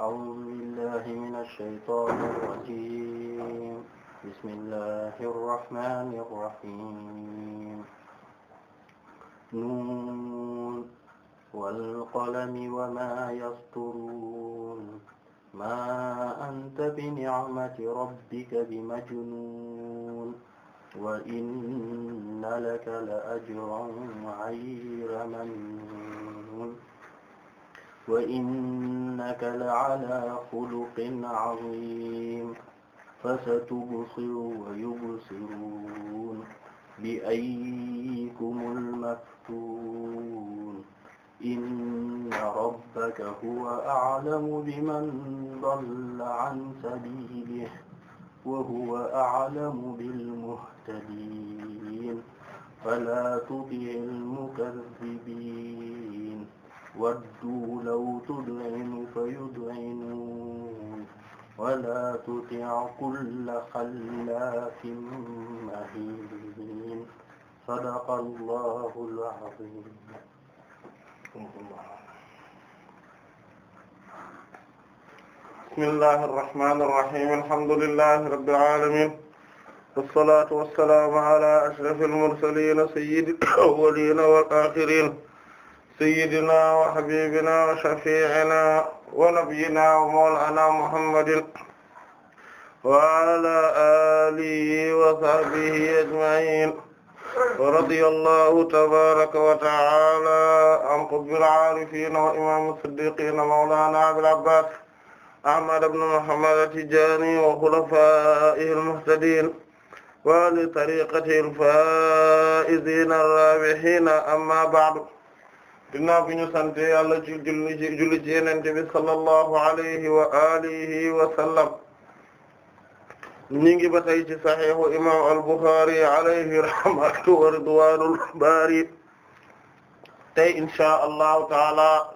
أعوذ بالله من الشيطان الرجيم بسم الله الرحمن الرحيم نون والقلم وما يسطرون ما أنت بنعمة ربك بمجنون وإن لك لأجرا غير ممنون wa innaka la'alaa xuluqin 'aziim fasatubsir wa yubsiruun bi ayyikumul maftuun inna rabbaka huwa a'lamu biman dalla 'an sabiilihi wa huwa a'lamu bil muhtadiin falaa tuti'il mukazzibiin ودوا لو تدعن فيدعنون ولا تطع كل خلاف مهين صدق الله العظيم بسم الله الرحمن الرحيم الحمد لله رب العالمين والصلاة والسلام على أشرف المرسلين سيد الأولين والآخرين sayyidina wa habibina wa shafi'ina wa nabiyyina wa mawlana muhammadin wa ala alihi wa sahbihi ajma'in wa radiyallahu tabaraka wa ta'ala an qutbil arifin wa imam as-siddiqin mawlana abil abbas ahmad ibn muhammad at-tijani wa khulafa'ihi al-muhtadin wa li tariqatihi al-fa'izina ar-rabihina amma ba'du ginnaaw bi ñu sante yàlla ci julli ci julli ci yenente bi sallallahu alayhi wa alihi wa sallam ñi ngi ba tey ci saxiixu imam al-Bukhari alayhi rahmatu wa ridwanul bari tey inshaa allahu taala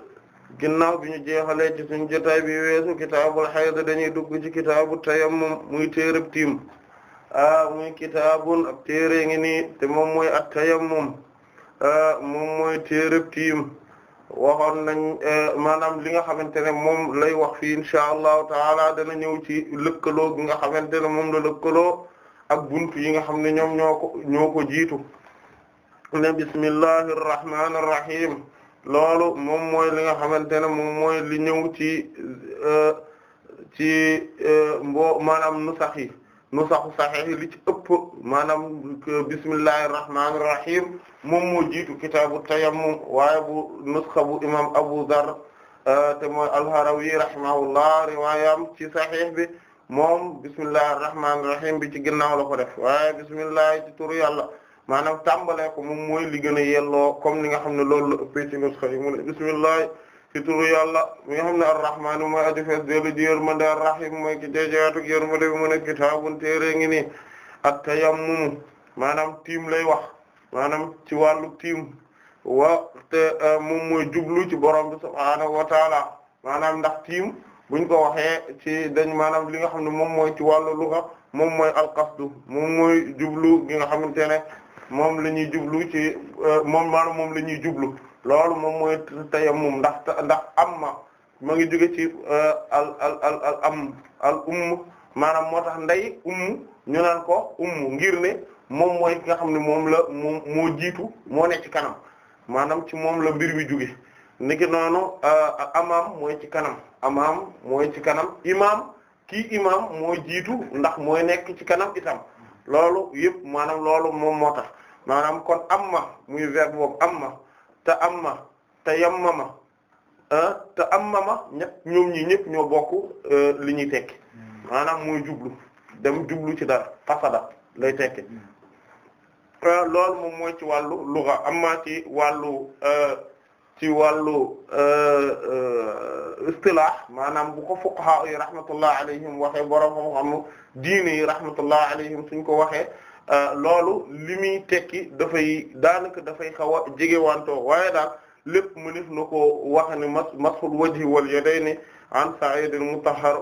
ginnaaw bi ñu jeexalee ci suñu jotaay bi weesu kitaabul hayd dañuy dugg ci kitaabu tayammum muy téereb tiim a ah, muy kitaabun ab téere ngi nii te moom mooy at-tayammum Euh, moom mooy téereb tiim waxoon nañ euh, maanaam li nga xamante ne moom lay wax fii insha allahu taala dana ñëw ci lëkkaloo gi nga xamante ne moom la lëkkaloo ak buntu yi nga xam ne ñoom ñoo ko ñoo ko jiitu ne bismillahi irrahmani irrahim loolu moom mooy li nga xamante ne moom mooy li ñëw ci euh, ci mbo maanaam nu sax yi nu saxu saxeexi li ci ëpp maanaam bismillahir rahmanir rahim moom moo jiitu kitaabu tayammum waaye bu nusxa bu imam Abu Dharr euh, te mooy al-Harawi rahimahullah riwaayam ci saxiix bi moom bismillahir rahmanir rahim bi ci ginnaaw la ko def waaye bismillah ci turu yàlla maanaam tàmbalee ko moom mooy li gën a yelloo comme ni nga xam ne loolu la ëppee ci nusxa yi mu ne ci turu yàlla mi nga xam ne arrahmaanu mooy aji fees dellu ji yërmande arrahim mooy ki jaajaatug yërmande bi mu ne kitaabun téere ngi nii at-tayammum maanaam tiim lay wax maanaam ci wàllu tiim wa te moom jublu ci borom bi subhaanahu wa taala maanaam ndax tiim buñ ko waxee ci dañ maanaam li nga xam ne moom mooy ci wàllu luga moom mooy alqasdu moom muy jublu gi nga xam ne moom la ñuy jublu ci euh, moom maanaam moom la ñuy jublu loolu moom mooy tayammum ndax ndax amma ma ngi jóge ci uh, al al al al am al umm maanaam moo ndey umm ñu naan ko umm ngir ne moom mooy ki nga xam ne moom la moom moo jiitu moo nekk ci kanam maanaam ci moom la mbir mi jóge niki noonu uh, amaam mooy ci kanam amaam mooy ci kanam imaam kii imaam mooy jiitu ndax mooy nekk ci kanam itam loolu yëpp maanaam loolu moom moo tax maanaam kon amma muy verbe boobu amma te amma te yammama ah, te ammama ñett ñoom ñi ñëpp ñoo bokk euh, li ñuy tekki mm. maanaam mooy jublu dem jublu ci dara qasada lay tekki mm. euh, loolu moom mooy ci wàllu luga amma ci wàllu euh, ci wàllu istilah maanaam bu ko fuqaha yi rahmatullah alayhim waxee borom xam-xam diine yi rahmatullah alayhim suñ ko waxee Euh, loolu li muy tekki dafay daanaka dafay xaw a jegewantoo waaye daal lépp mëneef na ko wax ne mas masul wajhi wal yadayni an sa'id al mutahhar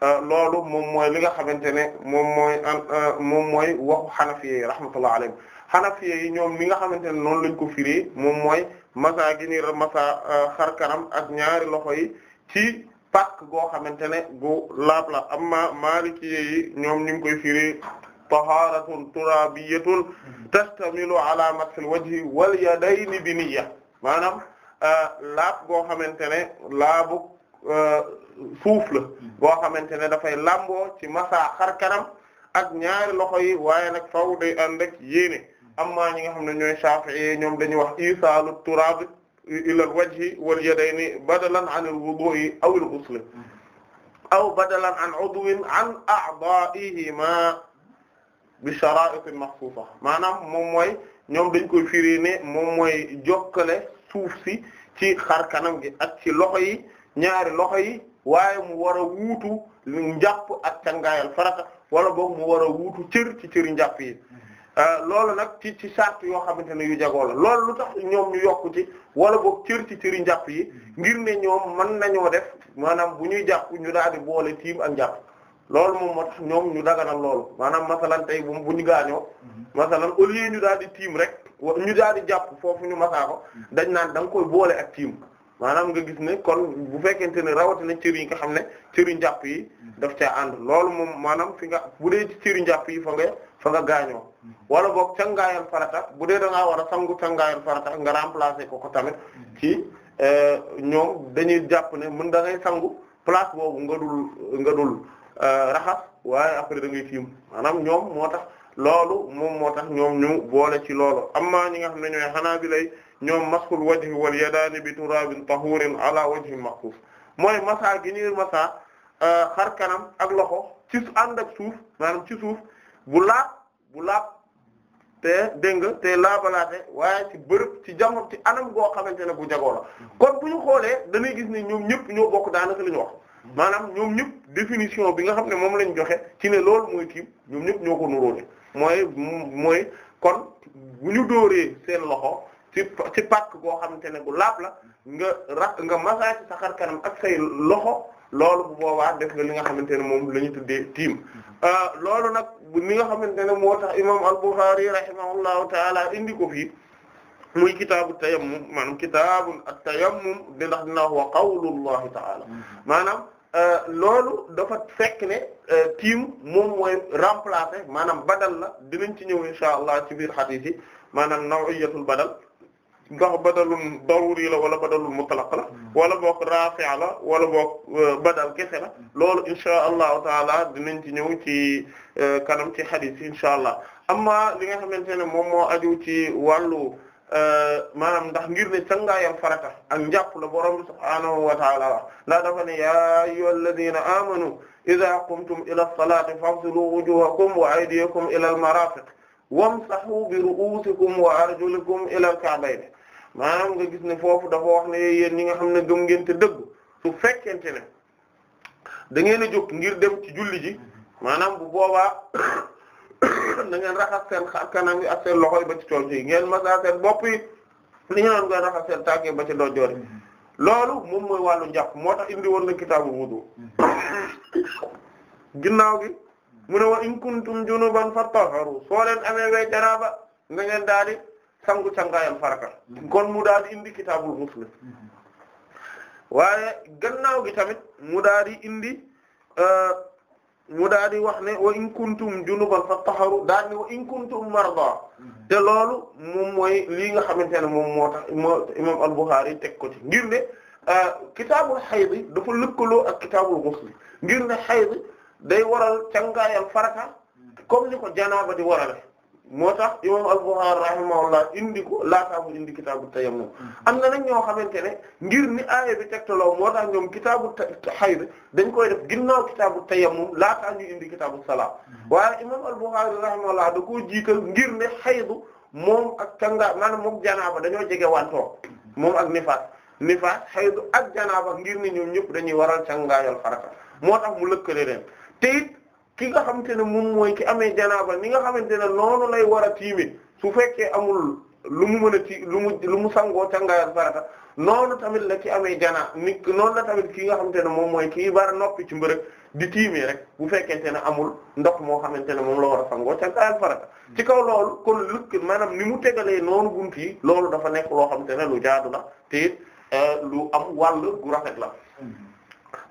euh, loolu moom mooy li nga xamante ne moom mooy euh, moom mooy waxu xanafiye yi rahmatullah alayhim xanafiye yi ñoom li nga xamante ne noonu lañ ko fiiri moom mooy masa gi ni masa xar kanam ak ñaari loxo yi ci pàkk goo xamante ne gu laab la amma maliki yi ñoom ñu koy firi tahaaratun turaabiyyatun tashtamilu ala masxil wajhi wal yadayni bi niyya maanaam laab goo xamante ne laabu suuf la boo xamante ne dafay lamboo ci masa xar kanam ak ñaari loxo yi waaye nag faw day ànd ak yéene amma ñi nga xam ne ñooy Shafi'i ñoom dañuy wax isaalu turaab ila al wajhi wal yadayni badalan an al wudu'i aw al ghusl aw badalan an udwin an a'dha'ihima bi shara'it maxsuusa maanaam moom mooy ñoom dañ koy firi ne moom mooy jokkale suuf si ci xar kanam gi ak ci loxo yi ñaari loxo yi waaye mu war a wuutu njàpp ak cangaayal farata wala boog mu war a wuutu cër ci cëri njàpp yi euh, loolu nag ci ci sart yoo xamante ne yu jagoo la loolu lu tax ñoom ñu yokku ci wala boog cër ci cëri njàpp yi ngir ne ñoom mën nañoo def maanaam bu ñuy jàpp ñu daal di boole tiim ak njàpp loolu moom moo tax ñoom ñu na loolu maanaam masalan tey bu bu ñu gaañoo masalan au lieu ñu daal di tiim rek ñu daal di jàpp foofu ñu masaa ko dañ naan da nga koy boole ak tiim maanaam nga gis ne kon bu fekkente ne rawatina cër yi nga xam ne cëru njàpp yi daf caa ànd loolu moom maanaam fi nga bu dee ci cëru yi fa nga fa nga gaañoo wala boog cangaayal farata bu dee da ngaa war a sangu cangaayal farata nga remplacer ko ko tamit ci euh, ñoom dañuy jàpp ne mën dangay ngay sangu place boobu nga dul nga dul Euh, raxas waaye après da ngay tiim maanaam ñoom moo tax loolu moom moo tax ñoom ñu boole ci loolu am amma ñi nga xam ne ñooy xanaa bi lay ñoom masxul wajhi wal yadaani bi turaabin tahuurin ala wajhin maxfuuf mooy masa gi ñuy masa euh, xar kanam ak loxo ci ànd ak suuf maanaam ci suuf bu laab bu laab te dégg nga te laabalaate waaye ci bërëb ci jamono ci anam goo xamante ne bu jagoo la mm-hmm. kon bu ñu xoolee dañuy gis ne ñoom ñëpp ñoo bokk daanaka li ñu wax maanaam ñoom ñëpp définition bi nga xam ne moom lañu joxe ci ne loolu mooy tiim ñoom ñëpp ñoo ko nuróole mooy mooy kon bu ñu dóoree seen loxo ci ci pàkk goo xamante ne bu laab la nga ra nga massage sa xar kanam ak say loxo loolu bu boobaa def nga li nga xamante ne moom la ñu tuddee tiim euh, loolu nag ni nga xamante ne moo tax imam al-Bukhari rahimahullahu taala indi ko fii muy kitaabu tayammum maanaam kitaabu at-tayammum di ndax dina wax wa qawlullahi taala mm-hmm. maanaam Euh, loolu dafa fekk ne euh, tiim moom mooy remplacer maanaam badal la dinañ ci ñëw insha allah ci biir hadith yi maanaam nawiyatul badal ndax badalul daruri la wala badalul mutlaq la wala boog rafi' la wala boog euh, badal kese la loolu insha allahu taala dinañ ci ñëw ci kanam ci hadith yi insha allah amma li nga xamante ne moom moo aju ci wàllu Euh, maanaam ndax ngir ne cangaayam farata ak njàpp la borom subhaanahu wa taala dafa ne ya ayyuhal amanu idha qumtum ila salati faghsilu wujuhakum wa aydiyakum ila al marafiq wamsahu bi ru'usikum wa arjulikum ila al ka'bayn maanaam nga gis ne foofu dafa wax ne yéen ñi nga xam ne gëm ngeen te dëgg su fekkente ne da ngeen a jóg ngir dem ci julli ji maanaam bu booba na ngeen raxas seen xar kanam yi loxo yi ba ci coono yi ngeen masaa seen bopp yi li ñu naan ngeen raxas seen ba ci dojoor yi mm-hmm. loolu moom mooy wàllu njàpp moo tax indi woon na kitaabu wudu mm-hmm. ginnaaw gi mu ne wa in kuntum junuban fatahharu soo leen amee way janaaba nga ngeen daal di sangu sangaayam faraka mm-hmm. kon mu daal di indi kitaabul muslim waaye gannaaw gi tamit mu daal indi. Euh, mu daal di wax ne wa in kuntum junuban fattaharu daal di wa in kuntum marda te loolu moom mooy lii nga xamante ne moom moo imam al-Bukhari teg ko ci ngir ne euh, kitaabul xayd dafa lëkkaloo ak kitaabul ghusl ngir ne xayd day waral cangaayal farata comme ni ko janaaba di warale moo tax imam al-Bukhari rahimahullah indi ko laataa mu indi kitaabu tayammum mm-hmm. am na nag ñoo xamante ne ngir ni aaya bi tegtaloo moo tax ñoom kitaabu hayd dañ koy def ginnaaw kitaabu tayammum laataa ñu indi kitaabu salaat mm-hmm. waaye imam al-Bukhari rahimahullah da koo jiital ngir ne xaydu moom ak kanga maanaam moom janaaba dañoo jege wantoo mm-hmm. moom ak nifaas nifaas xaydu ak janaaba ngir ni ñoom ñëpp dañuy waral cangaayal farata moo tax mu lëkkale leen te ki nga xamante ne moom mooy ki amee janaaba ni nga xamante ne noonu lay war a tiimee su fekkee amul lu mu mën a ti lu mu lu mu sangoo cangaayal farata noonu tamit la ki amee janaa ni noonu la tamit ki nga xamante ne moom mooy kii bara noppi ci mbërëg di tiimee rek bu fekkente ne amul ndox moo xamante ne moom la war a sangoo cangaayal farata ci kaw loolu kon lëkk maanaam ni mu tegalee noonu bunt loolu dafa nekk loo xamante ne lu jaadu la te euh, lu am wàll gu rafet la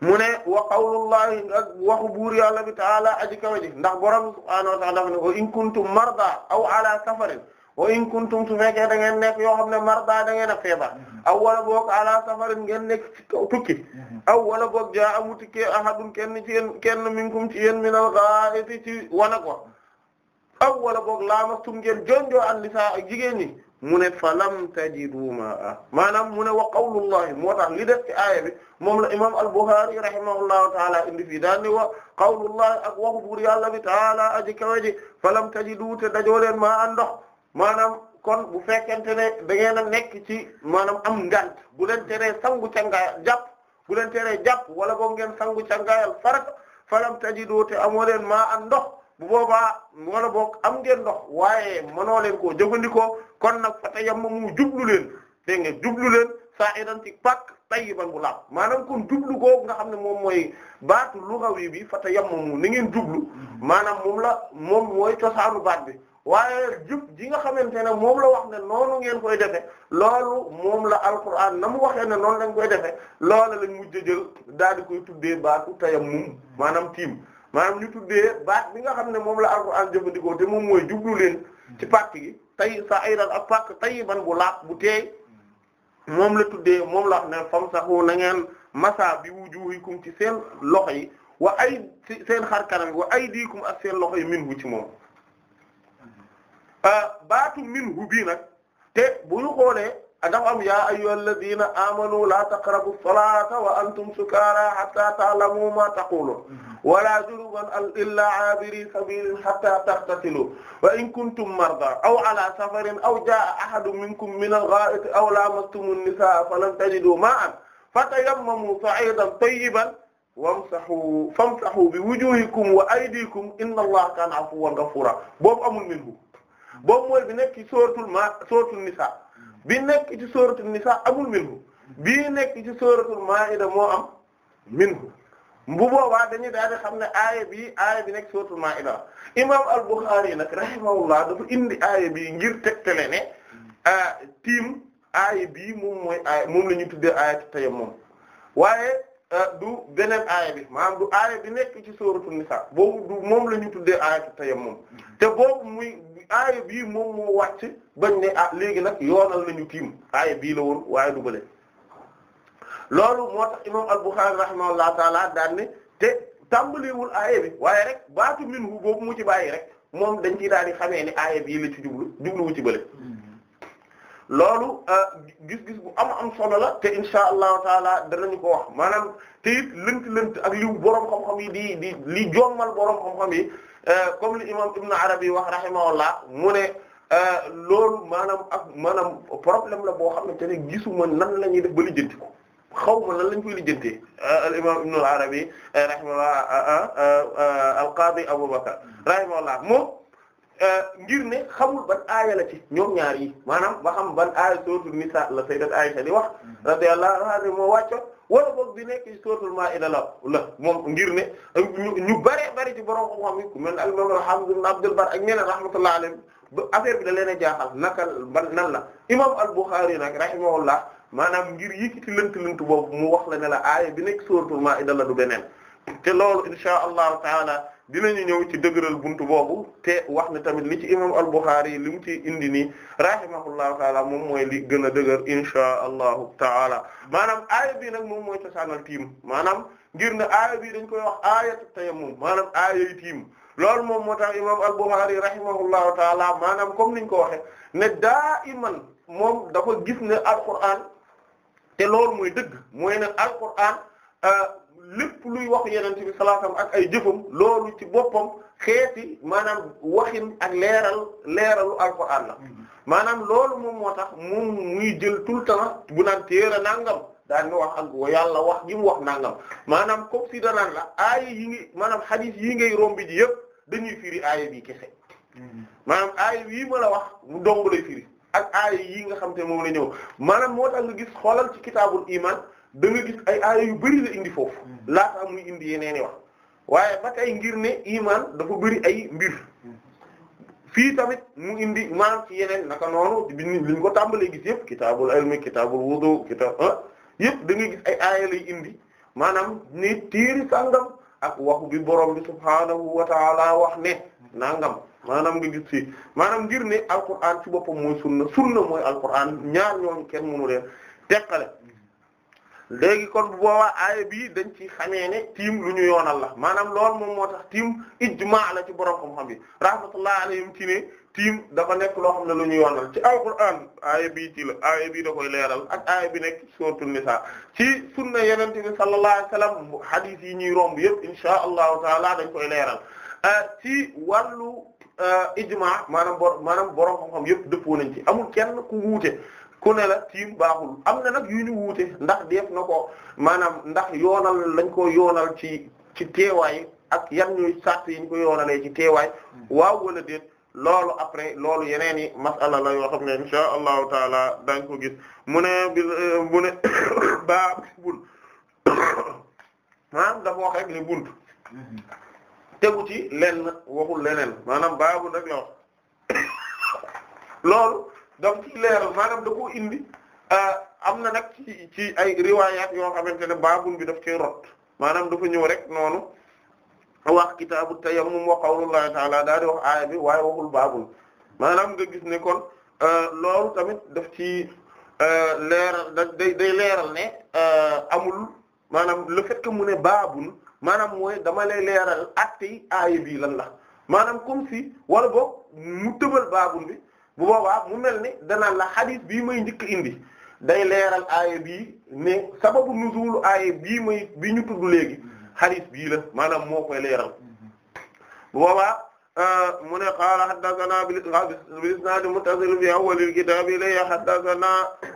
mu ne wa qawlullahi ak waxu buur yàlla bi taala aji kawe ji ndax borom subhaanahu wa ta'ala dafa ne wa in kuntum marda aw ala safarin wa in kuntum tu fekkee da ngeen nekk yoo xam ne marda da ngeen a feebar aw wala boog ala safarin ngeen nekk ci kaw tukki aw wala book jaa amu tukkee ahadun kenn ci yéen kenn minkum ci yéen minal ghaa'iti ci wanag wa aw wala boog laamastum ngeen jonjoo an nisaa ak jigéen ñi mu ne falam tajidu ma'a maanaam mu ne wa qawlullahi moo tax li def ci aaya bi moom la imam al-Bukhari ta taala indi fii daan ni wa qawlullahi ak waxu buur yàlla bi taala aji kawe ji falam tajidu te dajoo leen maa a ndox maanaam kon bu fekkente ne da ngeen a nekk ci maanaam am ngant bu leen teree sangu cangaayal jàpp bu leen teree jàpp wala boog ngeen sangu cangaayal farat falam tajidu te amoo leen maa a bu boobaa wala boog am ngeen lox waaye mënoo leen koo jëfandikoo kon nag fa mu jublu leen dégg jublu leen sa'idan ci pak tayyiban bu laab maanaam kon jublu googu nga xam ne moom mooy baatu lugawi bi fa mu ni ngeen jublu maanaam moom la moom mooy cosaanu baat bi waaye jub ji nga xamante ne moom la wax ne noonu ngeen koy defe loolu moom la alquran na mu waxee ne noonu lañ koy defe loolu lañ mujj a jël daal di koy tuddee baatu tayammum maanaam tiim maanaam ñu tuddee baat bi nga xam ne moom la alxuraan jëfandikoo te moom mooy jublu leen ci hmm. pàkk gi tay sa ayran ak pàkk ban bu laax bu teey moom la tuddee moom la wax ne famsahu na ngeen massa bi wujuhikum ci seen loxo yi wa ay seen xar kanam wa ay aydikum ak seen loxo yi minhu ci moom hmm. ah, baatu minhu bii nag te bu ñu xoolee dafa am yaa ayyuhal ladina amanu la taqrabu salata wa antum sukara hatta ta'lamu ma taqulun mhm. wala junuban illa abiri sabilin hatta taghtasilu wa in kuntum marda aw ala safarin aw jaa ahadun minkum min al-gha'iti aw lamastumun nisaa falam tajidu ma'an fatayammamu sa'idan tayyiban wamsahu famsahu bi wujuhikum wa aydikum inna allaha kana afuwan ghafura boobu amul minhu boobu mooy bi nekk ci suratul ma suratul nisaa bi nekk ci sóoratul Nisaa amul minhu bii nekk ci sóoratul Maa'ida moo am minhu bu boobaa dañuy daal di xam ne aaya bii aaya bi nekk sóoratul Maa'ida la imaam al-Bukhari nag rahimahullah dafa indi aaya bii ngir tegtale ne tiim aaya bii moom mooy aaya moom la ñuy tuddee aaya moom waaye du beneen aaya bi maanaam du aaya bi nekk ci sóoratul Nisaa boobu du moom la ñuy tuddee aaya tayammum te boobu aaya bii moom moo wàcc bañ ne a ah, léegi nag yoonal nañu tiim aaya bii la woon waaye du bële loolu moo tax imam al-Bukhari rahimahullah taala daan ne te tàmbaliwul aaya bi waaye rek baatu minhu boobu mu ci bàyyi rek moom dañ ciy daal di xamee ne aaya bii la ci jublu jubluwu ci bële loolu euh, gis-gis bu am am solo la te insha allahu taala danañu ko wax maanaam te it lënt-lënt ak liw boroom xam-xam yi di di li jommal boroom xam-xam yi euh, comme li imam Ibn Arabi wax rahimahullah mu ne euh, loolu maanaam ak maanaam problème la boo xamante ne gisuma nan la ñuy def ba lijjanti ko xaw ma lan lañ koy lijjantee al imam Ibn Arabi rahimahullah al qaadi Abubakar rahimahullah moom Euh, ngir ne xamul ban aaya la ci ñoom ñaar yi maanaam ba xam ban aaya suratul nisa la sayyidat Aisha di wax mm-hmm. radiyallahu anha moo wàcco wala boog di nekk ci suratul maa'ida la moom ngir ne ñu bare bare ci borom xam-xam yi ku mel al imam Hamd ibn Abdul Barr ak ñeneen rahmatullahi alayhim affaire bi da leen a jaaxal naka ban nan la imam al-Bukhari nag rahimahullah maanaam ngir yëkkati lënt lënt boobu mu wax la ne la aaya bi nekk suratul maa'ida la du beneen te loolu insha allahu taala dina dinañu ñëw ci dëgëral buntu boobu te wax ne tamit li ci imam al-Bukhari yi li mu ci indi nii rahimahullahu taala moom mooy li gën a dëgër inshaa allahu taala maanaam aaya bi nag moom mooy cosaanal tiim maanaam gir ne aaya bi dañ koy wax aayatu tayammum maanaam aaya yi tiim loolu moom moo tax imam al-Bukhari rahimahullahu taala maanaam comme niñ ko waxe ne daa iman moom dafa gis ne al-Qur'an te loolu mooy dëgg mooy ne al lépp luy wax yenente bi sallallahu alayhi ak ay jëfam loolu ci boppam xeeti maanaam waxin ak leeral leeralu alquran la mm-hmm. maanaam loolu moom moo tax mu muy jël tout le temps bu naan téere nangam daan nga wax ak yàlla wax gi mu wax nangam maanaam comme fii danaan la aaya yi ngi maanaam hadith yi ngay rombi ji yëpp dañuy firi aaya bi kese mm-hmm. maanaam aaya yii ma la wax mu dong lay firi ak aaya yii nga xam te moom la ñëw maanaam moo tax nga gis xoolal ci kitaabul iman da gis ay aaya yu bari la indi foofu laata muy indi yeneen i wax waaye ba tey ngir ne iman dafa bari ay mbir fii tamit mu indi maanaam ci yeneen naka noonu bi ñu ko tàmbalee gis yëpp kitaabul ilmi kitaabul wudu kitaab ah, yëpp da gis ay aaya lay indi maanaam ni tiiri sàngam ak waxu bi borom bi subhaanahu wa taala wax ne nangam maanaam nga gis fii maanaam ngir ne alquran ci boppam mooy sunna sunna mooy alquran ñaar ñooñu kenn mënu leen teqale léegi kon bu boobaa aaya bii dañ ci xamee ne tiim lu ñu yoonal la maanaam lool moom moo tax tiim ijmaa la ci borom xam-xam bi rahmatullah alayhim ci ne tiim dafa nekk loo xam ne lu ñu yoonal ci alquran aaya bii ci la aaya bii da koy leeral ak aaya bi nekk suratul nisa ci sunna yenente bi sallallahu alayhi wasallam hadith yi ñuy romb yëpp inshaa allahu taala dañ koy leeral euh, ci wàllu euh, ijmaa maanaam bor maanaam borom xam-xam yëpp dëppoo nañ ci amul kenn ku wuute ku ne la tiim baaxul am na nag yu nu wuute ndax def na ko maanaam ndax yoonal lañ ko yoonal ci ci teewaay ak yan ñuy sart yi ñu ko yoonalee ci teewaay waaw wala déet loolu après loolu yeneen i masala la yoo xam ne insha allahu taala dañ ko gis mu ne bi mu ne baa bul maanaam dafa wax rek ni bunt tegu ci lenn waxul leneen maanaam baabu rek la wax loolu donc ci leeral maanaam da koo indi euh, am na nag ci ay riwaayaat yoo xamante ne baabun bi daf cay rot maanaam dafa ñëw rek noonu wax kitaabu tayammum wa daal di wax waaye waxul baabun maanaam nga gis ne kon euh, loolu tamit daf ci euh, leeral day leeral ne amul maanaam le fait que mu ne baabun maanaam mooy dama lay leeral acte yi aaya bii lan la maanaam comme si wala boog mu tëbal baabun bi bu boobaa mu mel ni danaan la xadis bii may njëkk indi day leeral aaya bi ne sababu nuzulu aaya bii may bi ñu tudd léegi xadis bii la maanaam moo koy leeral bu boobaa euh, mu ne qaala haddathana bilisnadi muttasil fi awwalil kitaab ilaya haddathana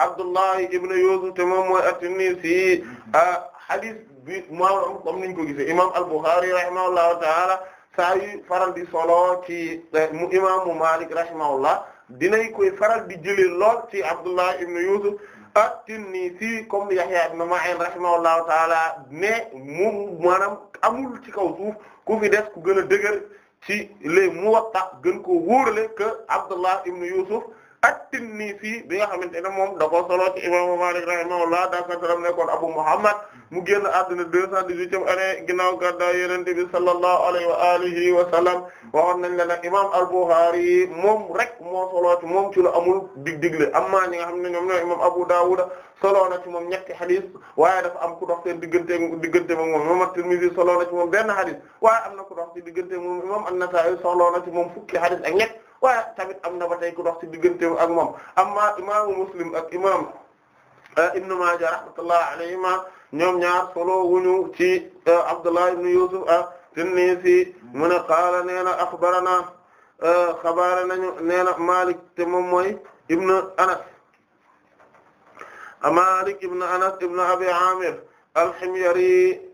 Abdullahi ibn Yusuf te moom mooy at-Tinnisi euh, xadis bi maanaam comme niñ ko gisee imam al-Bukhari rahimahullahu taala saa yu faral di solo ci euh, mu imaamu Malik rahimahullah dinañ koy faral di jëlee lool ci Abdullah ibn Yusuf at-Tinnisi comme Yahya ibn Ma'in rahimahullahu taala ne mu maanaam amul ci kaw suuf ku fi des ku gën a dëgër ci les Muwatta gën ko wóorale que Abdullah ibn Yusuf at-Tinnisi bi nga xamante ne moom da ko solo ci imaamu Maalik rahimahullah daa ko solo nekkoon Abu Muhammad mu génn àdduna deux cent dix-huitième année ginnaaw gàddaay Yonent bi sallallahu alayhi wa alihi wa sallam waxoon nañ la nag imam al-Bukhari moom rek moo solo ci moom ci lu amul dig-digle amma ñi nga xam ne ñoom ñooy imam Abu Dawud solo na ci moom ñetti xadis waaye dafa am ku dox seen diggante diggante moom imam at-Tirmidhi solo na ci moom benn xadis waaye am na dox ci diggante moom imam an-Nasa'i solo na ci moom fukki xadis ak ñett waaye tamit am na ba tey ku dox ci diggante ak moom amma imaamu muslim ak imaam euh, ibnu Maaja rahmatullah alayhima ñoom ñaar solo wuñu ci euh, Abdullah ibn Yusuf at-Tinnisi mu ne qaala nee na axbarana euh, xabaara nañu nee na Malik te moom mooy ibnu Anas Malik ibnu Anas ibnu Abi Amir al-Himyari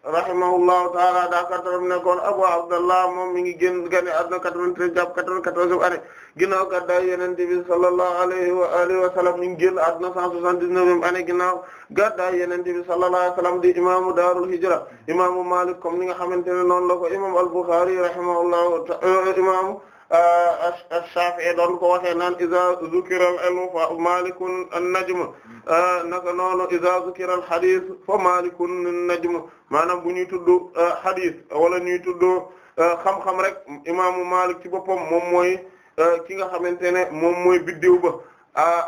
rahimahullahu taala daa kartaram nekkoon Abu Abdallah moom mi ngi génn gane adduna 93 jàpp 94 année ginnaaw gàddaay Yonent bi sallallahu alayhi wa alihi wa sallam mi ngi génn adduna 179 année ginnaaw gàddaay Yonent bi sallallahu alayhi wa di imaamu daarul hijra imaamu Maalik comme ni nga xamante ne noonu la ko imam al-Bukhari rahimahullahu imaamu e doon ko waxee naan iza zukira al fa malikun najm euh, naka noonu iza zukira hadith fa malikun najm maanaam bu ñuy tudd euh, hadith wala ñuy tudd xam-xam rek imaamu Malik ci boppam moom mooy ki nga xamante ne moom mooy biddiw ba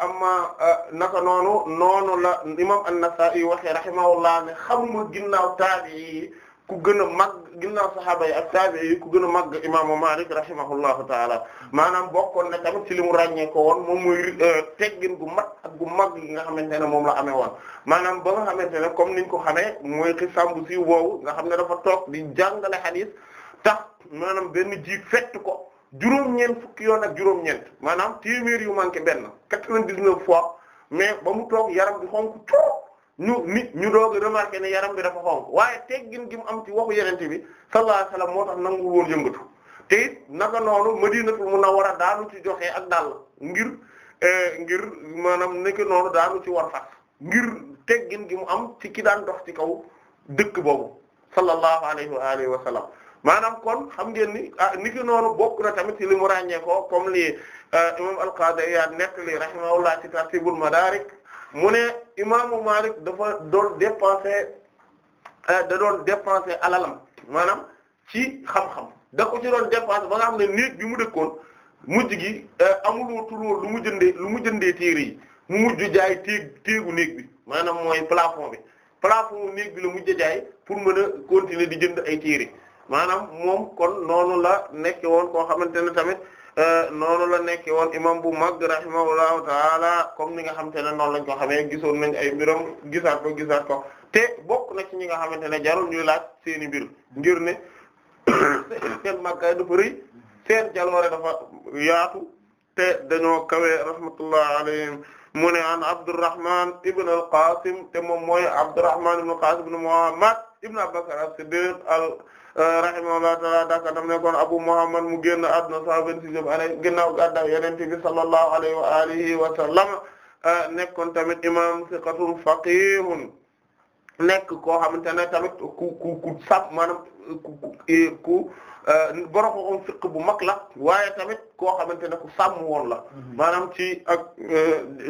amma naka noonu noonu la imam an-Nasa'i waxee rahimahullah ne xamuma ginnaaw taabi'i ku gën a mag ginnaaw sahaaba yi ak taabi'i yi ku gën a mag imaamu Maalik rahimahullahu taala maanaam bokkoon na tamit ci li mu moom muy euh, teggin gu mat a gu mag yi nga xamante ne moom la amee woon maanaam ba nga xamante ne comme niñ ko xamee mooy xisam bu si woowu nga xam ne dafa toog di jàngale xadiis tax maanaam benn ji fett ko juróom ñeen fukki yoon ak juróom-ñeent maanaam téeméer yu manqué benn quatre-vingt-dix-neuf fois mais ba mu toog yaram ñu nit ñu doog a remarqué ne yaram bi dafa xonq waaye teggin gi mu am ci waxu yenente bi sallallahu alayhi wasallam moo tax nangu woon yëngatu te it naka noonu Madinatul Munawwara daanu ci joxe ak dàll ngir eh, ngir maanaam nekk noonu daanu ci war fas ngir teggin gi mu am ci kii daan dox ci kaw dëkk boobu sallallahu alayhi wa alihi wa sallam maanaam kon xam ngeen ni ah ni ki noonu bokk na tamit ci li mu ràññee ko comme li eh, imam al-Qadi Iyad nekk li rahimahullah ci Tartibul Madarik mu ne imaamu Malik dafa doon dépenser eh, da doon dépenser alalam maanaam ci xam-xam da ko ci doon dépenser ba nga xam ne néeg bi mu dëkkoon mujj gi eh, amuloo tuloo lu mu jëndee lu mu jëndee téere yi mu mujj jaay téeg téegu néeg bi maanaam mooy plafond bi plafond néeg bi la mujj jaay pour mën a continuer di jënd ay téere maanaam moom kon noonu la nekke woon koo xamante ne tamit Euh, noonu la nekk won imam bu mag rahimahullahu taala comme ni nga xamante ne noonu lañ ko xamee gisoon nañ ay mbiram gisaat ko gisaat ko te bokk na ci ñi nga xamante ne jarul ñuy laaj seeni i mbir ngir ne seen màggaay dafa rëy seen jaloore dafa yaatu te dañoo kawe rahmatullah alayhim mu ne an Abdurrahman ibn al-Qasim te moom mooy Abdurrahman ibn al-Qasim ibn Muhammad ibn Abubakar as-Siddiq Euh, rahimahullahu ta'ala dakantam nekkoon Abu Muhammad mu génn adduna cent vingt-sixième année ginnaaw gàddaay Yonent bi sallallahu alayhi wa alihi wa sallam euh, nekkoon tamit imam siqatun faqihun nekk ko xamante ne tamit ku ku ku sàpp ku ku euh, borom ko bu mag la waaye tamit koo xamante ne ku sàmm woon la mhm. maanaam ci ak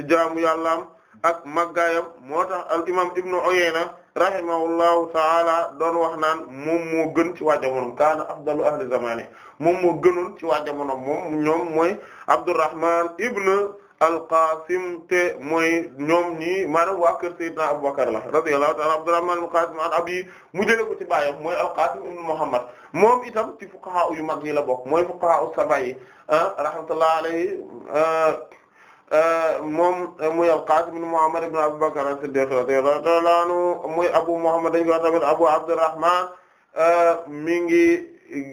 jaamu yàllaam ak màggaayam moo tax al imam Ibnu Uyayna rahimahullahu taala doon wax naan moom moo gën ci waa jamonoom kaana afdalu ahli zamani moom moo gënoon ci waa jamonoom moom ñoom mooy Abdurrahman ibn al-Qasim te mooy ñoom ñi maanaam waa kër Seydina Abubakar la radiyallahu ta'ala Abdurrahman al-Qasim an abi mu jële ko ci baayam mooy al-Qasim ibn Muhammad moom itam ci fuqaha yu mag yi la bokk mooy fuqaha sab'a yi ah, rahmatullahi alayhi ah, moom muy al-Qaasim ibn Muhammad ibn Abu Bakr as-Siddiq radiyallahu anhu Abu Muhammad Abdurrahman mi ngi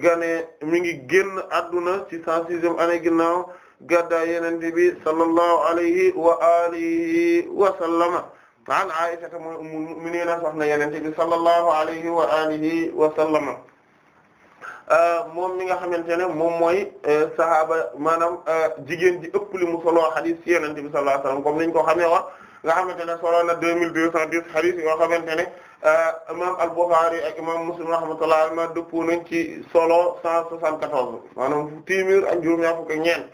gane mi ngi génn adduna ci cent sixième année ginnaaw gàddaay Yonent bi sallallahu alayhi wa alihi wa sallama an Aisha muy ummul mu'minin soxna Yonent bi sallallahu alayhi wa alihi wa sallama Euh, moom mi nga xamante ne moom mooy euh, sahaaba maanaam euh, jigéen ji ëpp li mu solo xadis ci Yonent bi sallallahu alayhi wasallam comme niñ ko xamee wax nga xamante ne solo na deux mille deux cent dix xadis yoo xamante ne imam al-Bukhari ak imam Muslim rahmatullah ma dëppoo nañ ci solo cent soixante-quatorze maanaam fu téeméer ak juróom-ñaar fukk ak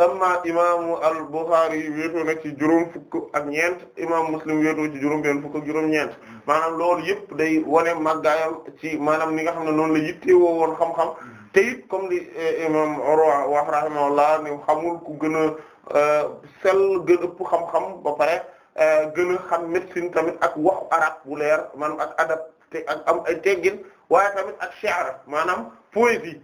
amma imaamu al-Bukhari wéetoo na ci juróom fukk ak ñeent imaamu Muslim wéetoo ci juróom benn fukk ak juróom ñeent maanaam loolu yëpp day wone màggaayam ci maanaam ni nga xam ne noonu la yittewoo woon xam-xam te it comme li e, imam Urwa wax rahimahullah ni xamul ku gën a e, sell gën ëpp xam-xam ba pare e, gën a xam médecine tamit ak waxu arab bu leer maanaam ak adab te ak am ay teggin waaye tamit ak shi'r maanaam poésie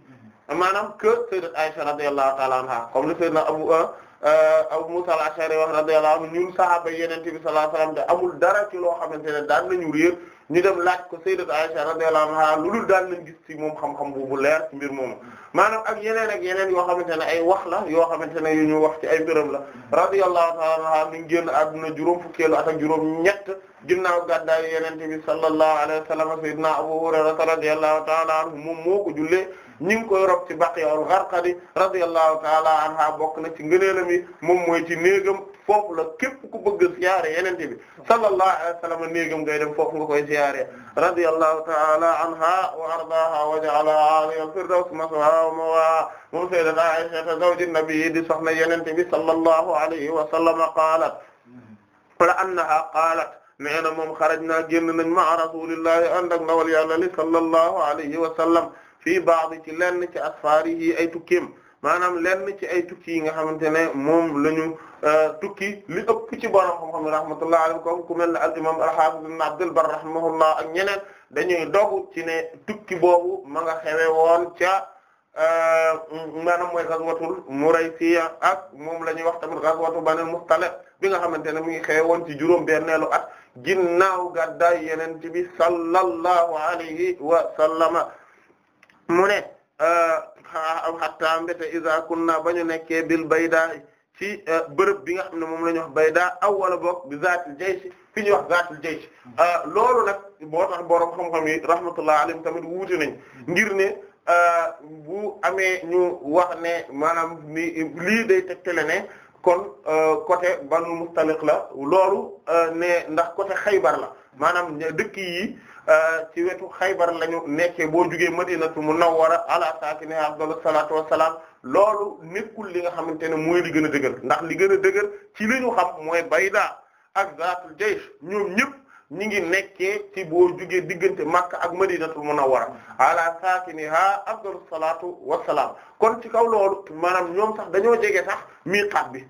maanaam que sayyidat Aisha radiyallahu ta'ala anha comme le sayyidna Abu euh, euh, Abu Musa al-Ash'ari wax radiyallahu anhu ñun sahaaba Yonent bi sallallahu alayhi wasallam te amul dara ci loo xamante ne daan nañu réer ñu dem laaj ko sayyidat Aisha radiyallahu anha lu dul daan nañ gis ci moom xam-xam bu leer ci mbir moomu maanaam ak yeneen ak yeneen yoo xamante ne ay wax la yoo xamante ne yu ñu wax ci ay mbiram la radiyallahu ta'ala anha mi ngi génn àdduna juróom fukkeelu at ak juróom ñett ginnaaw gàddaay Yonent bi sallallahu alayhi wasallam sayyidna Abu Hurayra radiyallahu ta'ala anhu moom moo ko ñi ngi koy rob ci Baqiyaul Gharqadi radiyallahu ta'ala anha bokk na ci ngëneelam yi moom mooy ci néegam foofu la képp ku bëgg a ziyaare yenente bi sallallahu alayhi wa sallam néegam ngay dem foofu nga koy ziyaare radiyallahu ta'ala anha wa ardaha wa ja'ala aliha firdaws maswaha wa mawaa moom sayyidata Aisha zawju nabi di soxna yenente bi sallallahu alayhi wa sallam qaalat la annaha qaalat nee na moom xaraj naa génn nañ ma rasulillahi ànd ak ndawal yàlla li sallallahu alayhi wa sallam fii ba'd ci lenn ci asfaarihi ay tukkeem maanaam lenn ci ay tukki yi nga xamante ne moom la ñu euh, tukki li ëpp ci borom xam-xam rahmatullah alayhi comme ku mel ne al imam al-hafiz ibn abd al-barr rahimahullah ak ñeneen dañuy dogu ci ne tukki boobu ma nga xewe woon ca euh, maanaam mooy ghazwatul muraysiya ak moom la ñuy wax tamit ghazwatu banil mustaliq bi nga xamante ne mu ngi xewe woon ci juróom benneelu at ginnaaw gàddaay yeneen ci bi sallallahu alayhi wa mu ne hatta mbete iza kunna ba ñu nekkee bil bayda ci euh, bërëb bi nga xam ne moom la ñu wax bayda aw wala boog bi zaatil jaysh fi ñuy wax zaatil jaysh euh, loolu nag boo tax borom xam-xam yi rahmatullah alayhim tamit wuute nañ ngir ne euh, bu amee ñu wax ne maanaam ni lii day tegtale ne kon côté Banu Mustaliq la loolu ne ndax côté Xaybar la maanaam dëkk yi Euh, ci wetu Xaybar lañu nekkee boo jugee Madinatu Munawwara ala saakinihaa afdalu salaatu wassalaam loolu nit ku li nga xamante ne mooy li gën a dëgër ndax li gën a dëgër ci li ñu xam mooy Bayda ak Zaatul Jaysh ñoom ñëpp ñi ngi nekkee ci boo jugee diggante Makka ak Madinatul Munawwara ala saakinihaa afdalu salaatu wassalaam kon ci kaw loolu maanaam ñoom sax dañoo jege sax miiqaat bi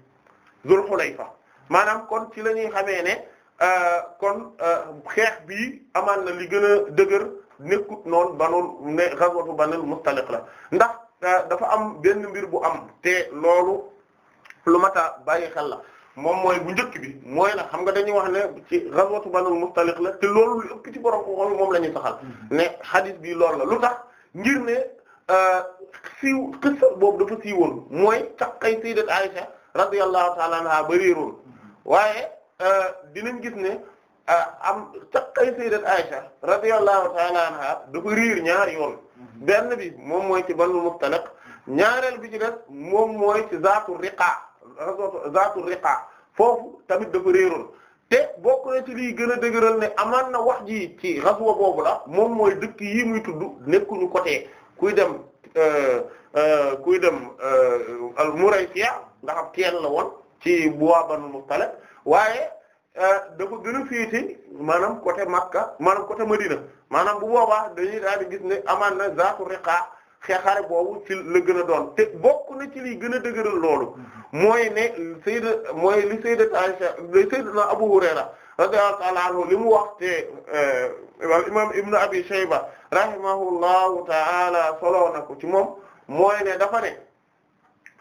Zul Xulayfa maanaam kon ci la xamee ne. Euh, kon euh, xeex bi amaan na li gën a dëgër nekkut noonu banoon ne ghazwatu Banil Mustaliq la ndax euh, dafa am benn mbir bu am te loolu lu mat a bàyyi xel la moom mooy bu njëkk bi mooy na xam nga dañuy wax ne ci ghazwatu Banil Mustaliq la te loolu lu ëpp ci borom ko moom la ñuy saxal mm-hmm. ne hadith bi loolu la lu tax ngir ne siiw xissa boobu dafa siiwoon mooy caqay sayyidat Aisha radiyallahu ta'ala anha ba réeroon mm-hmm. waaye Euh, dinañ gis ne euh, am caqay sayyidat Aisha radiyallahu ta'ala anha dafa riir ñaari yoon mhm. benn bi moom mooy ci Banu Mustaliq ñaareel bi ci def moom mooy ci zaatu riqa zaatu riqa foofu tamit dafa réeroon te bokk na ci liy gën a dëgëral ne amaan na wax ji ci xasuwa boobu la moom mooy dëkk yi muy tudd nekkuñu côté kuy dem euh, kuy dem al Muraysiya nga xam teel ci bois Banu Mustaliq waaye euh, dafa gën a féete maanaam côté Makka maanaam côté Medina maanaam bu boobaa dañuy daal gis ne amaan na zaatu riqa xeexare boobu ci la gën a doon te bokk na ci li gën a dëgëral loolu mooy ne sayda mooy li sayda Aisha li sayyidna Abu Hurayra radiyallahu ta'ala li mu wax te wal euh, imam Ibn Abi Shayba rahimahullahu ta'ala soloo na ko ci moom mooy ne dafa ne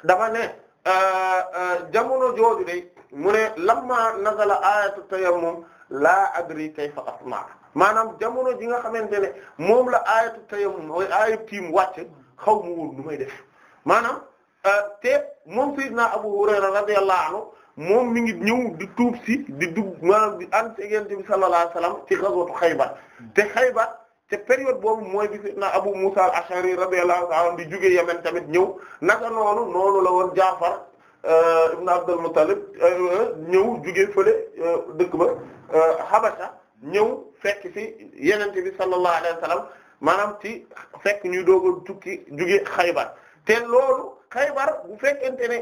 dafa ne euh, jamono jooju day mu ne lamma nazala ayatu tayammum laa adri kayfa asma maanaam jamono ji nga xamante ne moom la ayatu tayammum mooy ayatu tiim wàcc xaw ma woon nu may def maanaam euh, te moom sayyidina Abu Hurayra radiyallahu anhu moom mi ngi ñëw di tuub si di dugg ma di ànd ak Yonent bi sallallahu alayhi wasallam ci ghazwatu Xaybar te xayba te période boobu mooy bi sayyidina Abu Musa al-Ash'ari radiyallahu anhu di jóge Yemen tamit ñëw naka noonu noonu la woon Jaafar Euh, ibn Abdul Muttalib euh, ñëw jugee fële euh, dëkk ba Habasha ñëw fekk fi yenente bi sallallahu alayhi wa sallam maanaam ci fekk ñuy doog a tukki jugee Xaybar te loolu Xaybar bu fekkente ne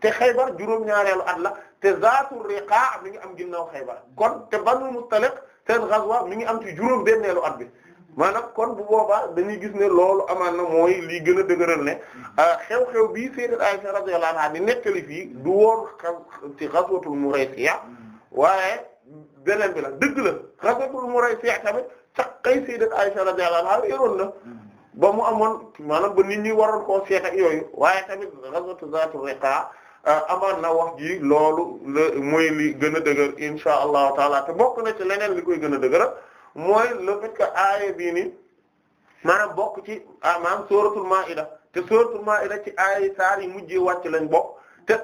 te Xaybar juróom-ñaareelu at la te Zaatul Riqaa mi ngi am ginnaaw Xaybar kon te Banu Mustaliq seen ghazwa mi ngi am ci juróom-benneelu at bi maanaam kon bu boobaa dañuy gis ne loolu amaan na mooy lii gën a dëgëral ne mm-hmm. euh, xew-xew bii sayyidat Aisha radiyallahu anha di nettali fii du woon xew ci ghazwatul Muraysiya mm-hmm. waaye beneen bi la dëgg la ghazwatul Muraysiya tamit sax kay sayyidat Aisha radiyallahu anha yoroon na mm-hmm. ba mu amoon maanaam ba nit ñuy waroon koo seet ak yooyu waaye tamit ghazwatu Zaatur Riqa euh, amaan na wax ji loolu la mooy li gën a dëgër insha allahu taala te bokk na ci leneen li koy gën a dëgëral mooy le fait que aaya bii nii bokk ci ah, maanaam sóoratul te sóoratul Maa'ida ci aaya saar yi mujjee wàcc lañ bokk te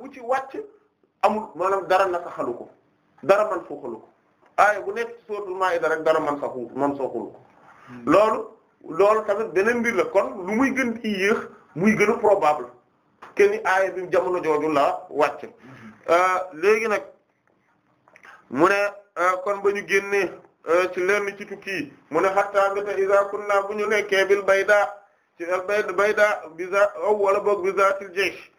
bu ci wàcc amul maanaam dara nasaxalu ko dara man suuxalu nekk ci sóoratul Maa'ida rek man saxu man soxalu ko hmm. loolu loolu tamit beneen mbir kon lu muy gën ci yéex muy gën a probable que ni aaya bi jamono jooju la wàcc hmm. euh, léegi nag mu ne euh, kon ba ñu génnee. Euh, ci leer lenn ci tukki yi mu ne hatta bata iza kunna bu ñu nekkee bil bayda ci al biza aw wala boog bizatil jaysh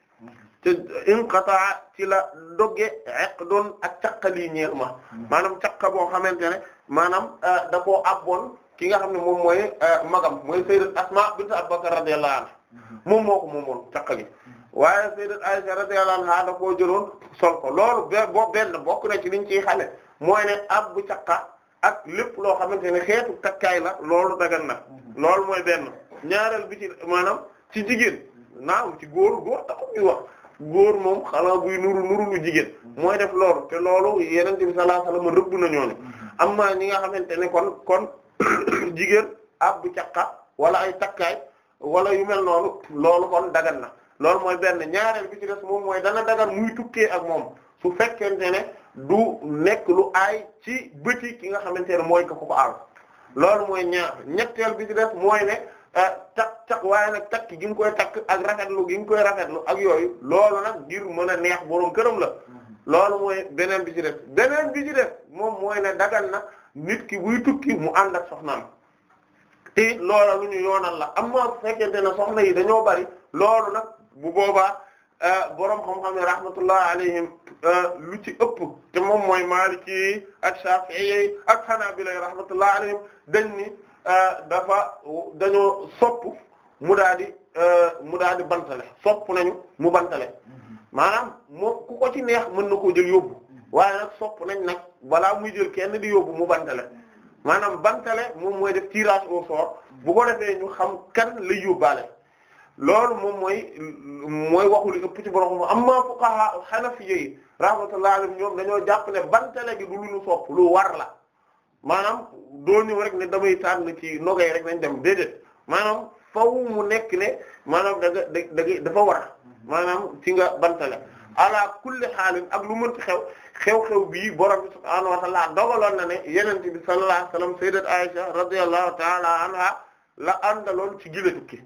te inqataa ci la dogge eqdon ak caqalii ñeel ma maanaam caqa boo xamante ne maanaam euh, da koo abboon ki nga xam ne moom mooy euh, magam mooy sayyidat Asma bint Abu Bakr radiyallahu anha moom moo ko moomoon caqa gi waaye sayyidat Aisha radiyallahu anha da koo jëloon sol ko loolu b bo benn bokk na ci liñ ciy xale mooy ne ab ak lépp loo xamante ne xeetu takkaay la loolu dagan na mm-hmm. loolu mooy benn ñaareel bi ci maanaam ci jigéen naam ci góor góor moom xalaa buy nuru nuru lu jigéen mm-hmm. mooy def loolu te loolu yeneen bi sallallahu alayhi wasallam rëbb am na mm-hmm. ñi nga xamante ne kon kon jigéen ab bu caqat wala ay takkaay wala yu mel noonu loolu kon dagan na loolu mooy benn ñaareel bi ci des moom mooy dana dagan muy tukkee ak moom su fekkente ne du nekk lu aay ci bëti ki nga xamante ne mooy ko ko aal loolu mooy ñaar ñetteel bi ci def mooy ne eh, tak tak waaye nag takk gi nga koy takk ak rafetlu gi nga koy rafetlu ak yooyu loolu nag ngir mën a neex boroom këram la mm-hmm. loolu mooy beneen bi ci def beneen bi ci def moom mooy ne dagal na nit ki buy tukki mu ànd ak soxnaam te loola lu ñu yoonal la am na fekkente ne soxna yi dañoo bari loolu nag bu boobaa borom xam-xam yi alayhim euh, lu ci ëpp te moom mooy Maliki ak Shafi'i ak Hanabila rahmatullah alayhim dañ ni euh, dafa sopp mu daal di euh, mu daal di bantale sopp nañu mu bantale maanaam moo ku ko ci neex mën na koo jël yóbbu waaye nag sopp nañ nag balaa muy jël kenn di yóbbu mu bantale maanaam bantale moom mooy def tirage au sort bu ko defee ñu xam kan lay yóbbaale loolu moom mooy mooy waxu li ëpp ci borom moom amma fuqaha hanafiyya yi rahmatullahi alayhim ñoom dañoo jàpp ne bantale gi du lu ñu sopp lu war la maanaam doo ñëw rek ne damay tànn ci nogay rek nañ dem déedéet maanaam faw mu nekk ne maanaam da nga da dafa war maanaam ci nga bantale ala kulli xaalin ak lu mënti xew xew-xew bii borom bi subhaanahu wa ta'ala dogaloon na ne yenente bi sallallahu alayhi wa sallam sayyidat Aisha radiyallahu ta'ala anha la lool ci gile tukki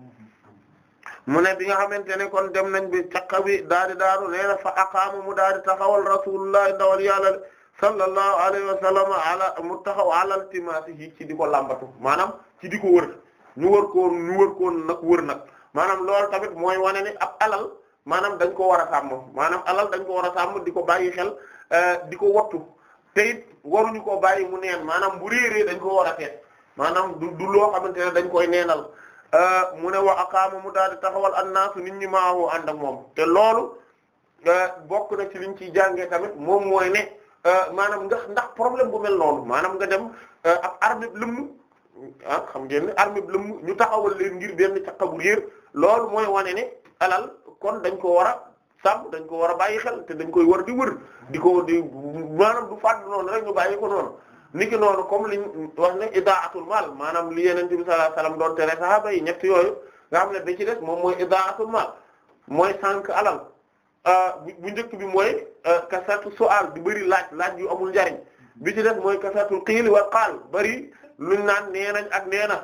mu ne bi nga xamante ne kon dem nañ bi càqa bi daal di daanu nee na fa aqaama mu daal di taxawal rasulullah ndawal yàlla sallallahu alayhi wa sallam ala mu taxaw alal timaasi yi ci di ko làmbatu maanaam ci di wër ñu wër ko ñu wër ko nag wër nag maanaam loolu tamit mooy wane ne ab alal maanaam dañ ko war a sàmm maanaam alal dañ ko war a sàmm di ko bàyyi xel euh, di ko wattu te it waruñu koo bàyyi mu neen maanaam bu réeree dañ ko war a teet maanaam du du loo xamante ne dañ koy neenal Euh, mu ne wa aqaama mu daal di taxawal annaasu nit ñi maahu ànd ak moom te loolu euh, bokk na ci liñ ciy jàngee tamit moom mooy ne euh, maanaam nga ndax problème bu mel noonu maanaam nga dem ak armée bi lëmm ah xam ngeen ne ñu taxawal leen ngir benn caq bu réer loolu mooy wane ne alal kon dañ ko war a sàmm dañ ko war a bàyyi xel te dañ koy war di wër di ko di maanaam du fàdd noonu rek ñu bàyyi ko noonu niki noonu comme liñ wax ne idaatul mal maanaam li yeneen bi sallallahu alayhi wasallam doon tere sahaaba yi ñett yooyu nga xam ne da ci des moom mooy idaatul mal mooy sànq alal ah, bu njëkk bi mooy ah, kasatu su'al di bëri laaj laaj yu amul njariñ bi ci des mooy kasatul xiili wal bari lu luñ naan nee nañ ak nee na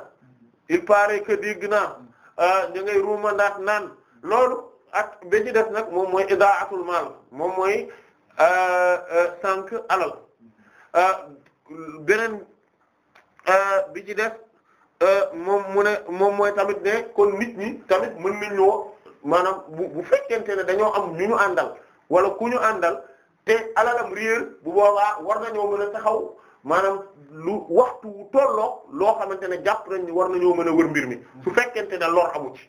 il paraît que dégg naa ah, ñu ngay ruumandaat naan loolu ak ba ci des nag moom mooy idaatul mal moom mooy sànq alal beneen euh, bi ci def euh, moom mu ne moom mooy tamit ne kon nit ñi tamit mën nañoo maanaam bu bu fekkente ne dañoo am ñu ñu àndal wala ku ñu àndal te alalam réer bu boobaa war nañoo mën a taxaw maanaam lu waxtu wu tolloo loo xamante ne jàpp nañ ni war nañoo mën a wër mbir mi su fekkente ne lor amu ci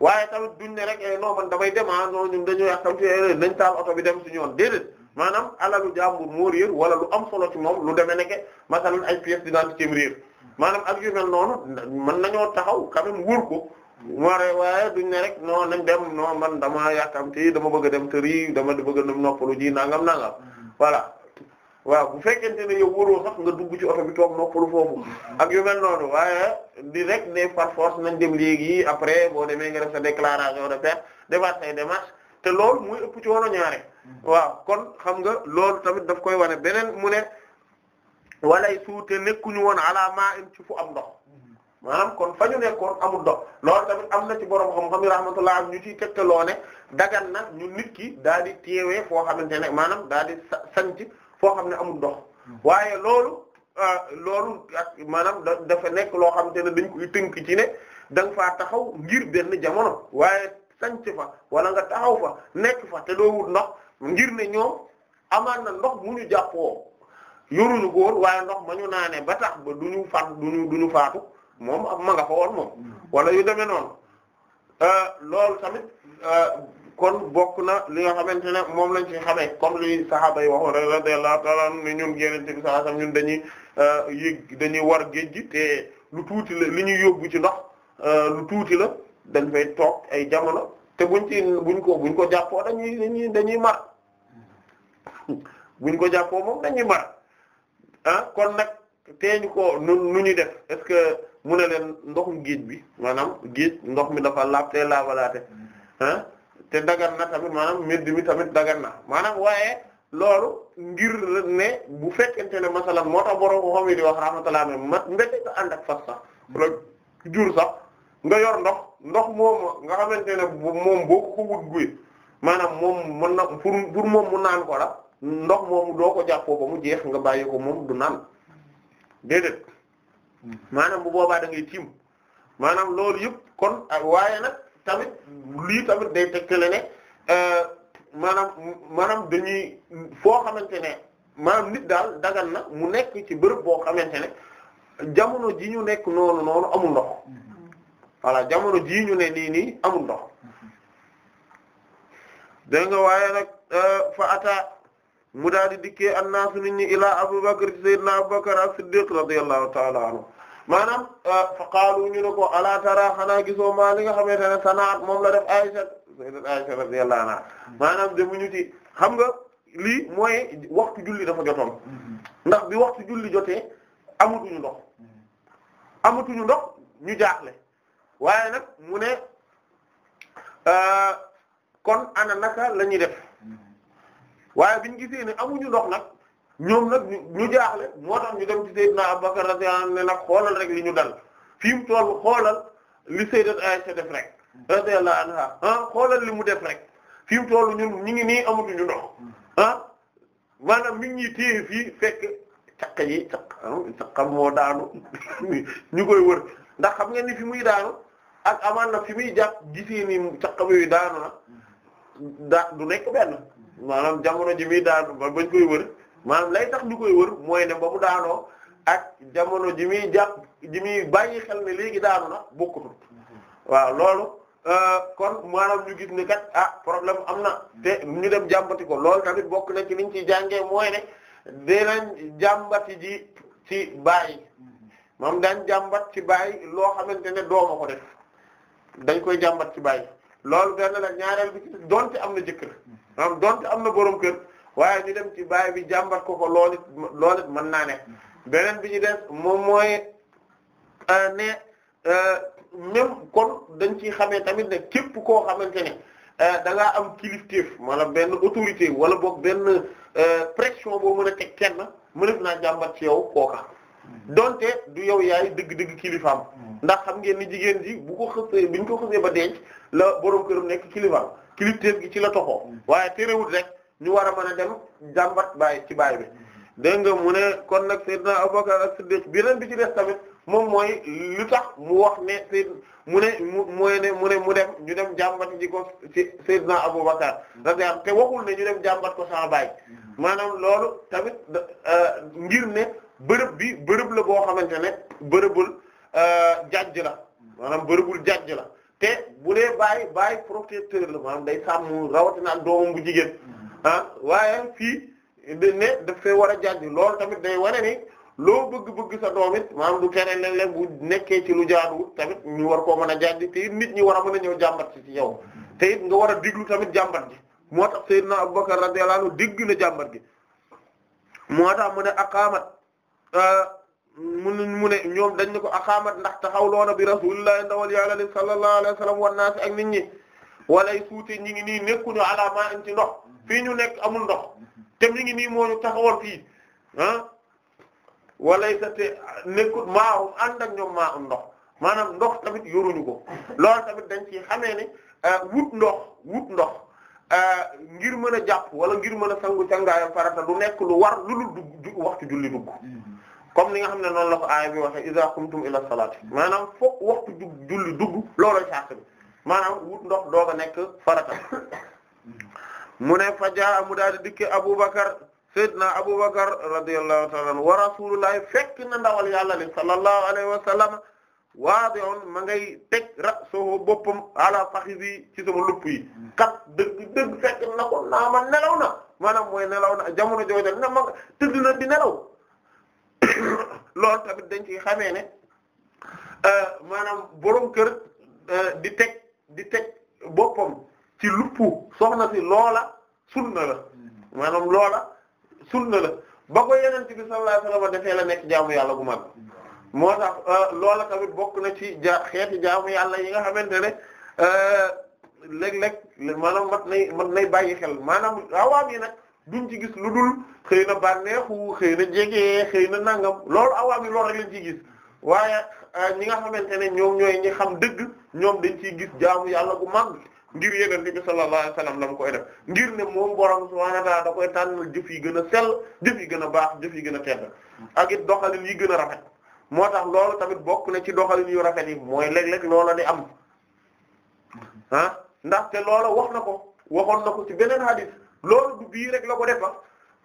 waaye tamit duñ ne rek eh, non man damay dem ah non ñun dañoo yàq tamit dañ eh, taal oto bi dem suñu yoon déedéet. maanaam alalu jàmbur moo réer wala lu am solo ci moom lu demee nekke masalan ay pièces d'identité mu réer maanaam ak yu mel noonu mën nañoo taxaw quand même wër ko moore waaye duñ ne rek non nañ dem non man dama yàkkamti dama bëgg a dem tëri dama bëgga a dem noppalu ji nangam nangam voilà waaw bu fekkente ne yow wóoroo sax nga dugg ci oto bi toog noppalu foofu ak yu mel noonu waaye di rek ne par force nañ dem léegi après boo demee nga def sa déclaration de perte defaat say te loolu muy ëpp ci wono ñaare mm-hmm. waaw kon xam nga loolu tamit daf koy wane beneen mu ne walay suute nekkuñu woon ala maa im ci fu am ndox mm-hmm. maanaam kon fa ñu nekkoon amul ndox loolu tamit am na ci borom xam-xam yi rahmatullah ñu ciy tegtaloo ne dagan na ñu nit ki daal di teewee foo xamante ne maanaam daal di sanc foo xam ne amul ndox mm-hmm. waaye loolu ah, loolu ak maanaam dafa nekk loo xamante ne dañ koy tënk ci ne da nga taxaw ngir benn jamono waaye sanc fa wala nga taxaw fa nekk fa te doo wut ndox ngir ne ñoom amaan na ndox mu ñu jàppoo yoruñu góor waaye ndox ma ñu naane ba tax ba du ñu faatu du ñu ñu faatu moom ma nga fa woon moom wala yu demee noonu euh, loolu tamit euh, kon bokk na li nga xamante ne moom lañ ci xamee comme li sahaaba yi waxoon rek radiyallahu ta'ala anhum ni ñun génnante bi sallallahu alayhi wasallam ñun dañuy euh, yëg dañuy war géej gi te lu tuuti la li ñuy yóbbu ci ndox lu tuuti la dañ fay toog ay jamono te buñ ci buñ ko buñ ko jàppoo dañuy dañuy mar buñ ko jàppoo moom dañuy mar ah kon nag teeñ ko nu ñuy def est ce que mu ne leen ndoxum géej bi maanaam géej ndox mi dafa laab te laabalaate ah te dagan na tamit maanaam mbir mi tamit dagan na maanaam waaye loolu ngir ne bu fekkente ne masalan moo tax borom xam yi di wax rahmatullah ma mbéte nga ànd ak fas sax wala jur sax nga yor ndox. ndox moomu nga xamante ne moom boo ko wut guy maanaam moom mën na pour pour mu naan ko ndox moomu doo ko jàppoo ba mu jeex nga bàyyi ko moom du naan déedéet maanaam bu boobaa danga ngay tiim maanaam loolu yëpp kon waaye nag tamit lii tamit day tekkale ne euh, maanaam maanaam dañuy foo xamante ne maanaam nit daal dagan na mu nekk ci bërëb boo xamante ne jamono ji ñu nekk noonu noonu amul ndox voilà jamono jii ñu ne nii nii amul ndox dégg nga waaye nag euh, fa ata mu daal dikke dikkee annaasu nit ñi ilaa Abubakar sayyidina Abubakar as-Siddiq radiyallahu ta'ala anhu maanaam euh, ñu ne ko ala xanaa gisoo maa li nga xamante ne sanaat moom la def Aisha maanaam demuñu xam nga lii mooy waxtu julli dafa jotoon ndax bi waxtu julli jotee amatuñu ndox amatuñu ndox ñu jaaxle waaye nag mu ne euh, kon ana naka la ñuy def waaye biñu gisee ne amuñu ndox nag ñoom nag ñu jaaxle moo tax ñu dem ci Seydina Abubakar radiyallahu anhu ne nag xoolal rek li ñu dal fi mu toll xoolal li Sayyidat Aisha def rek radiyallahu la ah xoolal li mu def rek fi mu toll ñun ñu ngi nii amatuñu ndox ah maanaam mi ngi fii fekk yi caq ah, caq moo daanu ñu koy wër ndax xam ngeen ni fi muy daanu ak amaan na fi muy jàpp gisee ni caqam yooyu daanu na daa du nekk benn maanaam jamono ji muy daanu ba bañ koy wër maanaam lay tax ñu koy wër mooy ne ba mu daanoo ak jamono ji muy jàpp ji muy bàyyi xel ne léegi daanu na bokkutul waaw loolu euh, kon maanaam ñu gis ne kat ah problème am na te ñu dem jàmbati ko lool tamit bokk na ci liñ ci jàngee mooy ne dinañ jàmbati ji ci bàyyi. moom daañ jàmbat ci baay loo xamante ne dooma ko def dañ koy jàmbat ci bàyyi loolu benn la ñaareel bi ci donte am na jëkkër maanaam am na borom kër waaye ñu dem ci baay bi jàmbat ko ko loolu mën naa ne bi ñu def moom mooy euh, ne euh, même kon dañ ciy xamee tamit ne képp koo xamante ne euh, am kilifteef maanaam benn autorité wala boog benn pression boo mën a kenn mën mënef naa jàmbat ci yow kooka donte du yow yaay dëgg-dëgg kilifaam hmm. ndax xam ngeen ni jigéen ji bu ko xësee bi ñu ko xësee ba denc la borom kër nekk kilifaam kilifteef gi ci la toxoo hmm. waaye terewul rek ñu war a mën a dem jàmbat baay ci baay bi dégg nga mu ne kon nag Seydina Abubakar as-Siddiq beneen bi ci des tamit moom mooy lu tax mu wax ne Seyd mu ne mu mu ne mu dem ñu dem jàmbat ji ko ci Seydina Abubakar radiyallahu te waxul ne ñu dem jàmbat ko sa baay hmm. maanaam loolu tamit euh, ngir ne. bërëb bi bërëb la boo xamante ne bërëbul euh, jàjj la maanaam bërëbul jàjj la te bu dee bàyyi bàyyi protecteur la maanaam day sàmm rawatina ak doomam bu jigéen mm-hmm. ah waaye fii ne daf fee war a jàjj loolu tamit day wane ni loo bëgg-bëgg sa doom it maanaam du tere léeg-léeg bu nekkee ci lu jaaduwul tamit ñu war koo mën a jàjj te it nit ñi war a mën a ñëw jàmbat ci ci yow te it nga war a diglu tamit jàmbat ji moo tax Seydina Abubakar radiyallahu anhu digg na jàmbat gi moo tax mu ne Ah, munu mu ne ñoom dañ ne ko axaamat ndax taxawloona bi rasulillahi ndawal yàlla li sallallahu alayhi wa sallam ak nit ñi walay suute ñi ngi nii nekkuñu ala ma ci ndox fii ñu nekk amul ndox te mi ngi nii moo ñu taxawal fii ah sa te nekkul maahum ànd ak ñoom maa am um ndox maanaam ndox tamit yoruñu ko loolu tamit dañ ci xamee ne ah, wut ndox wut ndox ah, ngir mën a jàpp wala ngir mën a sangu sangaayam farata du nekk lu war lu dul dugg waxtu julli dugg mm-hmm. comme ni nga xam ne noonu la ko aaya bi waxe iza qumtum ila salaati maanaam fokk waxtu jug dugg loolooy sart bi maanaam ndox doog a nekk farata mu ne fajaa mu daal di dikke wa rasulullahi fekk na ndawal yàlla li sallallahu alayhi wa sallam waadi'un ma ngay teg ra'suhu boppam ala fakhidhi ci sama lupp yi kat dëgg dëgg fekk na ko naama nelaw na maanaam mooy nelaw na jamono jooju na ma tëdd na di nelaw lool tamit dañ ci xamee ne euh, maanaam borom kër euh, di teg di teg boppam ci luppu soxna si loola sunna la maanaam loola sunna la ba ko yeneen bi sallallahu alayhi defee la nekk jaamu yàlla bu mag moo tax euh, loola tamit bokk na ci ja xeeti jaamu yàlla yi nga xamante ne léeg-léeg maanaam mat nay mat nay bàyyi xel maanaam awaam yi nag duñ ci gis lu dul xëy na bànneexu xëy na jege xëy na nangam loolu awaam yi loolu rek lañ ciy gis waaye euh, ñi nga xamante ne ñoom ñooy ñi xam dëgg ñoom dañ ciy gis jaamu yàlla bu mag ngir yenente bi sallallahu alayhi wasallam la mu koy def ngir ne moom borom subhaanahu wa ta'aala da koy tànnal jëf yi gën a sell jëf yi gën a baax jëf yi gën a tedd ak it doxalin yi gën a rafet moo tax loolu tamit bokk na ci doxalin yu rafet yi mooy léeg-léeg loola di am mm-hmm. ah, ndaxte loola wax na ko waxoon na ci beneen hadith loolu du bii rek la ko defa ah.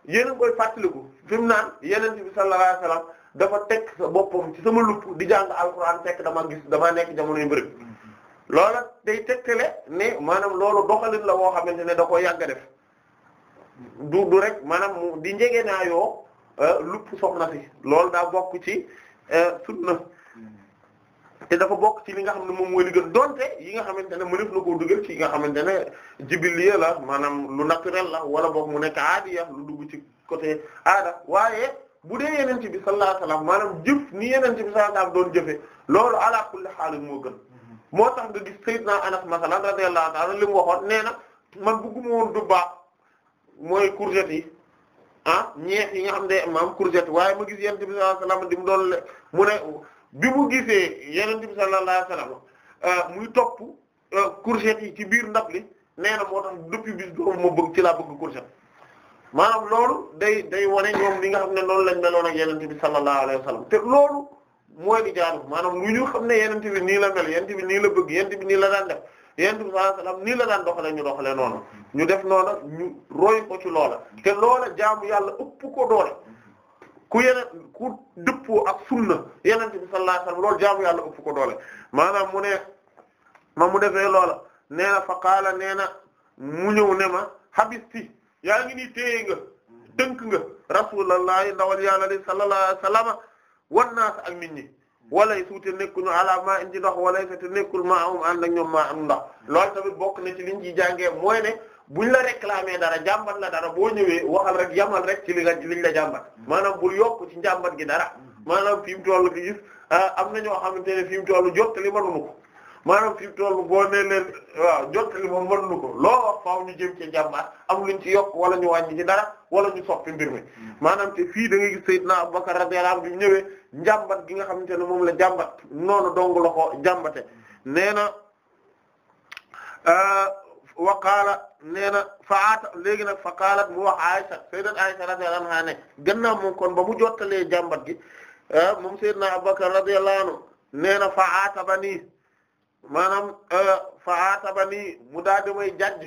yéen a koy fàttaliku fi mu naan yeneen bi sallallahu alayhi dafa teg sa boppam ci sama lupp di jàng alxuraan fekk dama gis dama nekk jamono yu mbërëg loola day tegtale ne maanaam loolu doxalin la woo xamante ne da ko yàgg a def du du rek maanaam di njege naa yoo euh, lupp soxna si loolu daa bokk ci euh, na te dafa bokk ci li nga xam ne moom mooy li gën donte yi nga xamante ne mëneef na koo dugal ci yi nga xamante ne jibiliya la maanaam lu naturel la wala boog mu nekk aadiya lu dugg ci côté aada waaye bu dee yeneen ci bi sallallahu alayhi wasallam maanaam jëf ni yeneen ci bi sallallahu doon jëfee loolu ala kulli haal moo moo tax nga gis sayyidna Anas masalan radiyallahu ta'ala li mu waxoon nee na man bëgguma woon du baax mooy courgette yi ah ñeex yi nga xam ne maam courgette waaye ma gis yeneen ci bi sallallahu alayhi bi mu gisee yenente bi sallallahu alayhi wasallam euh, muy topp euh, courgette yi ci biir ndab li nee na moo tax depuis bis boobu ma bëgg ci laa bëgg courgette maanaam loolu day day wane ñoom li nga xam ne noonu lañ meloon ak yenente bi sallallahu alayhi wasallam te loolu mooy di jaadu maanaam lu ñu xam ne yenente bi nii la mel yenente bi nii la bëgg yenente bi nii la daan def yenente bi sallallahu alayhi wasallam nii la daan doxale ñu doxale noonu ñu def noonu ñu roy ko ci loola te loola jaamu yàlla ëpp ko doole ku yeneen ku dëppoo ak sunna yeneen bi sallallahu alayhi wasallam loolu jaamu yàlla ëpp ko doole maanaam mu ne ma mu defee lool nee na fa qaala nee na mu ñëw ne ma habisti yaa ngi nii téye nga tënk nga rasulullahi ndawal yàlla li sallallahu alayhi wasallam wan naas ak nit ñi walay suute nekkuñu ala maa in ci ndox walay suute nekkul maa am ànd ak ñoom maa am ndox loolu bokk na ci liñ ciy jàngee mooy ne buñ la réclamer dara jàmbat la dara boo ñëwee waxal rek yamal rek ci li nga liñ la jàmbat maanaam bul yokk ci njàmbat gi dara maanaam fi mu toll gi gis ah, am na ñoo xamante ne fi mu toll jottali mënuñu ko maanaam fi tollu boo nee leen waaw jottali moom mënuñu ko loo wax faaw ñu jëm ci jàmbat am luñ ci yokk wala ñu wàññi ci dara wala ñu soppi mbir mi maanaam te fii da ngay gis Seydina Abubakar radiyallahu anhu bi mu ñëwee njàmbat gi nga xamante ne moom la jàmbat noonu dong la ko jàmbate nee na ah, wa qaala fa na faata léegi nag fa qaalat mu wax Aisha sayyidat Aisha radiyallahu anha ne gannaaw moom kon ba mu jottalee jàmbat gi ah, moom sayyidna Abubakar radiyallahu anhu nee na faata ba nii maanaam ah, faata mu daa di may jàjj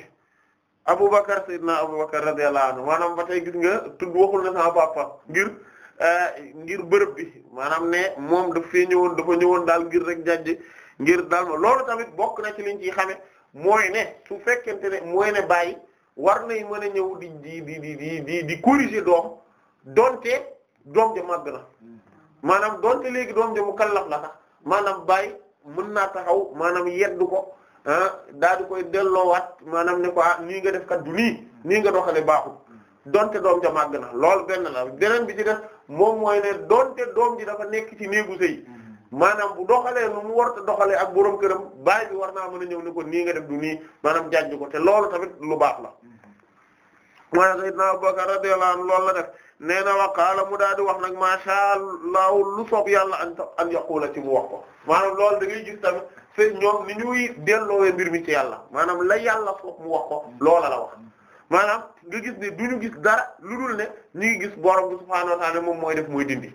Abubakar sayyidna Abubakar radiyallahu anhu maanaam ba gis nga tudd waxul na sama papa ngir ah, ngir bërëb bi maanaam ne moom daf fee ñëwoon dafa ñëwoon daal ngir rek jàjj ngir daal ma loolu tamit bokk na ci liñ xame mooy ne su fekkente ne mooy ne bàyyi war nay mën a ñëw di di di di di di corriger doom donte doom ja màgg na maanaam donte léegi doom ja mu kallaf la sax maanaam bàyyi mën naa taxaw maanaam yeddu ko ah daal di koy delloowaat maanaam ne ko ah nii nga def kat du nii nii nga doxale baaxul donte doom ja màgg na loolu benn la beneen bi ci def moom mooy ne donte doom ji dafa nekk ci néegu sëy maanaam bu doxalee nu mu war a doxalee ak boroom këram baay bi war naa mën a ñëw ni ko nii nga def du nii maanaam jàjj ko te loolu tamit lu baax la maanaam sayyidna Abubakar radiyallahu anhu la def nee na wa mu daal di wax nag masha Allah lu soob yàlla an an yaqula ci mu wax ko maanaam loolu da ngay gis tamit fe ñoom ni ñuy delloowee mbir mi ci yàlla maanaam la yàlla soob mu wax ko loola la wax maanaam nga gis ne du ñu gis dara lu dul ne ñu gis borom moom mooy def mooy dindi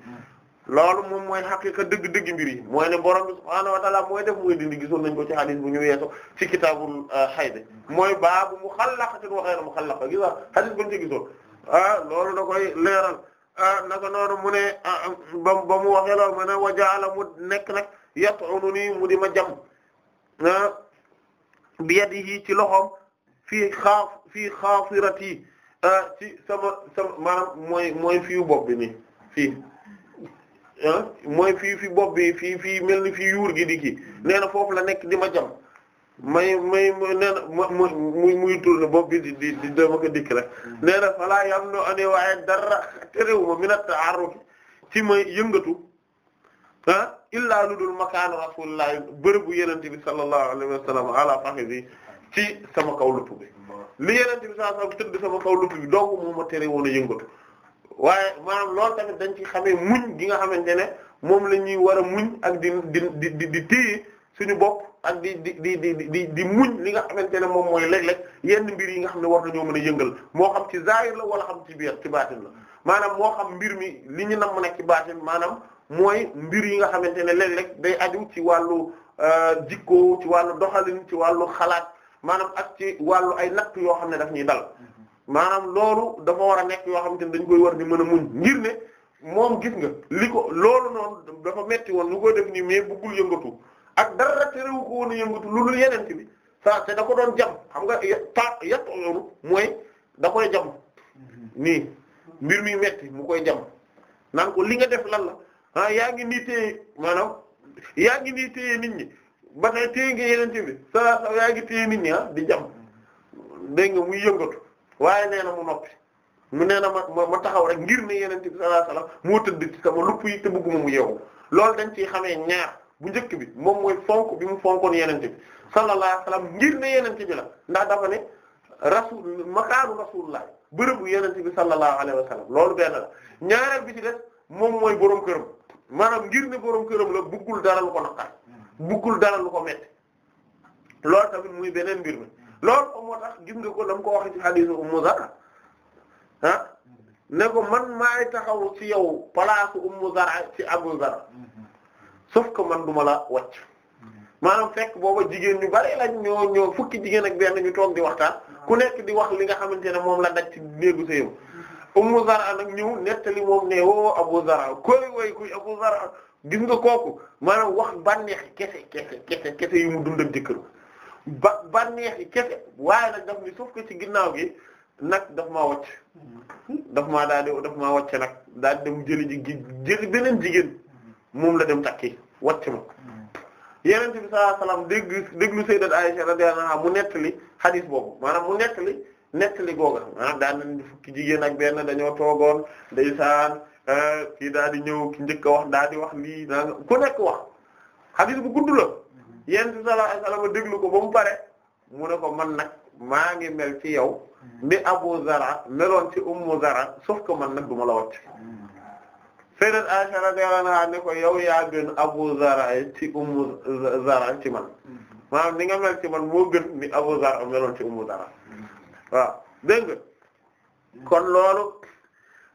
loolu moom mooy xaqiqa dëgg dëgg mbir yi mooy ne borom bi subhaanahu wa ta'ala mooy def mooy dindi gisoon nañ ko ci hadith bu ñu weesu ci kitaabul euh, hayd mooy baabu mukhallaqatin wa ghayru mukhallaqa gis nga hadith bu ñu ci gisoon ah, loolu da koy leeral ah mu ne ah, ah, ba mu waxee loolu mu ne wa ja'ala mu nekk nag yat'ununi mu di ma jam ah bi ci loxoom fii fii xaafirati ci sama sama maanaam mooy mooy fiu bi nii fii. Ah, mooy fii fi bopp bi fii fii mel ni fii yuur gi di kii nee na foofu la nekk di ma jam may may nee na ma ma muy muy tourné bopp bi di di di dama ko dikk rek mm. nee falaa yam no ane waaye dara terewuma mi nat arruki ci may yëngatu ah, illaa lu dul makaanu rasulillahi bërëbu yenente bi sallallahu alayhi wa ci sama kaw lu bi mm. li yenente bi sallallahu alayhi wa sama kaw lupp bi dong moo ma tere woon a yëngatu waaye maanaam loolu tamit dañ ci xamee muñ gi nga xamante ne moom la ñuy war a muñ ak di di di di téye suñu bopp ak di di di di di di muñ li nga xamante ne moom mooy léeg-léeg yenn mbir yi nga xam ne war nañoo mën a yëngal moo xam ci zahir la wala xam ci biir ci baatin la maanaam moo xam mbir mi li ñu nam nag ci baatin maanaam mooy mbir yi nga xamante ne léeg-léeg day aju ci wàllu euh, jikko ci wàllu doxalin ci wàllu xalaat maanaam ak ci wàllu ay natt yoo xam ne daf ñuy dal maanaam loolu dafa war a nekk yoo xamante ne dañ koy war di mën a muñ ngir ne moom gis nga li ko loolu noonu dafa metti woon lu koy def nii mais bëggul yëngatu ak dara terewu ko woon a yëngatu lu dul yeneen bi saa da ko doon jam xam nga ta yàq loolu mooy da koy jam mbir mi metti mu koy jam naan li nga def lan la yaa ngi nii téye maanaam yaa ngi nii nit ñi ba tey téye saa yaa ngi téye nit ñi di jam dégg nga muy yëngatu. waaye nee na mu noppi mu nee na ma ma taxaw rek ngir ne yeneen bi sallallahu alayhi wasallam moo tëdd ci sama lupp yi te bëgguma mu yeewu loolu dañ ciy xamee ñaar bu njëkk bi moom mooy fonk bi mu fonkoon yeneen bi sallallahu alayhi wasallam ngir ne yeneen bi la ndax dafa ne rasul makaanu rasulullah bërëbu yeneen bi sallallahu alayhi wasallam loolu benn la ñaareel bi ci def moom mooy boroom këram maanaam ngir ne borom këram la buggul dara lu ko naqar buggul dara ko metti loolu mbir mi. loolu ko moo tax gis nga ko la mu ko waxee ci hadiisu Ummu Zar'a ah ne ko man maay taxaw ci yow place Ummu Zar'a ci Abu Zar'a sauf que man duma la wàcc maanaam fekk boobu jigéen ñu bari lañ ñoo ñoo fukki jigéen ak benn ñu toog di waxtaan ku nekk di wax li nga xamante ne moom la daj ci néegu sëyam Ummu Zar'a nag ñëw nettali moom ne woo Abu Zar'a koy woy kuy Abu Zar'a gis nga kooku maanaam wax bànneex kese kese kese kese yu mu dund ak jëkkër ba bànneex yi kese waaye nag daf ni suuf ko ci ginnaaw gi nag daf ma wàcc daf ma daal di daf maa wàcc nag daal di dem jëli ji jëli beneen jigéen moom la dem takki wàcc ma yeneen bi sallallahu alayhi wasallam dégg déglu sayyidat Aisha radiyallahu anha mu nettali hadith boobu maanaam mu nettali nettali googa maanaam daan nañ fukki jigéen ak benn dañoo toogoon ndeysaan euh, kii daal di ñëw ki njëkk a wax daal di wax lii daal ku nekk wax hadith bu gudd la. yent sallallahu alayhi wasallam déglu ko ba mu pare mu ne ko man nag maa ngi mel ci yow ni Abu Zara meloon ci Ummu Zara sauf que man nag du ma la wacc sayyidat Aisha radiyallahu anha ne ko yow yaa gën Abu Zara ci Ummu Zara ci man maanaam ni nga mel ci man moo gën ni Abu Zara meloon ci Ummu Zara waaw dégg kon loolu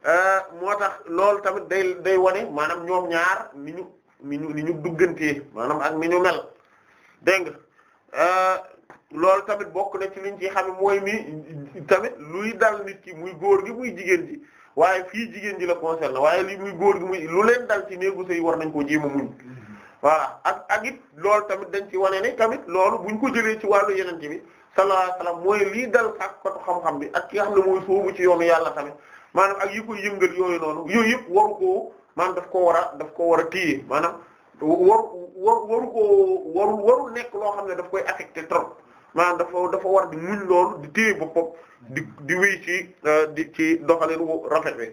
eh, moo tax loolu tamit day day wane maanaam ñoom ñaar ni ñu ni ñu ni ñu maanaam ak ni ñu mel dégg nga euh, loolu tamit bokk na ci liñ ci xam mooy ni tamit luy dal nit ki muy góor gi muy jigéen ji waaye fii jigéen ji la concerné waaye li muy góor gi muy lu leen dal ci néegu sëy war nañ ko jéem a muñ voilà ak ak it loolu tamit dañ ci wane ni tamit loolu buñ ko jëlee ci wàllu yeneen bi sallallahu alayhi mooy lii dal sàkkatu xam-xam bi ak ki nga xam ne mooy soobu ci yoonu yàlla tamit maanaam ak yi koy yëngal yooyu noonu yooyu yëpp waru koo maanaam daf ko war a daf ko war a téye maanaam waru waru waru koo waru waru nekk loo xam ne daf koy affecté trop maanaam dafa dafa war di muñ lool di téye boppam di di ci euh, di ci doxalin wu rafet bi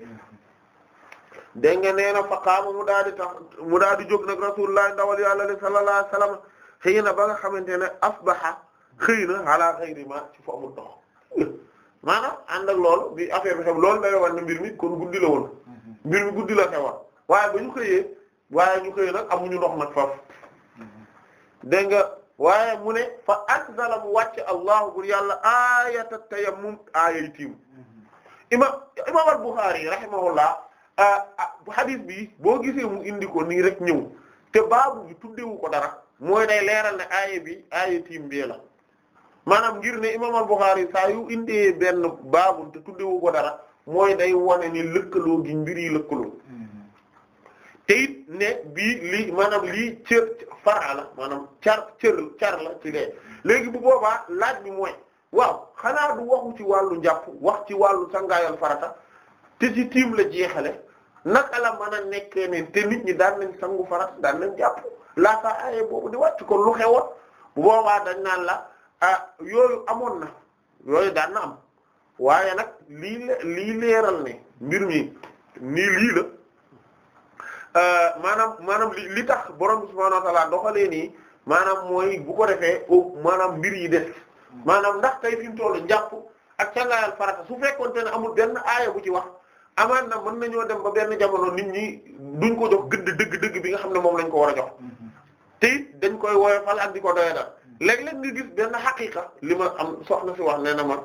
dégg nga nee na fa qaama mu daal tax mu daal di jóg nag rasulullah ndawal yàlla li sallallahu alayhi xëy na ba nga xamante ne asbaha xëy na ala xayri ma ci fa mu dox maa ànd ak loolu bi affaire bi xew loolu day war na mbir mi kon guddi la woon mm-hmm. mbir mi guddi la xewoon waaye ba ñu xëyee waaye ñu xëy nag amuñu ndox nag faf dégg nga waaye mu ne fa anzala mu wàcc allahu bu yàlla ayata tayammum aayay tiim imam imam al-Bukhari rahimahullah hadith bi boo gisee mu indi ko ni rek ñëw te baabu gi tuddewu ko dara mooy day leeral ne aaya bi aaya tiim bi la maanaam ngir ne imam al saa yu indee benn baabu te tuddewu ko dara mooy day wane ni lëkkaloo gi mbir yi lëkkaloo te ne bii li maanaam lii cër fara la maanaam car cër la ci dee léegi bu boobaa laaj bi mooy waaw xanaa du waxu ci wàllu njàpp wax ci wàllu sangaayal farata te ci tiim la jeexale naka la mën a nekkee ne te nit ñi daan nañ sangu farata daan nañ jàpp laataa aaye boobu di wàcc ko lu xewoon bu boobaa dañ naan la ah yooyu amoon na yooyu daan na am waaye nag lii lii leeral ne mbir mi nii lii la Euh, maanaam maanaam li li tax borom subhaanahu wa ta'aala doxalee nii maanaam mooy bu ko defee maanaam mbir yi de maanaam ndax tey fi mu toll njàpp ak cangaayal farata su fekkoon te ne amul benn aaya bu ci wax amaan na mën nañoo dem ba benn jamono nit ñi duñ ko dox gëdd dëgg-dëgg bi nga xam ne moom lañ ko war a jox te dañ koy woyofal ak di ko doyadal léeg-léeg nga gis benn xaqiqa li ma am soxna si wax nee na ma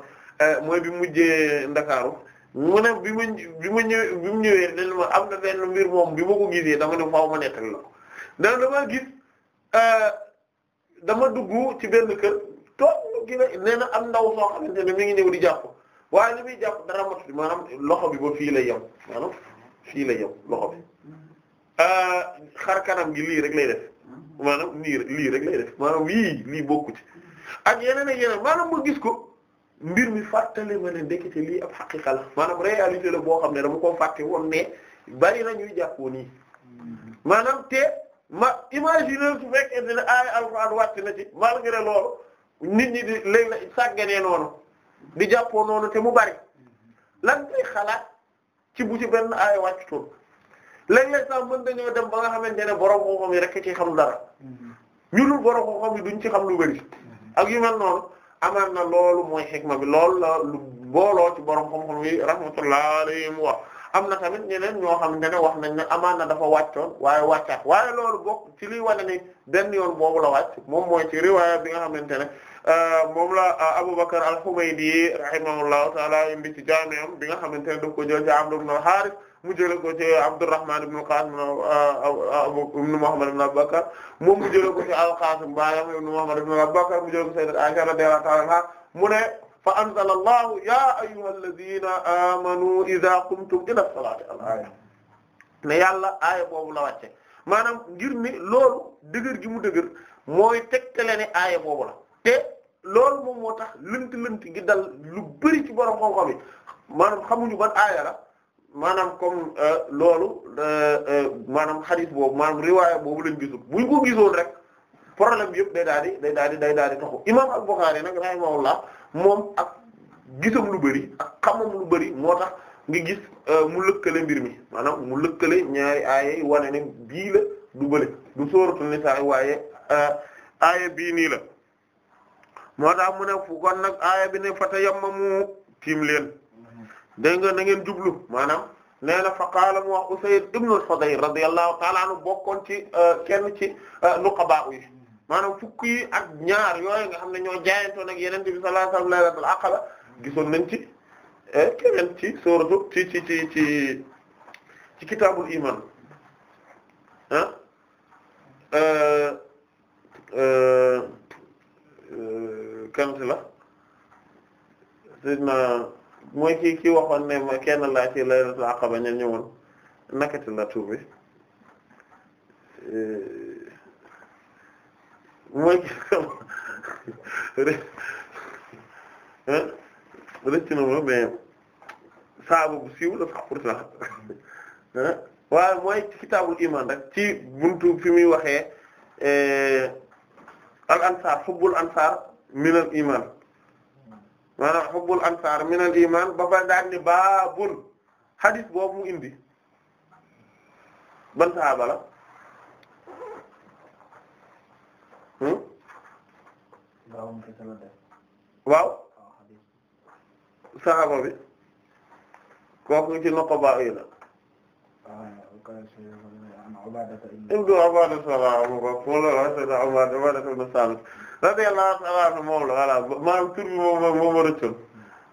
euh, mooy bi mujjee Ndakaaru mu ne bi ma bi ma ñëwee bi mu ñëwee dañ ma am na benn mbir moom bi ma ko gisee dama ne faaw ma nekkal la ndax dama gis euh, dama dugg ci benn kër toog gi la nee na am ndaw soo xamante ne mi ngi ñëw di jàpp waaye li muy jàpp dara matu maanaam loxo bi ba fii lay yem maanaam fii la yem loxo bi euh, xar kanam gi lii rek lay def lii lii rek lay def maanaam yii lii bokku ci ak yeneen ak yeneen maanaam ma gis ko. mbir mi fàttali ma ne ndekete lii ab xaqiqa la maanaam réalité la boo xam ne dama ko fàtte woon ne bari na ñuy jàppoo nii mm-hmm. maanaam te ma imaginer su fekkee ne ay alxuraan wàcc na ci malgré loolu nit ñi di léegi la sàgganee noonu di jàppoo noonu te mu bari mm-hmm. lan ngay xalaat ci bu ci benn aaya wàccutoon léeg-léeg sax mën dañoo dem ba nga xamante ne borom xam yi rek ci xam dara mm-hmm. ñu dul borom xam-xam yi duñ ci xam lu bari ak yu mel noonu. amaan na loolu mooy xikma bi loolu la lu booloo ci borom xam-xam yi rahmatullah alayhim am na tamit ñeneen ñoo xamante ne wax nañ ne amaan na dafa wàccoon waaye wàccaat waaye loolu bokk ci liy wane ni benn yoon boobu la wàcc moom mooy ci riwaaya bi nga xamante ne euh, moom la euh, Abubakar al-Humaydi rahimahullahu taala indi ci jaami'am bi nga xamante ne daf ko jël ci Amr ibn mu jëlee ko ci Abdurrahman ibn al-Qasim uh, uh, ibn Muhammad ibn Abu Bakr moom mu jëlee ko ci al-Qasim baayam ibn Muhammad ibn Abu Bakr mu jëlee ko sayyidat Aisha radiyallahu ta'ala anha mu ne fa anzala Allahu ya ayyuhal ladhina amanu idha qumtum ila as-salati al-aya ne yàlla aaya boobu la wàcce maanaam ngir ni loolu dëgër gi mu dëgër mooy tegtale ne aaya boobu la te loolu moom moo tax lënt lënt gi dal lu bari ci borom xam-xam yi maanaam xamuñu ban aaya la maanaam comme euh, loolu euh, euh, maanaam xadis boobu maanaam riwaaya boobu lañ gisul buñ ko gisoon rek problème bi yëpp day daal di day daal di day daal di taxu imam al-Bukhari nag rahimahullah moom ak gisam lu bëri ak xamam lu bari moo tax nga gis mu lëkkale mbir mi maanaam mu lëkkale ñaari aaya wane ne bii la du bële du sooratu nisaa waaye aaya bii nii la moo tax mu ne fu kon nag aaya bi ne fata yammamu tiim leen dégg nga na ngeen jublu maanaam nee na fa qaala mu wax Usayd ibn al-Hudayr radiyallahu ta'ala bokkoon ci euh, kenn ci euh, nuqaba yi maanaam fukki ak ñaar yooyu nga xam ne ñoo jaayantoon ak yeneen bi sallallahu alayhi wa sallam gisoon nañ ci euh, keneen ci sooratu ci ci ci ci ci kitaabul iman ah kanti la mooy ki ki waxoon ne ma kenn laa ci laylatul aqaba ña ñëwoon nakati la tuubi eh, mooy rëcc na ma mais saabu bu siiw la sax pourtant waaw mooy kitaabul iman rek ci buntu fi muy waxee eh, al ansar hubbul ansar minal iman a hubbul ansar min al iman ba fa ni baabun hadith boobu indi ban sahaaba la hmm? waaw sahaaba bi kooku ci noqo ba la ibnu Ubaada sala mu moom la Seydina Ubaada Ubaada ibnu Saamit radiyallahu ta'ala anhu moom la voilà maanaam tur bi moom moom moo rëccoon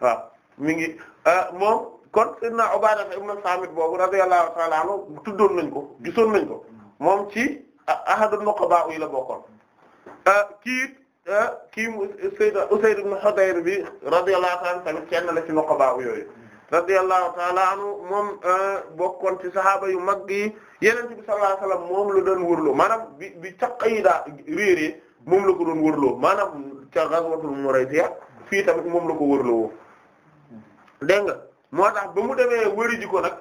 waaw mi ngi ah, moom kon Seydina Ubaada ibnu Saamit boobu radiyallahu ta'ala anhu tuddoon nañ ko gisoon nañ ko moom ci ahadu nuqaba yi la bokkoon ah, kii ah, kii Seydina Usayd ibnu Hudayr bi radiyallahu ta'ala anhu tamit kenn la ci nuqaba yooyu radiyallahu taala anhu moom euh, bokkoon ci sahaaba yu mag yi yeneen bi sallallahu alayhi wasallam moom la doon wërloo maanaam bi bi caq yi daa moom la ko doon wërloo maanaam ca ghazwatul muraytiya fii tamit moom la ko wërloo woo dégg nga moo tax ba mu demee wëri ji ko nag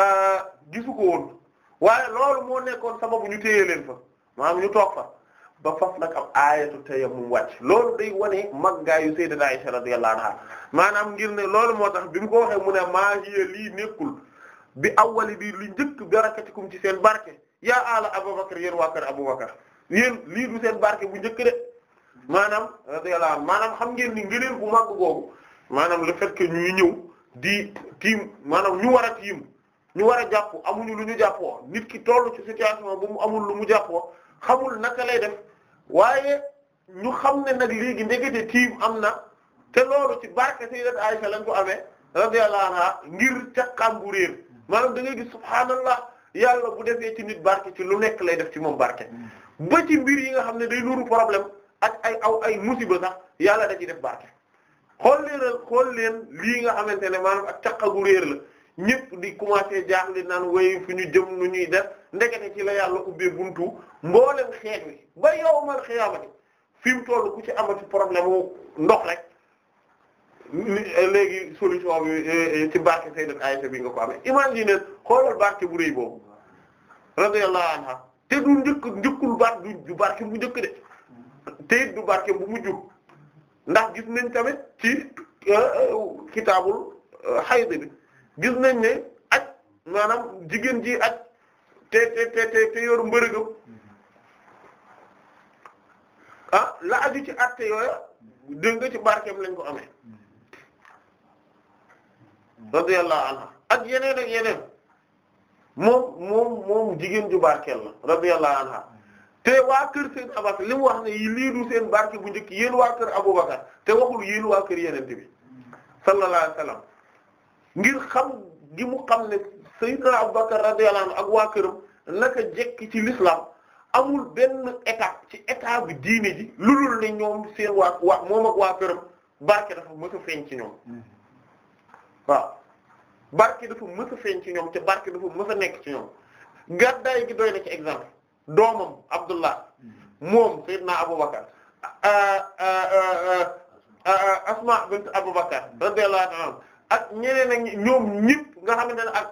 euh, gisu ko woon waaye loolu moo nekkoon sababu ñu téye leen fa maanaam ñu toog fa ba faf nag am aayatu tayammum wàcc loolu day wane maggaayu sayyidina Aisha radiyallahu anha maanaam ngir ne loolu moo tax bi mu ko waxee mu ne maa hiya lii nekkul bi awwali bi lu njëkk barakatikum ci seen barke yaa ala Abubakar yéen waa Abubakar yéen lii du seen barke bu njëkk de maanaam radiyallahu anha maanaam xam ngeen ni ngëneel bu màgg boobu maanaam le fait ñuy ñëw di tiim maanaam ñu war a tiim ñu war a jàpp amuñu lu ñu jàppoo nit ki tollu ci situation bu mu amul lu mu jàppoo xamul naka lay def. waaye ñu xam ne nag léegi ndekete tiim am na te loolu ci barke sayyidat Aisha lañ ko amee radiyallahu anha ngir caqaam bu réer maanaam da ngay gis subhaanallah yàlla bu defee ci nit barke ci lu nekk lay def ci moom barke ba ci mbir yi nga xam ne day nuru problème ak ay aw ay musiba sax yàlla da ci def barke xool xool leen lii nga xamante ne maanaam ak caqa gu réer la ñëpp di commencé jaaxle naan way fu ñu jëm nu ñuy def ndekete ci la yàlla ubbee buntu mboolem xeet wi ba yawmal xiyaamati fi mu toll ku ci ci problème wu ndox rek léegi solution bi eh, eh, ci barke Sayyidat Aisha bi nga ko amee imagine xoolal barke bu rëy boobu radiyallahu anha te du njëkk njëkkul baax du barke bu njëkk de te it du barke bu mujj ndax gis nañ tamit ci eh, kitaabul xayd bi gis nañ ne aj maanaam jigéen ji aj te te te yor mbërëgam ah la aju ci atte yooya ci nga ci barkeem lañ ko amee radiyallahu anha ak yeneen ak yeneen moom moom jigéen ju barkeel la radiyallahu anha te waa kër seen Abbas li mu wax ne lii du seen barke bu njëkk yéen waa kër Abubakar te waxul yéen waa kër yeneen bi sallallahu alayhi wasallam ngir xam gi mu xam ne sayyidina Abubakar radiyallahu anhu ak waa këram naka jekki ci lislaam amul benn état ci état bi diine ji lulul ne ñoom seen waa waa moom ak waa këram barke dafa mës a feeñ ci ñoom hmm. waaw barke dafa mës a feeñ ci ñoom te barke dafa mës a nekk ci ñoom gàddaay gi doy na ci exemple doomam Abdullah hmm. moom Seydina Aboubacar ah, ah, ah, Asma bint Aboubacar radiyallahu anha ak ñeneen ak ñoom ñëpp nga xamante ne ak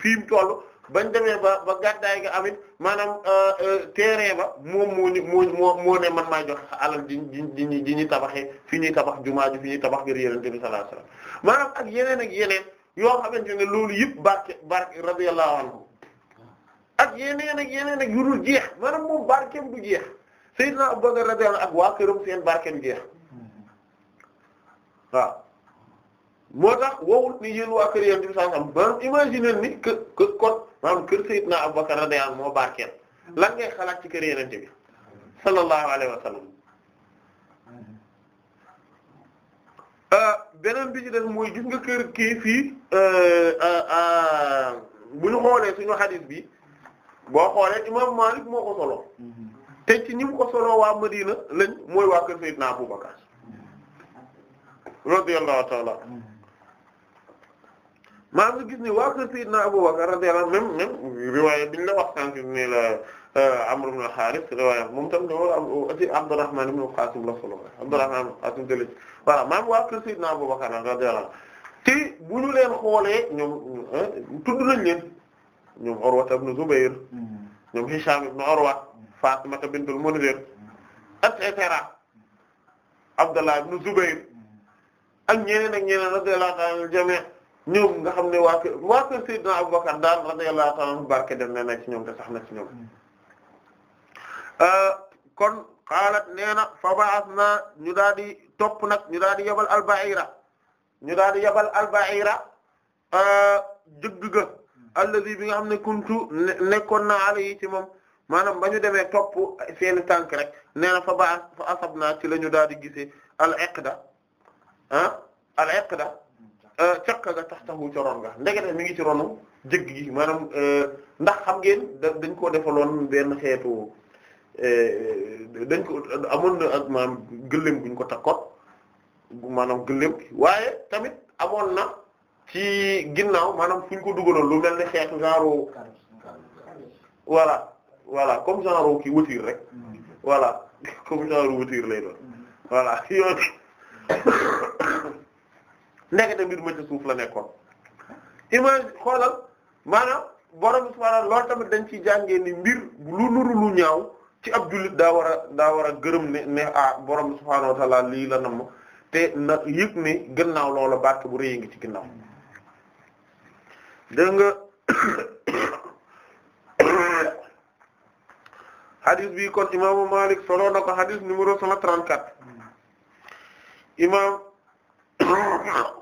fii mu toll bañ demee ba ba gàddaay ga amit maanaam euh, euh, terrain ba moom moo ñu moo moo ne man maa jox alal di di ñi ñuy tabaxee fi ñuy tabax ju ji fi ñuy tabax ngir Yonent bi sallallahu alayhi wasallam maanaam ak yeneen ak yeneen yoo xam ne loolu yëpp barke barke radiyallahu anhu ak yeneen ak yeneen ak yu dul jeex maanaam moom barkeem du jeex Sayyidina Abubakar radiyallahu ak waa këram seen barkeem jeex hmm. waaw. moo tax wowut ni yéen waa kër yonent bi sallallahu alayhi wasallam maanaam imaginer ni que que kon maanaam kër Sayyidina Abubakar radiyallahu anhu moo barkeel lan ngay xalaat ci kër yonent bi sallallahu alayhi wasallam euh, beneen bi ci def mooy gis nga kër kii fii euh, euh, bu ñu xoolee suñu hadith bi boo xoolee imam Malik moo ko solo te ci ñi mu ko solo waa Madina lañ mooy waa kër Sayyidina Abubakar radiyallahu ta'ala maanaam nga gis ni waa kër Seydina Abu Bakr radiyallahu anhu même même riwaaya biñ la wax sànq ni la euh, Amr ibn al riwaaya moom tam ne wala ci Abdurrahman ibn al-Qasim la solo Abdurrahman Qasim waa kër Seydina Abu Bakr radiyallahu te bu leen xoolee ñoom euh, tudd nañ leen ñoom Urwa ibn Zubayr ñoom Hisham ibn Urwa Fatima bintul Munzir et cetera Abdullah ibn Zubayr ak ñeneen ak ñeneen radiyallahu anhum jami' ñoom nga xam ne waa kër waa kër Seydina Abubakar daan radiyallahu ta'ala anhu barke dem na ci ñoom te sax na ci ñoom hmm. euh, kon xaalat nee na fa na ñu daal di topp nag ñu daal di yabal al-ba'ira ñu daal di yabal al-ba'ira jëgg euh, ga hmm. alladhi bi nga xam ne kuntu nekkoon na alayhi ci moom maanaam ba ñu demee topp seeni tànk rek nee na fa ba fa asab naa ci la ñu daal di gisee al-iqda ah, al-iqda Euh, caq ga tax taxu ca ron nga ndekete mi ngi ci ronu jëgg gi maanaam euh, ndax xam ngeen dañ koo defaloon benn xeetu euh, dañ ko amoon na ak maanaam gëléem guñ ko takkoon maanaam gëléem waaye tamit amoon na ci ginnaaw maanaam fuñ ko dugaloon lu mel ni xeetu genre wala voilà comme genre ki wëtiir rek mm-hmm. voilà comme genre wëtiir lay doon mm-hmm. voilà yooyu ndekete mbir ma ci suuf la nekkoon image xoolal maanaam borom subhaanahu loolu tamit dañ ci jàngee ni mbir lu nuru lu ñaaw ci ab jullit daa war daa war gërëm ne ne ah borom subhaanahu wa lii la nam te na yëg ne gannaaw loola barke bu rëy ngi ci gannaaw dégg nga hadis bi kon imaamu Malik solo na ko hadis numéro 134 imaam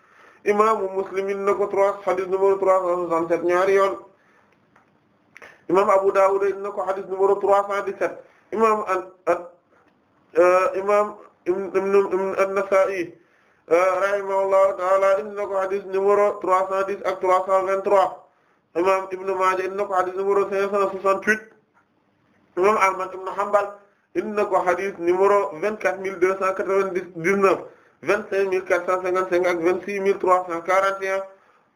imaamu Muslim indi na ko trois hadith numéro trois cent soixante-sept ñaari yoon imam Abu Dawud indi na ko hadith numéro trois cent dix-sept imam euh, imam an-Nasa'i euh, rahimahullahu ta'ala indi na ko hadith numéro trois cent dix ak trois cent vingt-trois imam Ibn Maaja indi na ko hadith numéro cinq cent soixante-huit imam Ahmad ibn Hanbal indi na ko hadith numéro vingt-quatre mille deux cent quatre-vingt-dix-neuf vingt-cinq mille quatre cent cinquante-cinq ak vingt-six mille trois cent quarante et un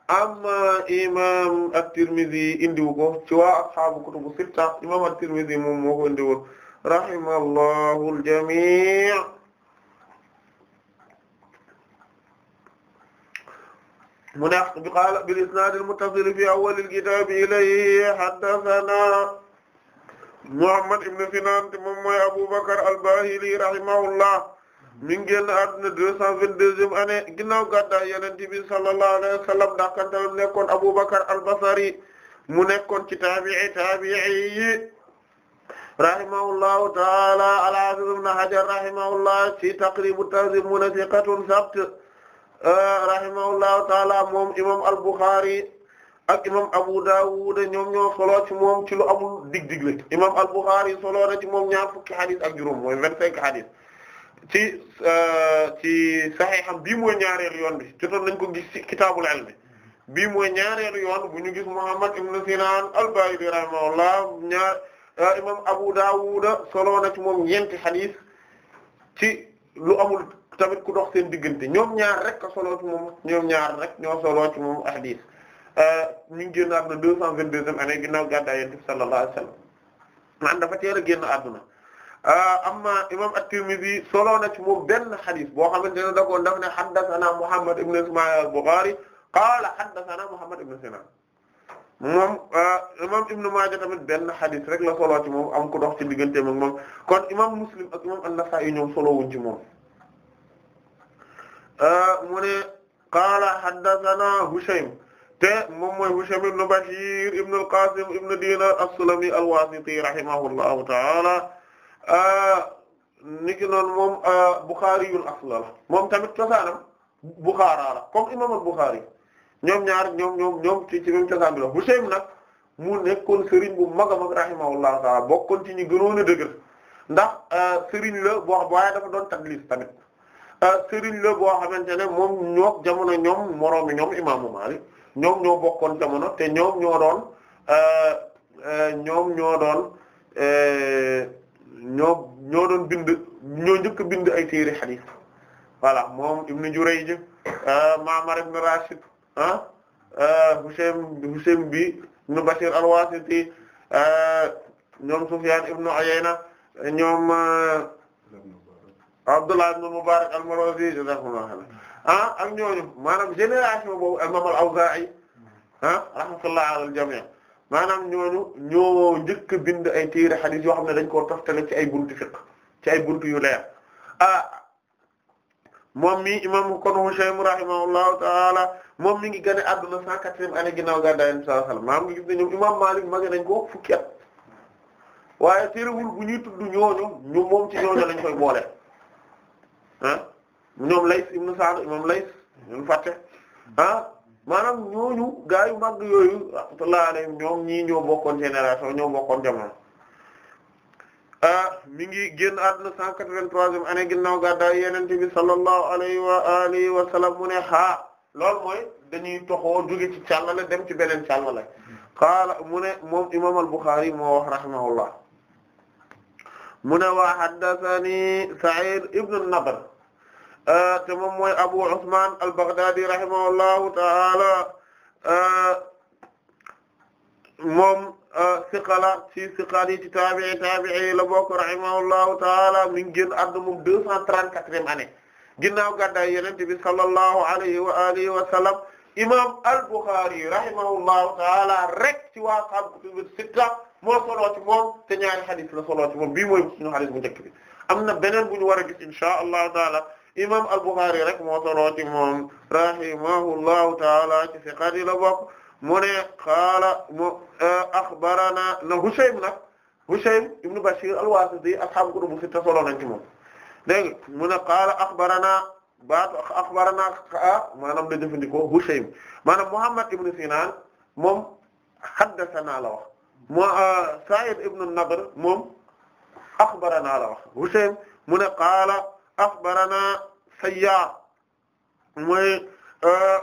amma imam at-Tirmidhi indiwu ko ci waa ashaabu kutubu sitta imam at-Tirmidhi moom moo ko indiwoon rahimallahu al-jami' mu ne qaala bil isnaad al-muttasil fi awwal al-kitaab ilayhi haddathana Muhammad ibn Sinan moom mooy Abu Bakr al-Bahili rahimahullah mi ngi génn àdduna deux cent vingt-deuxième année ginnaaw gàddaay Yonent bi sallallahu alayhi wa sallam dakantalam nekkoon Abu Bakr al-Basri mu nekkoon ci taabi'i taabi'i yi rahimahullahu ta'ala al-Hafiz ibn Hajar rahimahullah ci Taqrib at-Tahdhib mu ne thiqatun sabt euh, rahimahullahu ta'ala moom imam al-Bukhari ak imam Abu Dawud ñoom ñoo solo ci moom ci lu amul dig-dig imam al-Bukhari solo na ci moom ñaar fukki hadith ak juróom mooy vingt-cinq hadith ci euh, ci saxiixam bii mooy ñaareelu yoon bi jotoon nañ ko gis ci kitaabul ilmi bii mooy ñaareelu yoon bu ñu gis Muhammad ibn Sinan al-Bahili rahimahullah ñaar euh, imam Abu Dawud solo na ci moom ñeenti xadiis ci lu amul tamit ku dox seen diggante ñoom ñaar rek a solo ci moom ñoom ñaar rek ñoo solo ci moom xadiis euh, ñu ngi génn àdduna deux cent vingt-deuxième année ginnaaw gàddaay Yonent bi sallallahu alayhi wasallam man dafa teel a génn àdduna Euh, amma imam at-Tirmidhi solo na ci moom benn hadith boo xamante ne da ko daf ne haddathana Muhammad ibn Isma'il al-Bukhari qaala haddathana Muhammad ibn Sinan moom euh, imam Ibn Maaja tamit benn hadith rek la solo ci moom am ko dox ci diggante moom moom kon imam Muslim ak imam an-Nasa'i ñoom solo wuñ ci moom euh, mu ne qaala haddathana Hushaym te moom mooy Hushaym ibn Bashir ibn al-Qasim ibn Dinar as-Sulami al-Wasiti rahimahullahu ta'ala Ah, niki noonu moom ah, Bukhari yul asla la moom tamit cosaanam Bukhara la comme imam ñoom ñaar ñoom ñoom ñoom ci ci même cosaan bi la Hushaym nag mu nekkoon sëriñ bu mag a mag rahimahullahu ta'ala bokkoon ci ñi gënoon a dëgër ndax ah, sëriñ la boo xam waaye dafa doon tadlis tamit sëriñ la boo xamante ne moom ñoo jamono ñoom moroomi ñoom imaamu Maalik ñoom ñoo bokkoon jamono te ñoom ñoo doon ñoom ñoo doon. Eh, ñoo ñoo doon bind ñoo njëkk bind ay téere moom Ibn Jurayj euh, Ma'mar ibn Rashid ah bi ibn Bashir al euh, ñoom Sufyan ibn Uyayna ñoom Abdullah ibn Mubarak al-Marwazi jazakumullahu khairan ah ak ñooñu maanaam génération boobu imam maanaam ñooñu ñoo njëkk bind ay téere xadis yoo xam ne dañ koo toftale ci ay buntu fiqh ci ay buntu yu leer ah moom mi imam kon Husaym rahimahullahu taala moom mi ngi gane adduna cent quatrième année ginnaaw gàddaay Yonent bi sallallahu alayhi wasallam maam ngi gis ne ñoom imam Malik mage nañ ko fukki at waaye téerewul bu ñuy tudd ñooñu moom ci ñooñu lañ koy boole ah ñoom Lays ibn Sa'd imam Lays ñun fàtte ah maanaam ñooñu gaa yu mag yooyu rahmatullahi ñoom ñii ñoo bokkoon génération ñoo bokkoon jamono ah, mi ngi génn àdduna 183e année ginnaaw gàddaay Yonent bi sallallahu alayhi wa alihi wa sallam mu ne xaa loolu mooy dañuy toxoo jóge ci càllale dem ci beneen càllale qaala mu ne moom imaam al-Bukhari moo wax rahimahullah mu ne waa haddathani Sa'id ibn nadr Euh, te moom mooy Abu Usman al-Baghdadi rahimahullahu ta'ala euh, moom euh, siqala ci siqaat yi ci taabi'i taabi'i la bokk rahimahullahu ta'ala mi ngi génn àdduna moom deux cent trente-quatrième année ginnaaw gàddaay Yonent bi sallallahu alayhi wa alihi wa sallam imam al-Bukhari rahimahullahu ta'ala rek ci waa sahaabu kutubu sitta moo soloo ci moom te ñaari hadith la soloo ci moom bii mooy suñu hadith bu njëkk bi am na beneen bu ñu war a gis inshaa Allahu ta'ala imam al-Bukhari rek moo solo ci moom rahimahullahu taala ci siqaat yi la bokk mu ne qaala mu e, axbarana na Hushaym nag Hushaym ibn Bashir al-Wasiti ashaabu kutubu sitta solo nañ ci moom dégg mu ne qaala axbarana baatu axbarana a maanaam da jëfandikoo Hushaym maanaam Muhammad ibn Sinan moom haddathana la wax moo e, Sa'id ibn Nadr moom axbarana la wax Hushaym mu ne qaala axbarana Sayyaar mooy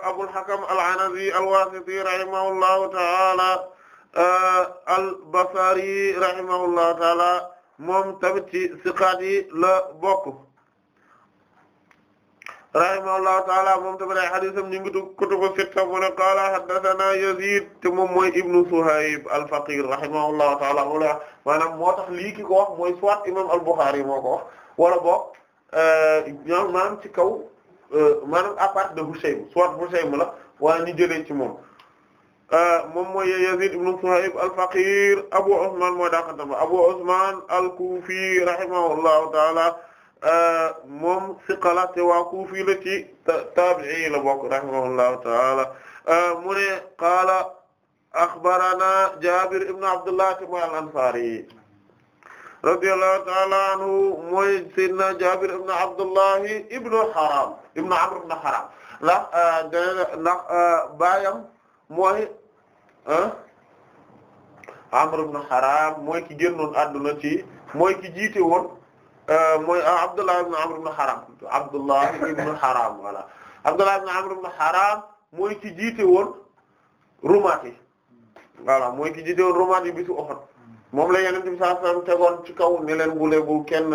Abul Hakam al-Anazi al-Wasiti rahimahullahu ta'ala al-Basri rahimahullahu ta'ala moom tamit ci siqaat yi la bokk rahimahullahu ta'ala moom tamit ay hadiisam ñu ngi dugg kutubu sitta mu ne qaala haddathana Yazid te moom mooy ibnu Suhayb al-Faqir rahimahullahu ta'ala maanaam moo tax lii ki ko wax mooy soit imam al-Bukhari moo ko wax wala bokk Euh, ñoom maanaam ci kaw euh, maanaam à part de Hushaym soit Hushaym la waaye ñu jëlee ci moom euh, moom mooy Yazid ibn Suhayb al-Faqir Abu Usman mooy daaxantam ba Abu Usman al-Kufi rahimahullahu taala moom siqala te waa Kufi la ci tabi'i la bokk rahimahullahu taala mu ne qaala axbarana Jabir ibn Abdullah te mooy al-Ansari radiyallahu ta'ala anhu mooy Seydina Jaabir ibn Abdullahi ibn Haram ibn Amr ibn Haram ndax euh, ndax euh, baayam mooy Amr ibn Haram mooy ki génnoon àdduna ci mooy ki jiite woon euh, mooy Abdullah ibn Amr ibn Haram Abdullah ibn Haram voilà Abdullah ibn Amr ibn Haram mooy ki jiite woon rumaat yi voilà mooy ki jiite woon rumaat yi bisu Uhud moom la yeneen bi sallallahu alayhi wasallam tegoon ci kaw ne leen bu leen bu kenn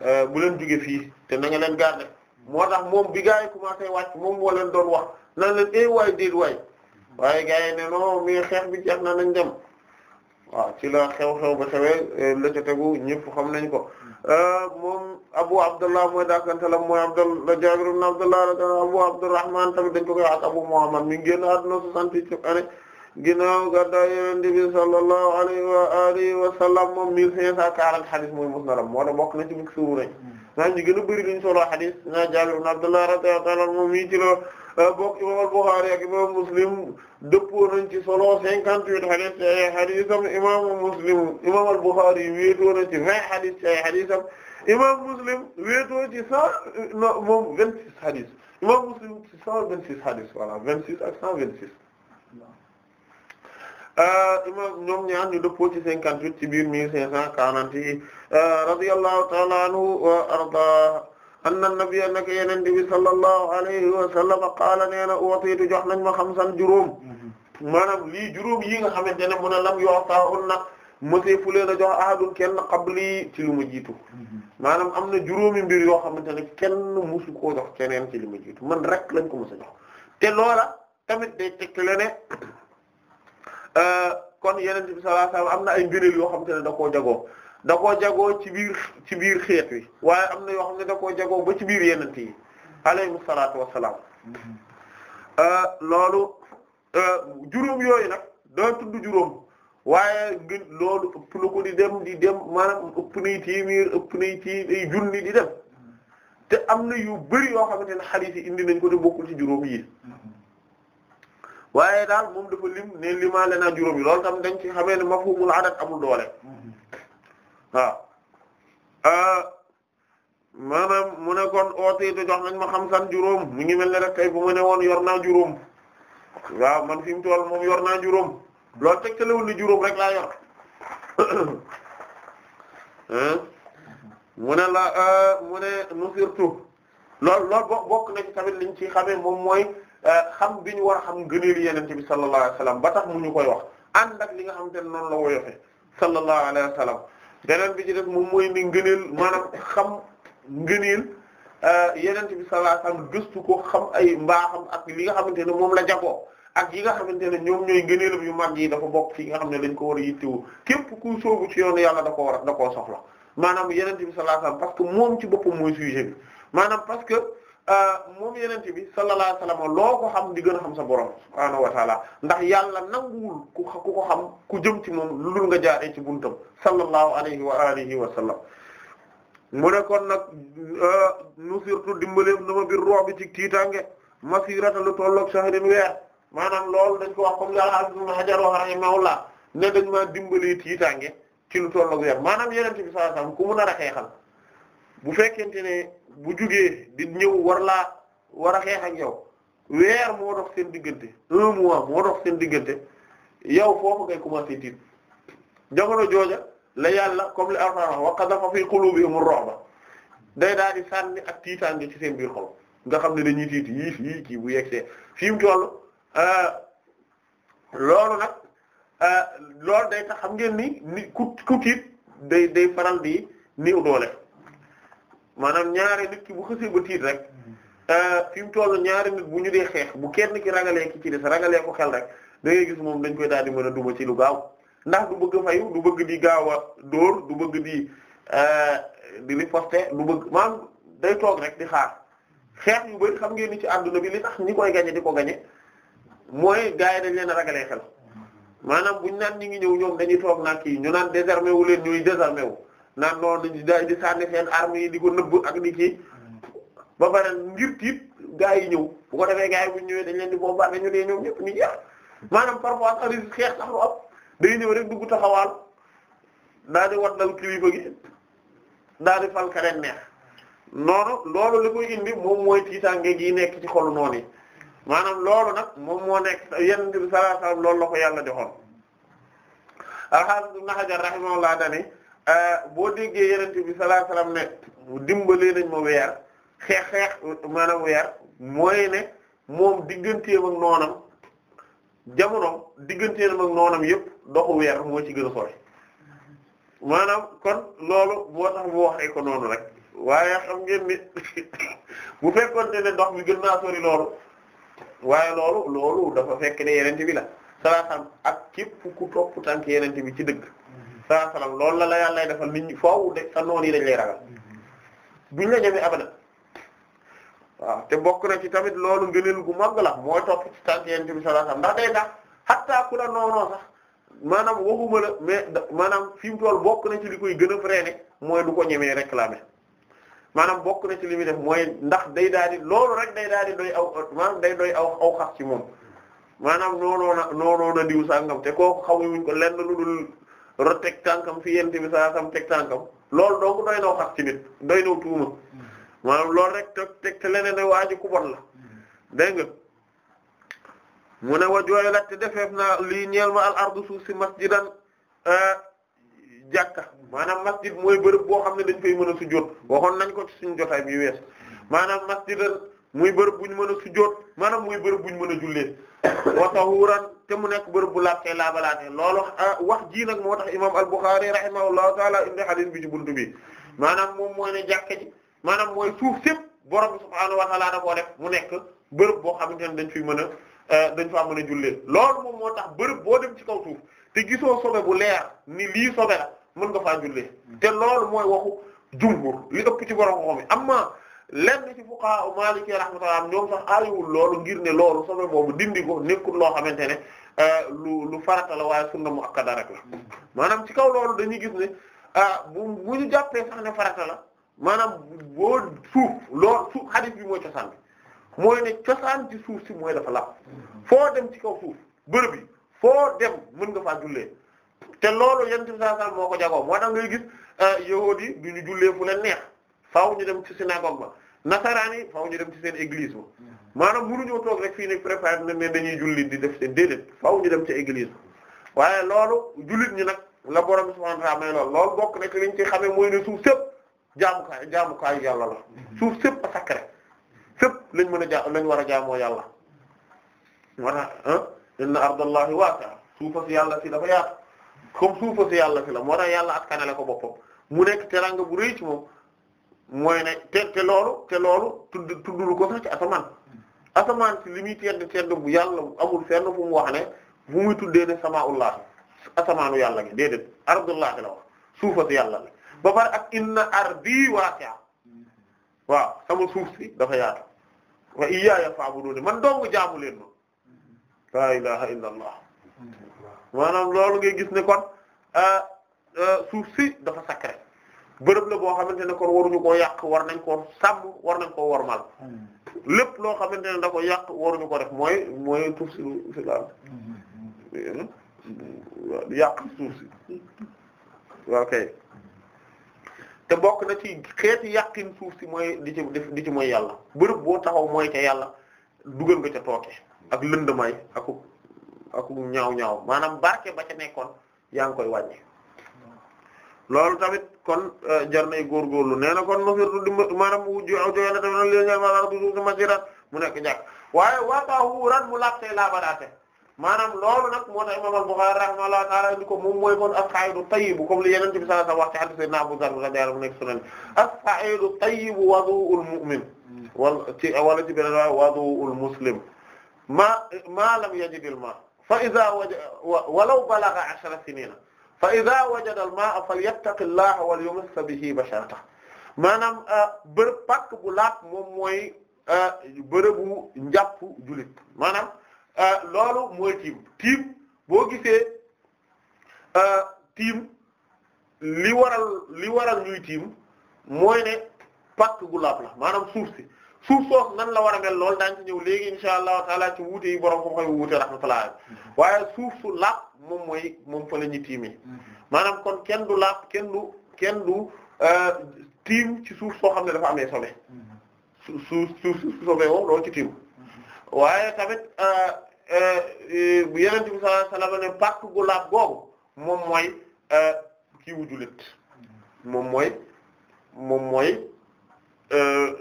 euh, bu leen jóge fii te na leen garder moo tax moom bi gars yi commencé wàcc moom moo leen doon wax nan leen ay eh, waay déet waay waaye gars yi ne non mais xeex bi jeex na nañ dem waaw ci la xew-xew ba xewee euh, la ca tegu ñëpp xam nañ ko euh, moom Abu Abdullah mooy daakantalam mooy Abdullah Jaabir ibn Abdullah Abu Abdurrahman tamit dañ ko koy wax Abu Muhammad mi ngi génn àdduna 68 année ginnaaw gàddaay Yonent bi sallallahu alayhi wa alihi wa sallam moom 1540 hadith mooy musnadam moo tax bokk na ci mug suru nañ naa ñu gën a bëri liñ solo hadith na Jaabir ibn Abdullah radiyallahu ta'ala moom mii ci la euh, bokk imam al-Bukhari ak imam Muslim dëppoo nañ ci solo 58 hadith ci ay haditham imam Muslim imam al-Bukhari wéetoo na ci 20 hadith ci ay haditham imam Muslim wéetoo ci 100 moom 26 hadith imam Muslim ci 126 hadith voilà 26 Euh, imam ñoom ñaar ñu dëppoo ci cinquante-huit ci biir mille cinq cent quarante yi euh, radiyallahu ta'ala anhu wa anna nabiyya nag yeneen di bi sallallahu alayhi wa qaala nee na utiitu jox nañ ma xamsan juróom maanaam lii juróom yi nga xamante ne mu ne lam yootaaun na mosee fu leen a jox ahadun kenn qabli ci li ma jiitu maanaam am na juróomi mbir yoo xamante ne kenn musu koo jox keneen ci li jiitu man rek lañ ko mos a te loola tamit day Euh, kon yeneen bi am na ay ngëneel yoo xam te ne da koo jagoo da koo jagoo ci biir ci biir xeet wi waaye am na yoo xam ne da koo jagoo ba ci biir yeneen yi alayhimu salaatu wassalaam euh, loolu euh, juróom yooyu nag da tudd juróom waaye gën loolu ëpp na ko di dem di dem maanaam ëpp nay téeméer ëpp nay téeméer junni di dem te am na yu bari yoo xamante ne xadiis yi indi nañ ko de bokkul ci juróom yi waaye daal moom dafa lim ne limaale naa juróom lool tam dañ ci xamee ne mafhumul adat amul doole waaw ah. maanaam mu ne kon oote te jox ma xam san juróom mu ngi mel ne rek kay bu mu ne woon yor naa juróom waaw man fi mu moom yor naa juróom loolu tegtalewul ni juróom rek laa yor ah. mu ne la ah, mu ne nu surtout loolu loolu bokk na ci tamit liñ ci xamee moom mooy xam bi ñu war a xam ngëneelu yenente bi sallallahu alayhi wa sallam tax mu ñu koy wax ànd ak li nga xamante ne noonu la woyofe sallallahu alayhi wa sallam beneen bi ci def moom mooy ni ngëneel maanaam xam ngëneel euh, yenente bi sallallahu alayhi wa sallam gëstu ko xam ay mbaaxam ak li nga xamante ne moom la jagoo ak yi nga xam xamante ne ñoom ñooy ngëneelam yu mag yi dafa bokk ci nga xam ne dañ ko war a yittewu képp ku soobu ci yoonu yàlla da koo war da koo soxla maanaam yenente bi sallallahu alayhi parce que moom ci boppam mooy sujet bi maanaam parce Euh, moom yenente bi sallallahu alayhi wasallam loo ko xam di gën xam sa borom subhaanahu wa ndax yàlla nanguwul ku ku ko xam ku jëm ci moom lu dul nga jaaree ci buntam sallallahu alayhi wa alihi wa sallam mu ne kon nag euh, nu surtout dimbaleef na ma bir roo bi ci tiitange masirata lu tolloog shahrin weer maanaam loolu dañ ko wax comme yàlla ibn Hajar wa rahimahullah ne dañ maa dimbali tiitange ci lu tolloog weer maanaam yenente bi sallallahu alayhi wasallam ku mun a xeexal bu fekkente ne bu jógee di ñëw war laa war a xeex ak yow weer moo dox seen diggante un mois moo dox seen diggante yow foofu ngay commencé tiit jamono jooja la yàlla comme li Alxuraan wa qadhafa fi qulubihim ar-ru'ba day daal di sànni ak tiitaange ci seen biir xol nga xam ne dañuy tiit yii fii kii bu yegsee fi mu toll euh, loolu nag euh, loolu day tax xam ngeen ni ni ku ku tiit day day faral di néew doole. maanaam ñaari nit ki bu xësee ba tiit rek euh, fi mu toll ñaari nit bu ñu dee xeex bu kenn ki ragalee ki ci des ragalee ko xel rek da gis moom dañ koy daal di mën a duma ci lu gaaw ndax du bëgg fayu du bëgg di gaaw a dóor du bëgg di euh, di riposte du bëgg maanaam day toog rek di xaar xeex yu bari xam ngeen ni ci àdduna bi li tax ñi koy gañe di ko gañe mooy gars yi dañ leen a ragalee xel maanaam buñ naan ñu ngi ñëw ñoom dañuy toog naa kii ñu naan désarmé wu leen ñuy désarmé wu naan non da daay di sànni seen armes yi di ko nëbb ak di kii ba pare ngir tiit gaa yi ñëw bu ko defee gaa yi bu ñëwee dañ leen di bombarder ñu dee ñoom ñëpp ñu jeex maanaam parfois sax risque xeex sax lu da day ñëw rek dugg di wat dal kilifa gi daa di loolu li koy indi moom mooy tiitaange gi nekk ci xolu noonu yi maanaam loolu nag moom moo nekk yenn bi sallallahu loolu la ko yàlla joxoon al-Hafiz Ibn Hajar rahimahullah dani Euh, boo déggee yenente bi sallallahu alayhi wasallam ne dimbalee nañ ma weer xeex xeex maanaam weer mooy ne moom digganteem ak noonam jamono digganteem ak noonam yëpp doxu weer moo ci gën a sori maanaam kon loolu moo tax mu waxee ko noonu rek waaye xam ngeen ni bu fekkoon ne ndox mi gën naa sori loolu waaye loolu loolu dafa fekk ne yenente bi la sallallahu ak képp ku topp tànk yenente bi ci dëgg saa salaam loolu la la yàlla defal nit ñi foofu de sa noon yi dañ lay ragal buñ la ñemee abada waaw te bokk na ci tamit loolu ngëneel gu mag la mooy topp ci tànk yonent bi sallallahu ndax day tax hatta la noonoo sax maanaam waxuma la mais maanaam fi mu toll bokk na ci li koy gën a freiné mooy du ko ñemee réclamer maanaam bokk na ci li muy def mooy ndax day daal di loolu rek day daal di doy aw maanaam day doy aw aw xas ci moom maanaam noonoo na noonoo na diw sàngam te kooku xamuñu ko lenn lu dul rot teg tànkam fi yent bi saa sam teg tànkam loolu donc doy naw xas ci nit doy naw tuuma maanaam loolu rek teg leneen ne waa ji ku la dégg nga mu ne wa jooy latte defeef na lii ñeel ma al ardu suuf si masjidan euh, jàkka maanaam masjid mooy bërëb boo xam ne dañ fay mën a sujjóot waxoon nañ ko ci suñu jotaay bi wees maanaam masjidan muy bërëb bu ñu mën a sujjóot maanaam muy bërëb bu ñu mën a jullee wa tahuuran te mu nekk bërëb bu laaj tey laabalaatee loolu ah, wax jii nag moo tax imaam al-Bukhari rahimahullahu taala indi hadith bi ci buntu bi maanaam moom mooy ne jàkka maanaam mooy suuf sépp borom subhaanahu wa taala koo mu nekk bërëb boo xamante ne dañ fi mën a eh, dañ faa mën a jullee loolu moom moo tax bërëb boo dem ci kaw suuf te gisoo sobe bu leer ni lii mën nga faa jullee hmm. te loolu mooy waxu jumhur li ëpp ci borom xoomi amma lenn ci fuqaha Maliki rahmatullah ñoom sax aayuwul loolu ngir ne loolu sobe boobu dindi ko nekkul loo xamante ne euh, lu lu farata la waaye sunna muakkada rek la maanaam ci kaw loolu dañuy gis ne ah bu bu ñu jàppee sax ne farata la maanaam boo suuf lool suuf hadith bi mooy cosaan bi mooy ne cosaan ci suuf si mooy dafa lapp foo dem ci kaw suuf bërëb yi foo dem mën nga faa jullee te loolu yent bi saa moo ko jagoo moo tax ngay gis euh, yahuudi yi du ñu jullee fu leen neex faaw ñu dem ci synagogue ma nasaraan yi faaw ñu dem ci seen église ba maanaam mënuñoo toog rek fii ne préparé na ne dañuy julli di def seen déedéet faaw ñu dem ci église ba waaye loolu jullit ñi nag la borom subhanahu wa ta'ala may loolu loolu bokk na ci liñ ci xamee mooy ne suuf sëpp jaamukaay jaamukaayu yàlla la suuf sëpp a sacré sëpp lañ mën a ja lañ war a jaamoo yàlla moo a ah inna ardallahi waasi'a suufa si yàlla si dafa yaatu comme suufa si yàlla si la moo tax yàlla askanale ko boppam mu nekk teranga bu rëy ci moom mooy ne te te loolu te loolu tudd tuddul ko sax ci asamaan asamaan si li muy tedd tedd bu yàlla amul fenn fu mu wax ne fu muy tuddee ne samaullahi asamaanu yàlla gi déedéet ardullahi la wax suufa si yàlla la ba pare ak inna ardi waasi'a waaw sama suuf si dafa yaatu wa iyyaaya fa'budun man dong jaamu leen ma laa ilaha illa allah loolu ngay gis ne kon ah, ah, suuf si dafa sacré bërëb la boo xamante ne kon waruñu koo yàq war nañ koo sàmm war nañ koo wormal hmm. lépp loo xamante ne da ko yàq waruñu ko def mooy mooy suuf si si laal hmm. hmm. yàq suuf si te bokk na ci xeeti yàqin suuf si mooy di ci def di ci mooy yàlla bërëb boo taxaw mooy ca yàlla dugal nga ca tooke ak lëndamaay ak ak ñaaw ñaaw maanaam barke ba ca nekkoon yaa ngi koy wàññi. loolu tamit kon euh, jar nay lu nee na kon nufirtu dimba maanaam mu jo joxe na tamit li ñu ma du suuf masiran mu nekk jàkk waaye waataawu ran mu laajtee laabalaate maanaam loolu nag moo tax imam al-Bukhari rahimahullahu ta'ala indi ko moom mooy kon as-sa'idu tayyibu comme li Yonent bi sallallahu alayhi wa sallam wax ci hadith Sayyidina Abu Dharr radiyallahu anhu mu nekk sunan as-sa'idu tayyibu wudu'ul mu'min wala ci wala ci beneen waaye wudu'ul muslim ma ma lam yajidil ma fa idha waja walaw balagha 'ashara sinina fa idha wajada al-ma'a falyattaqillaha walyumassa bihi basharata maanaam euh, bërëb pàkk bu laat moom mooy euh, bërëbu njàpp jullit maanaam euh, loolu mooy tiim tiim boo gisee tiim li waral li waral ñuy tiim mooy ne pàkk bu laab la maanaam suuf si suuf soos nan la war a mel lool daañu ci ñëw léegi insha allah taala ci wuute yi borom ko koy wuute rahmatullah mm-hmm. waaye suuf su lapp moom mooy moom fa la ñuy mm-hmm. maanaam kon kenn du lapp kenn du kenn du euh, tiim ci suuf soo xam ne dafa amee sobe mm-hmm. su suuf suuf sobe moom loolu ci tiim waaye tamit euh, euh, yeneen bi sallallahu alayhi wasallam gu lapp boobu moom mooy kiiwu wu jullit moom mooy moom mooy. Euh,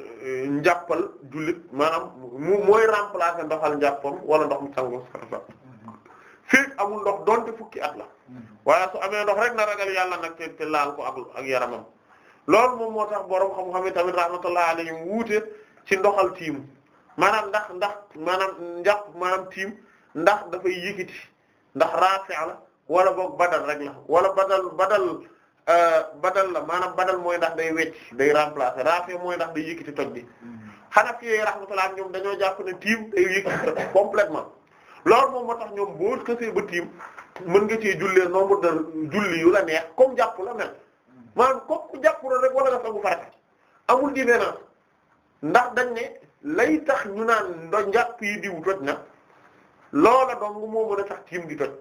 njàppal jullit maanaam mu mooy remplacer ndoxal njàppam wala ndox mu sangu sa fekk amul ndox donte fukki at la waaye su amee ndox rek na ragal yàlla nag te te laal ko ak ak yaramam loolu moom moo tax borom xam-xam yi tamit rahmatullah alayhim wuute ci ndoxal tiim maanaam ndax ndax maanaam njàpp maanaam tiim ndax dafay yëkkati ndax raafi' la wala boog badal rek la wala badal badal. Euh, badal la maanaam badal mooy ndax day wecc day remplacer raafi mooy ndax day yëkkati toj bi Hanafi rahmatullah ñoom dañoo jàpp ne tiim day yëkkati toj complètement loolu moom moo tax ñoom boo xasee ba tiim mën nga cee jullee nombre de julli yu la neex comme jàpp la mel maanaam comme ku jàpp rek wala nga sangu farata amul différence ndax dañ ne lay tax ñu naan ndo njàpp yi diw toj na loola dong moo mën a tax tiim gi toj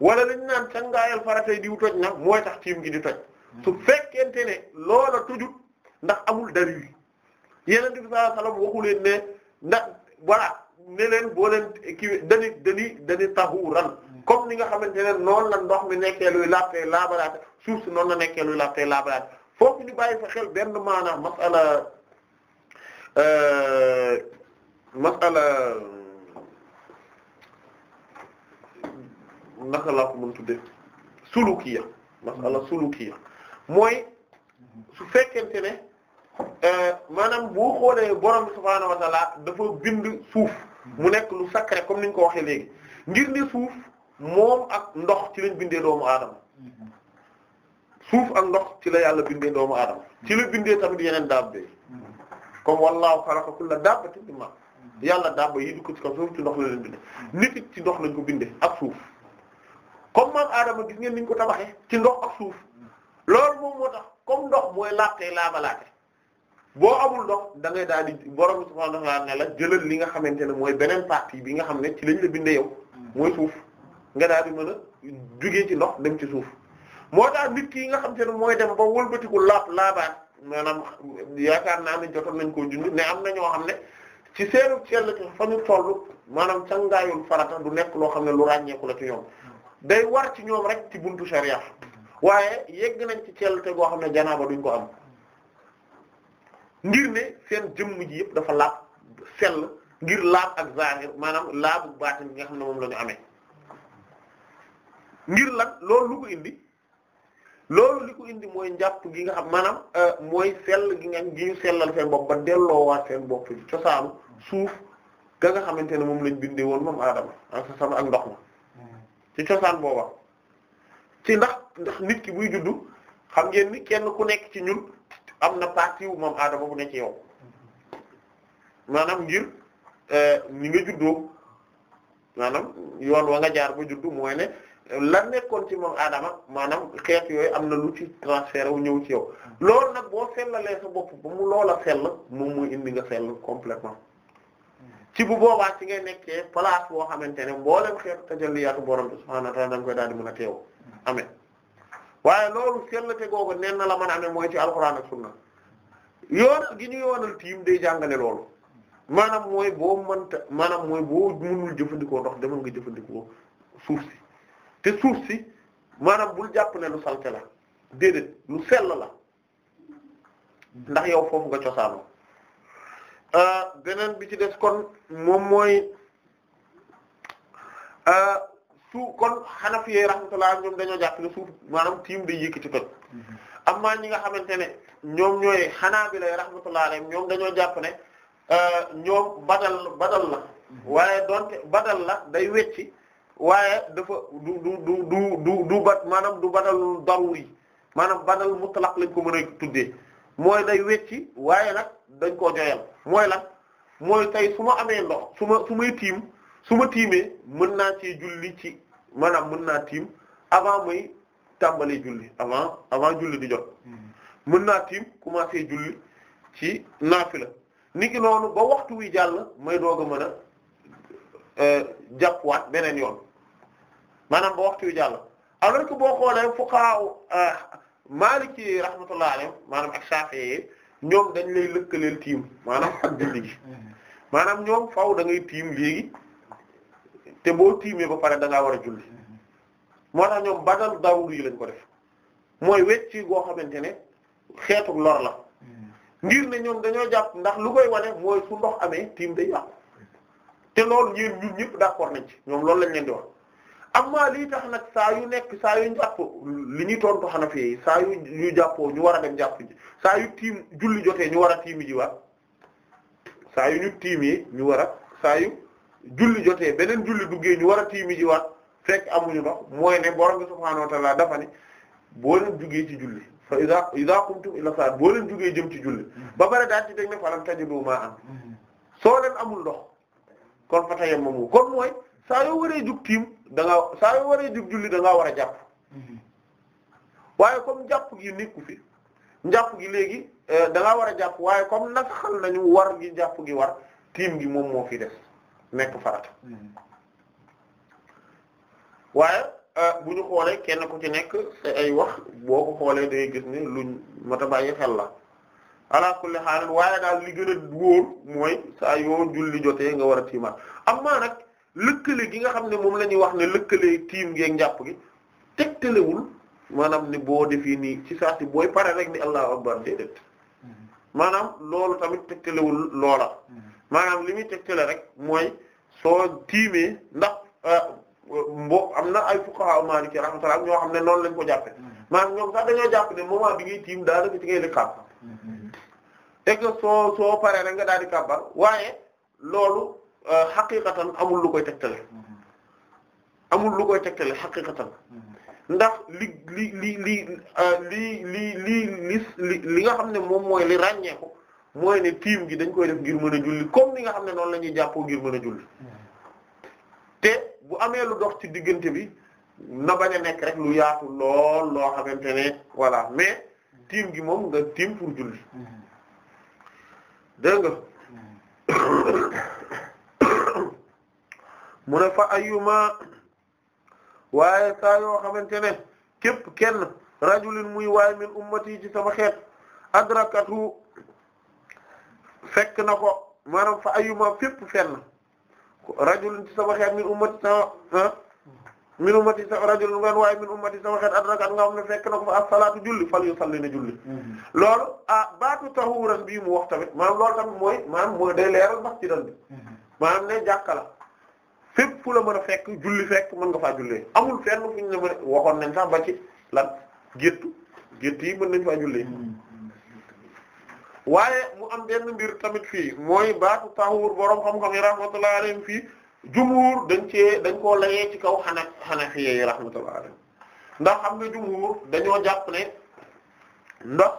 wala lañ naan cangaayal faratay diw toj na mooy tax tiim gi di toj su fekkente ne loola tujut ndax amul dalil yeneen bi sallallahu alayhi wasallam leen ne ndax voilà ne leen boo leen kii dani dani comme ni nga xamante teneen noonu la ndox mi nekkee luy laabtee laabalaate suuf si noonu la nekkee luy laabtee foofu ñu bàyyi fa xel benn maanaam masala euh, masala naka laa ko mën tuddee sulukiya masala sulukiya mooy su fekkente ne euh, maanaam boo xoolee borom bi subhaanahu wa bind suuf mu nekk lu sacré comme ni ko waxee léegi ngir ne suuf moom ak ndox ci lañ bindee doomu aadama ak ndox ci la yàlla bindee doomu aadama ci la bindee tamit yeneen dabbe comme wallahu khalaqa kulla dabbatin mimma yàlla dabba yi du ko ci kaw suuf ci ndox la leen bindee nit ci ndox lañ ko bindee ak suuf comme maam aadama gis ngeen niñ ko tabaxee ci ndox ak suuf loolu moom moo tax comme ndox mooy laajtee laabalaate boo amul ndox da ngay daal di borom subhaanahu wa ne la jëlal li nga xamante ne mooy beneen partie bi nga xam ne ci lañ la bindee yow suuf nga daal di mën a jugee ci ndox dem ci suuf moo tax nit ki nga xam te ne mooy dem ba wëlbatiku laab laabaat maanaam yaakaar naa ne jotoon nañ koo junj ne am na ñoo xam ne ci seenu sell fa ñu toll maanaam cangaayul farata du nekk loo xam ne lu ràññeeku la ci ñoom day war ci ñoom rek ci buntu sharia waaye yegg nañ ci ceelte goo xam ne janaaba duñ ko am ngir ne seen jëmm ji yëpp dafa laab sell ngir laab ak zahir maanaam laabu baatin bi nga xam ne moom la ame ngir lan loolu lu indi loolu li ko indi mooy njàpp gi nga xam maanaam euh, mooy sell gi nga gi ñu sellal seen bopp ba delloowaat seen bopp ci cosaanu suuf ga nga xamante ne moom lañ bindee woon moom aadama ak sa sama ak ndox ma ci cosaan booba ci ndax ndax nit ki buy juddu xam ngeen ni kenn ku nekk ci ñun am na partie wu moom aadama bu ne ci yow maanaam ngir euh, ni nga juddoo maanaam yoon wa nga jaar ba juddu mooy ne la nekkoon ci moom aadama maanaam xeet yooyu am na lu ci transfert wu ñëw ci yow loolu nag boo sellalee sa bopp ba mu loola sell moom mu indi nga sell complètement ci bu boobaa ci ngay nekkee place boo xamante ne mboolem xeetu ta borom bi subhaanahu wa ta'aala da nga koy daal a teew amee waaye loolu sellate googu nen na la mën a amee mooy ci alxuraan ak sunna yoon gi ñu yoonal tiim day jàngale loolu maanaam mooy boo mënta maanaam mooy boo mënul jëfandikoo ndox demal nga jëfandikoo suuf si te suuf si maanaam bul jàpp ne lu salte la déedéet lu sell la ndax yow foofu nga cosaanoo beneen bi ci des kon moom mooy su kon Hanafi yi rahmatullah ñoom dañoo jàpp ne suuf maanaam tiim day yëkkati mhm. am maa ñi nga xamante ne ñoom ñooy Hanabila rahmatullah alayhim ñoom dañoo jàpp ne ñoom badal badal la mhm. waaye donte badal la day wecci waaye dafa du du du du du du bat maanaam du badal daruri maanaam badal mutlaq lañ ko mën a tuddee mooy day wecci waaye nag dañ koo joyal mooy lan mooy tey su ma amee ndox su ma su may tiim su ma tiimee mën naa ci julli ci maanaam mën naa tiim avant muy tàmbalee julli avant avant julli di jot mm-hmm. mën naa tiim commencé julli ci naafila niki noonu ba waxtu wi jàll may doog a mën a euh, jàppuwaat beneen yoon maanaam ba waxtu wi jàll alors que boo xoolee fuqahaa euh, Maliki rahmatullah alayhi maanaam ak Shafi'i ñoom dañ lay lëkkaleel tiim maanaam ak julli gi mhm. maanaam ñoom faaw da ngay tiim léegi te boo tiimee ba pare da war a julli mhm. moo tax ñoom badal daruri yi lañ ko def mooy wecci goo xamante ne xeetu lor la mhm. ngir ne ñoom dañoo jàpp ndax lu koy wane mooy su ndox amee tiim day yàqu te loolu ñeen ñun ñëpp d'accord nañ ci ñoom loolu lañ leen di wax amma lii tax nag saa yu nekk saa yu jàpp li ñuy tontu Hanafi yi saa yu ñu jàppoo ñu war a dem jàpp ji saa yu tiim julli jotee ñu war a tiimi ji waat yu ñu tiimee ñu war a saa yu julli jotee beneen julli duggee ñu war a tiimi ji waat fekk amuñu ndox mooy ne borom bi subhaanahu wa dafa ni boo leen jugee ci julli fa iza iza qumtum ila salat boo leen jugee jëm ci julli ba pare daal ci teg ne falam tajidu am soo leen amul ndox kon fa tayammamu kon mooy saa yoo waree jug tiim da saa yoo waree julli danga war a jàpp waaye comme jàpp gi nekku fi njàpp gi léegi eh, da war a jàpp waaye comme nag xam nañu war gi jàpp gi war tiim gi moom moo fi des nekk farata waaye eh, bu ñu xoolee kenn ku ci nekk ay wax boo ko xoolee day gis ni luñ mata bàyyi xel la ala kulli xaal waaye daal li gën a wóor mooy saa yoo julli jotee nga war a tiimaat am maa nag lëkkale gi nga xam ne moom la ñuy wax ne lëkkale tiim geeg njàpp gi tegtalewul maanaam ni boo defee nii ci saa si booy pare rek ni allahu akbar déedéet maanaam loolu tamit teg telewul loola maanaam li muy teg tegtale rek mooy soo tiimee ndax euh, mbo am na ay fuqaha maliki rahmatullah ñoo xam ne noonu lañ ko jàppe maanaam ñoom sax dañoo jàpp ne moment bi ngay tiim daanaka ci ngay di kàbbar mm-hmm. soo soo paree rek nga daal di kàbbar waaye loolu xaqiqatan euh, amul lu koy tegtale mm-hmm. amul lu koy tegtale xaqiqatan mm-hmm. ndax li li euh, li li li li li li nga xam ne moom mooy li ràññeeku mooy ne tiim gi dañ koy def ngir mën a julli comme li nga xam ne noonu la ñuy jàppoo ngir mën a julli mm-hmm. te bu amee lu dox ci diggante bi na bañ a nekk rek lu yaatu lool loo xamante ne voilà mais tiim gi moom nga tiim pour julli dégg nga mu ne fa yuma waaye saa yoo xamante ne képp kenn rajulin muy waay min ummati ci sama xeet adrakatu fekk na ko maanaam fa ayyuma fépp fenn rajulin ci sama xeet min ummati sama min ummati sa rajulin ngan waaye min ummati sama xeet adrakatu nga xam a fekk na ko fa as-salaatu julli fal yusalli na julli mm-hmm. loolu ah baatu tahuran bii mu wax tamit maanaam loolu tamit mooy maanaam mooy day leeral masjidal bi mm-hmm. maanaam ne jàkka fépp fu la a fekk julli fekk mën nga faa jullee amul fenn fu ñu la mën waxoon nañ sax ba ci lan géttu gétt yi mën nañ faa jullee waaye mu am benn mbir tamit fii mooy baatu taxuur borom xam-xam yi rahmatullah alayhim fii jumhur dañ dañ koo layee ci kaw xana xanafi yi ndax xam nga dañoo jàpp ne ndox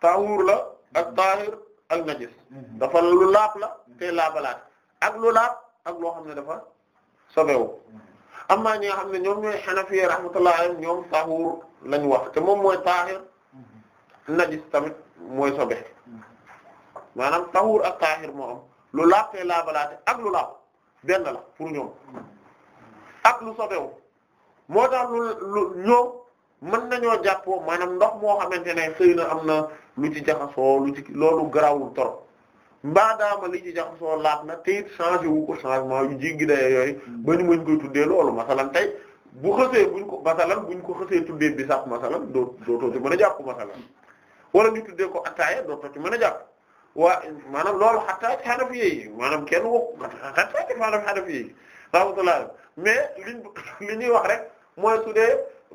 taxuur la ak taahir ak najis mm-hmm. dafa lu laab la te laabalaat ak lu laab ak loo xam ne dafa sobewu am na ñi xam ne ñoom ñooy xanafiya rahmatullah alayhim ñoom taxuur lañu wax te moom mooy taahir najis tamit mooy sobe maanaam taxuur ak taahir moo am lu laab te laabalaate ak lu laab benn la pour ñoom ak lu sobewu moo tax lu lu ñoom mën nañoo jàppoo maanaam ndox moo xamante ne xëy na am na lu ci jaxasoo lu ci loolu garawul torop mbaadaama li ci jaxasoo laax na te changé wu ko changement yu jéggi daye yooyu mm. ba ñu mën koy tuddee loolu masalan tey bu xësee buñ ko bu buñ ko xësee tuddee bi sax masalan doo dootoo ci mën a jàpp masalan wala ñu tuddee ko attaaya doo ci mën a jàpp waa maanaam loolu xattaa ci xanaf yeeyi maanaam kenn wax xattaa ci maanaam xanaf yeeyi rahmatullah mais liñ li ñuy wax rek mooy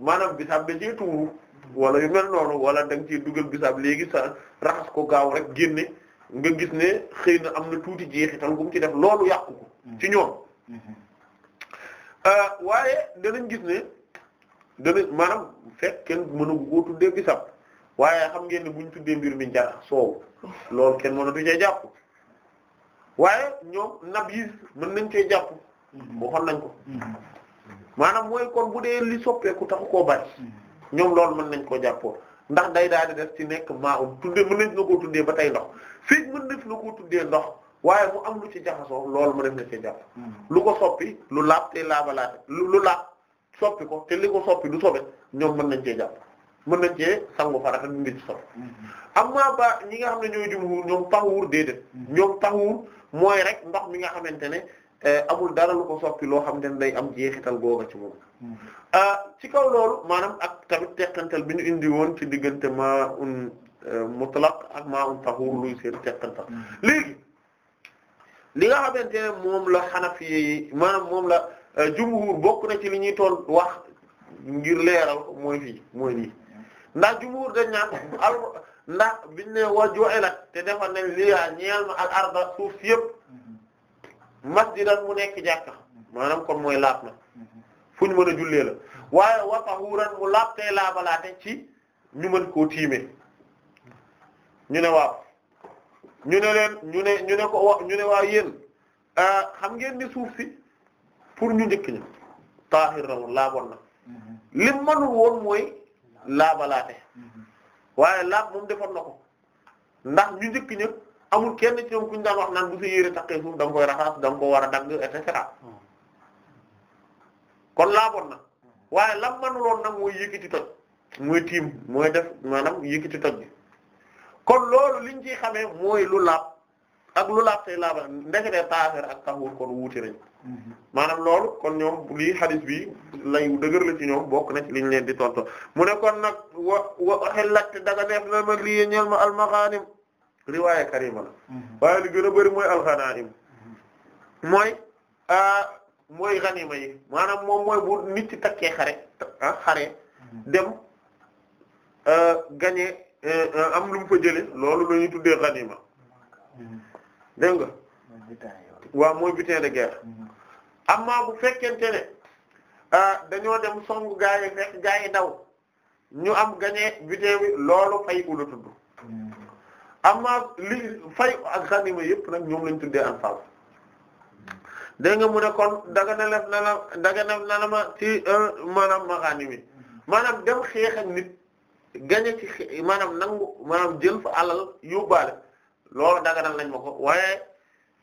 maanaam bisaab da ciy tuuru mm. wala yu mel noonu da nga ciy dugal bisaab léegi sa raxas ko gaaw rek génne nga gis ne xëy na am na tuuti jeexital bu mu ci def loolu yàqu ko ci mm-hmm. ñoom mm-hmm. Euh, waaye danañ gis ne danañ maanaam fekk kenn mënu koo tuddee bisab waaye xam ngeen ne bu ñu tuddee mbir mi njarax soow loolu kenn mënatu cee jàpp waaye ñoom nab yi mën nañ cee jàpp xam mm-hmm. nañ ko maanaam mooy kon bu dee li soppeeku taxu koo bari ñoom loolu mën nañ koo jàppoo ndax day daal di def ci nekk maa um tuddee mën nañ na koo tuddee ba tey ndox fii mën def lu ko tuddee ndox waaye mu am lu ci jaxasoo loolu mu def na ci jàpp lu ko soppi lu laab te laabalaate lu laab soppi ko te li ko soppi du sobe ñoom mën nañ cee jàpp mën nañ cee sangu farata ñu ngi ci soppi ba ñi nga xam ne ñooy jumhuur ñoom taxawur déedéet ñoom taxawur mooy rek ndox mi nga xamante ne eh, amul dara lu ko soppi loo xam ne day am jeexital googa ci moom mm-hmm. ah, ci kaw lool maanaam ak tamit teqantal bi ñu indi woon ci diggante ma mutlaq ak maa'un tahuur luy seen teqantal mm-hmm. léegi li nga xamante ne moom la xanafi yi maanaam moom la euh, jumhur bokk na ci li ñuy toll wax ngir leeral mooy fii mooy nii mm-hmm. ndax jumhur da naan al ndax biñ ne wa ju'ilat te defal nañ li yaa ñeel ma al arda suuf si yëpp mm-hmm. masjidan mu nekk jàkka maanaam kon mooy laab na fu ñu mën a jullee la waaye wa tahuuran mu laab tey laabalaate ci ñu ko koo ñu ne waaw ñu ne leen ñu ne ñu ne ko wa ñu ne waaw yéen ah, xam ngeen ni suuf fi pour ñu njëkk ñi taahir woon laaboon na mm-hmm. li manul woon mooy laabalaate mm-hmm. waaye laab moom defoon na ko ndax ñu njëkk ña amul kenn ci ñoom ku ñu daan wax naan bu sa yére taqee suuf da nga koy raxas da nga ko war a dagg et mm-hmm. kon laaboon na waaye lam manuloon nag mooy yëkkati toj mooy tiim mooy def maanaam yëkkati toj bi kon loolu liñ ciy xamee mooy lu laab ak lu laab tey laaba ndekete taafeer ak taxuur kon wuute nañ mhm. maanaam loolu kon ñoom lii hadith bi lay dëgër la ci ñoom bokk na ci liñ leen di tonto mu ne kon nag wa wa xellat daga neef na ma lii ñeel ma almaxaanim riwaaya karima la mhm. waaye li gën a bëri mooy alxanaim mhm. mooy mooy ganima yi maanaam moom mooy bu nit ci takkee xare ah xare dem euh, gagner am lu mu fa loolu la ñuy tuddee xaniima dégg nga waaw mooy butin de guerre amaa bu fekkente ne ah, dañoo dem songu gaa fekk gaa daw ñu am gagné butin loolu fay ula tudd amaa li fay ak xaniima yëpp nag ñoom lañ tuddee anfaal dégg nga mu ne kon daga na na la daga na ma ci euh, maanaam maxaani mi maanaam dem xeex nit gañe ci maanaam nangu maanaam jël fa alal yóbbaale loolu daganal nañ ma ko waaye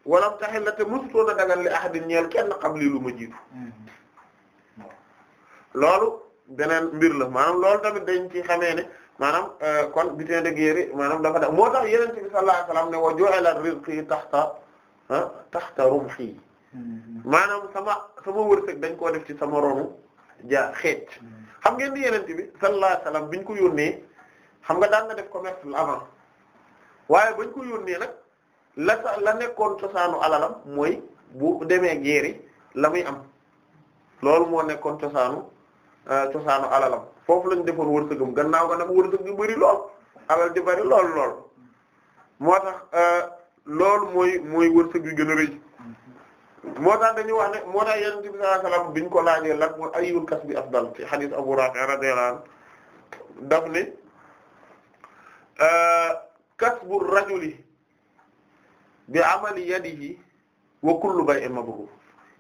walam taxil la te mësutoon a dagan li ahadin ñeel kenn qabli lu ma jiitu mm-hmm. loolu beneen mbir la maanaam loolu tamit dañ ci xamee ne maanaam euh, kon butin de guerre maanaam dafa da moo tax yeneen bi sallallahu alayhi wasallam ne wa ju'ala rizqi taxta taxta rumhi mm-hmm. maanaam sama sama wërsëg dañ koo def ci sama ronu ja xeet mm-hmm. xam ngeen ni yeneen bi sallallahu alayhi wasallam bi ñu ko yónnee xam nga daan na def commerce la avant waaye bañ ko yónnee nag la sa la nekkoon cosaanu alalam mooy bu demee guerre la muy am loolu moo nekkoon cosaanu euh, cosaanu alalam foofu lañ defoon wërsëgam gannaaw ga nag wërsëg gi bari lool alal di bari lool lool moo tax euh, loolu mooy mooy wërsëg gi gën a rëy moo tax dañuy wax ne moo tax yonent bi sallallahu alayhi wasallam biñ ko laajee lan mooy ayyul kasbi afdal ci hadith Abu a radiyallahu anhu daf ni euh, kasbu rajuli bi amali yadihi wa kullu bay'in mabrur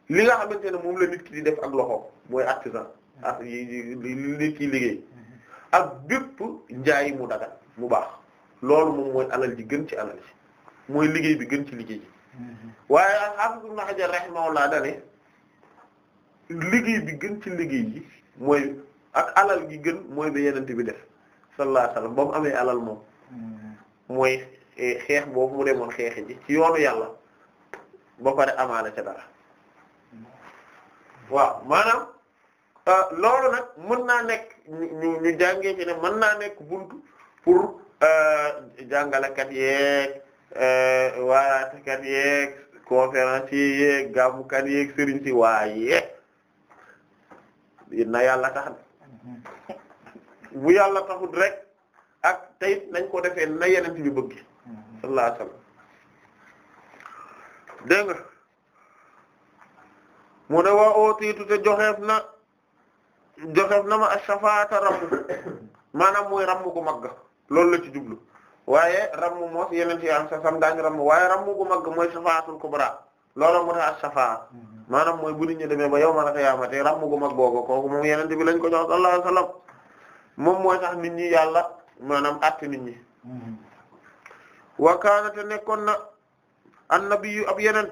li nga xamante ne moom la nit ki di def ak loxo mooy artisan ak yi nit ki liggéey ak bépp njaay mu dagal mu baax loolu moom mooy alal ji gën ci alal ji mooy liggéey bi gën ci liggéey ji waaye al-Hafiz Ibn Hajar rahimahullah dane liggéey bi gën ci liggéey yi mooy ak alal gi gën mooy ba yenent bi def sallallahu alayhi wasallam ba mu amee alal moom mooy eh, xeex boobu mu demoon xeexi ji ci yoonu yàlla ba pare amaana ca dara waaw maanaam euh, loolu nag mën naa nekk ñu ñu jàngee ci ne mën naa nekk bunt pour euh, jàngalekat yeeg Eh, waaraatekat yeeg conférencier yeeg gàmmukat yeeg sëriñ si waaye na yàlla tax mu yàlla taxut rek ak tayit nañ ko defee na yeneen bi bëgg sallallahu nga mu ne waa ootiitu te joxeef na joxeef na ma asafaata ramm maanaam mooy ramm gu mag loolu la ci jublu waaye rammu moos yeneen ci am sa sam daañu rammu waaye rammu gu mag mooy shafaatul kubra loolu moo tax shafaa maanaam mooy bu nit ñi demee ba yawmal qiyaamati rammu gu mag googu kooku moom yeneen bi lañ ko jox sallallahu alayhi wasallam moom mooy tax nit yàlla maanaam àtte nit ñi. Mm-hmm. wa kaana te nekkoon na annabiyyu ab yeneen.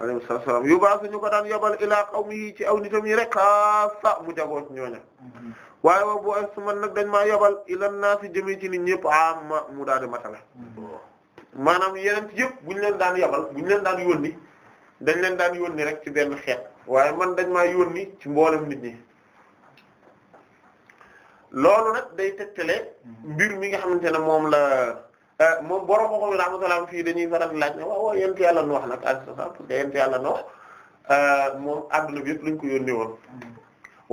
alayhi salaam yubaasu ñu ko daan yobal ilaa qawmihi ci aw nitam yi rek xaasa mu jagoo ci mm-hmm. waaye wa bu su man na dañ maa yobal ilan naasi yi ci nit ñëpp amma mu daal di matala mm-hmm. maanaam yeneen yëpp buñu leen daan yobal buñu leen daan yónni dañ leen daan yónni rek ci benn xeet waaye man dañ maa yónni ci mboolem nit ñi loolu nag day tegtale mm-hmm. mbir mi nga xamante ne moom la Eh, moom borom waxoon rahmatullah fii dañuy faral laaj ne waaw waaw yent yàlla noox nag ak sa parce que yent yàlla noox eh, moom adduna bi yëpp lañ ko yónnee woon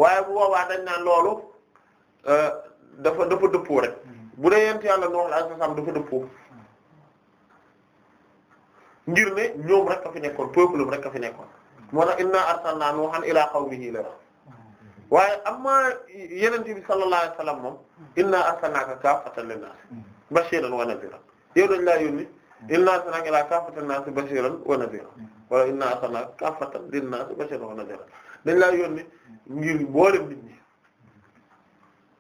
waaye bu boobaa dañ naan loolu eh, dafa dafa dëppoo rek bu dee yent yàlla noox la ak sa dafa dëppoo ngir ne ñoom rek a fi nekkoon peuple rek a fi nekkoon moo tax inna arsalna nuuhan ilaa qawmihi la waaye amma yenente bi sallallahu alayhi wasallam moom inna arsalnaaka kaafatan linnaas bashiran wa nadhiran yow dañ laa yónni inna arsalnaaka ilaa kaafatan naas bashiran wa nadhiran wala inna arsalnaaka kaafatan linnaas bashiran wa nadhiran dañ laa yónni ngir boolem nit ñi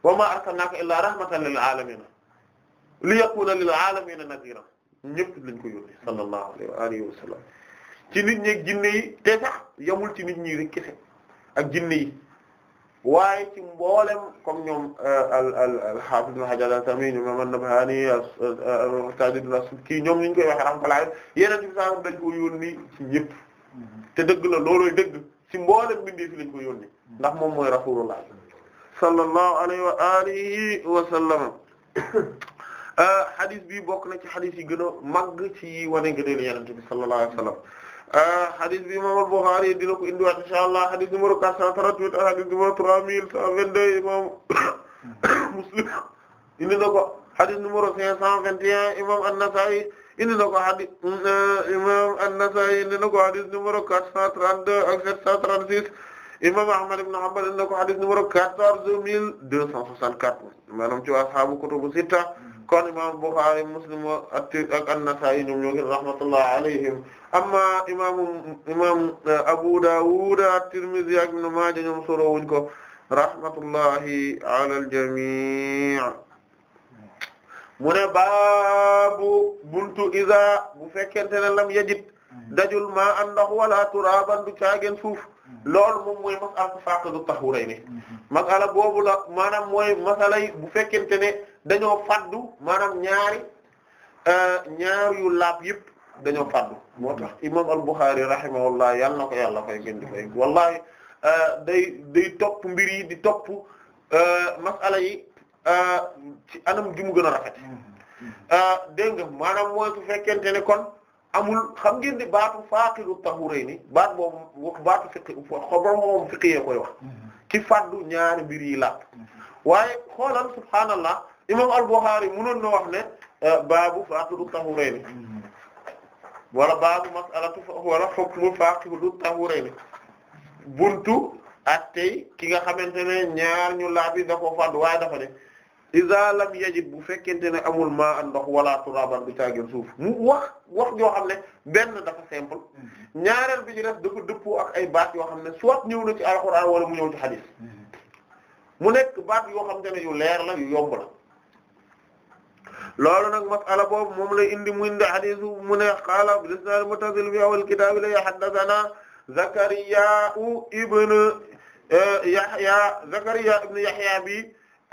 wa maa arsalnaaka illaa rahmatan lil aalamiin li yakuuna lil aalamiina nadhiran ñëpp lañ ko yónni sallallahu alayhi wa alihi wa sallam ci nit ñi ak jinne yi te sax yamul ci nit ñi rek kese ak jinne yi waaye ci mboolem comme ñoom euh, al al al-Hafiz Ibn al-Asqalani ñoom an euh, kii ñoom ñu koy waxee rahmatullah yeneen ci saako dañ ko yónni ci ñëpp mm-hmm. te dëgg la loolooy dëgg ci mboolem bindee fi lañ ko yónni mm-hmm. ndax moom mooy Rasulullah sallallahu alayhi wa alihi wa sallam euh, hadith bi bokk na ci hadith yi gën a màgg ci wane gëneel yeneen bi sallallahu alayhi wa sallam. hadith bi imam al-Bukhari dina ko indi waat insha Allah hadith numéro 438 ak hadith numéro 3122 imam Muslim indi na ko hadith numéro 521 imam an-Nasa'i indi na ko hadith euh, imam an-Nasa'i indi na ko hadith numéro 432 ak 736 imam Ahmad ibn Hanbal indi na ko hadith numéro 14264 maanaam ci ashaabu kutubu sitta kon imam Bukhari Muslim ak an-Nasa'i ñoom ñoo ngi rahmatullah alayhim amma imaamu imam eh, Abu Dawud at-Tirmidhi ak Ibn Maaja ñoom solo wuñ jamii mu ne baabu buntu iza bu fekkente ne lam yajid dajul ma an ndox wala turaban du caageen suuf lool moom mooy mas'alatu faqdu tahurayni mas'ala boobu la maanaam mooy masalay bu fekkente ne dañoo faddu maanaam ñaari eh, ñaar yu laab yëpp dañoo fàddu moo tax imam al-Bukhari rahimahullah yàlla na ko yàlla fay gën di wallahi euh, day topp mbir yi di topp euh, masala yi euh, ci anam ju mu gën rafet mm-hmm. Mm-hmm. dégg nga maanaam mooy su fekkente ne kon amul xam ngeen di baatu faaqidu tahurayni baat baatu fiqi xobor fiqi koy wax mm-hmm. ci fàddu ñaari mbir yi làpp waaye xoolal subhaanallah imam al-Bukhari mënoon na wax ne baabu faaqidu tahurayni wala baabu mas'alatu wala hukmu faaqidu tahurayni buntu attey ki nga xamante ne ñaar ñu laabi da ko waa waaye dafa ne iza lam bu fekkente ne amul maa an ndox wala turaban bu caagin suuf mu wax wax yoo xam ne benn dafa simple mm-hmm. ñaareel bi ñu def dafa dëppoo ak ay baat yoo xam ne soit ñëw na ci alxuraan wala mu ñëw ci mm-hmm. mu nekk baat yoo xam ne yu leer la yu yomb loolu nag masala boobu moom la indi mu indi hadith mu ne qaala bilisnad muttasil fi awal kitab la haddathana zakariya ibn eh, yahya zakariya ibn yahya bi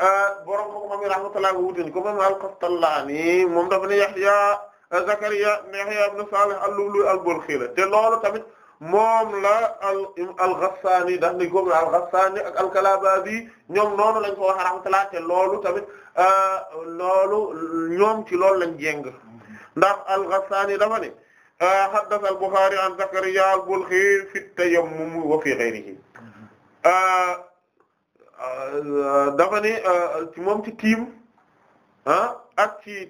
eh, borom ko xam ne rahmatullah wutin ko moom al-Qastallaani moom dafa yahya eh, zakariya ibn yahya ibn salih al-Lulu al-Balkhi te loolu tamit moom la al al-Ghassani daf al-Ghassani ak al-Kalabazi ñoom noonu lañ ko wax te loolu tamit Euh, loolu ñoom ci loolu lañ jéng ndax al-Ghassani dafa ne euh, haddatha al-Bukhari an Zakariya al-Balkhi fi tayammum wa fi ghayrihi euh, dafa ne ci moom ci tiim ah ak ci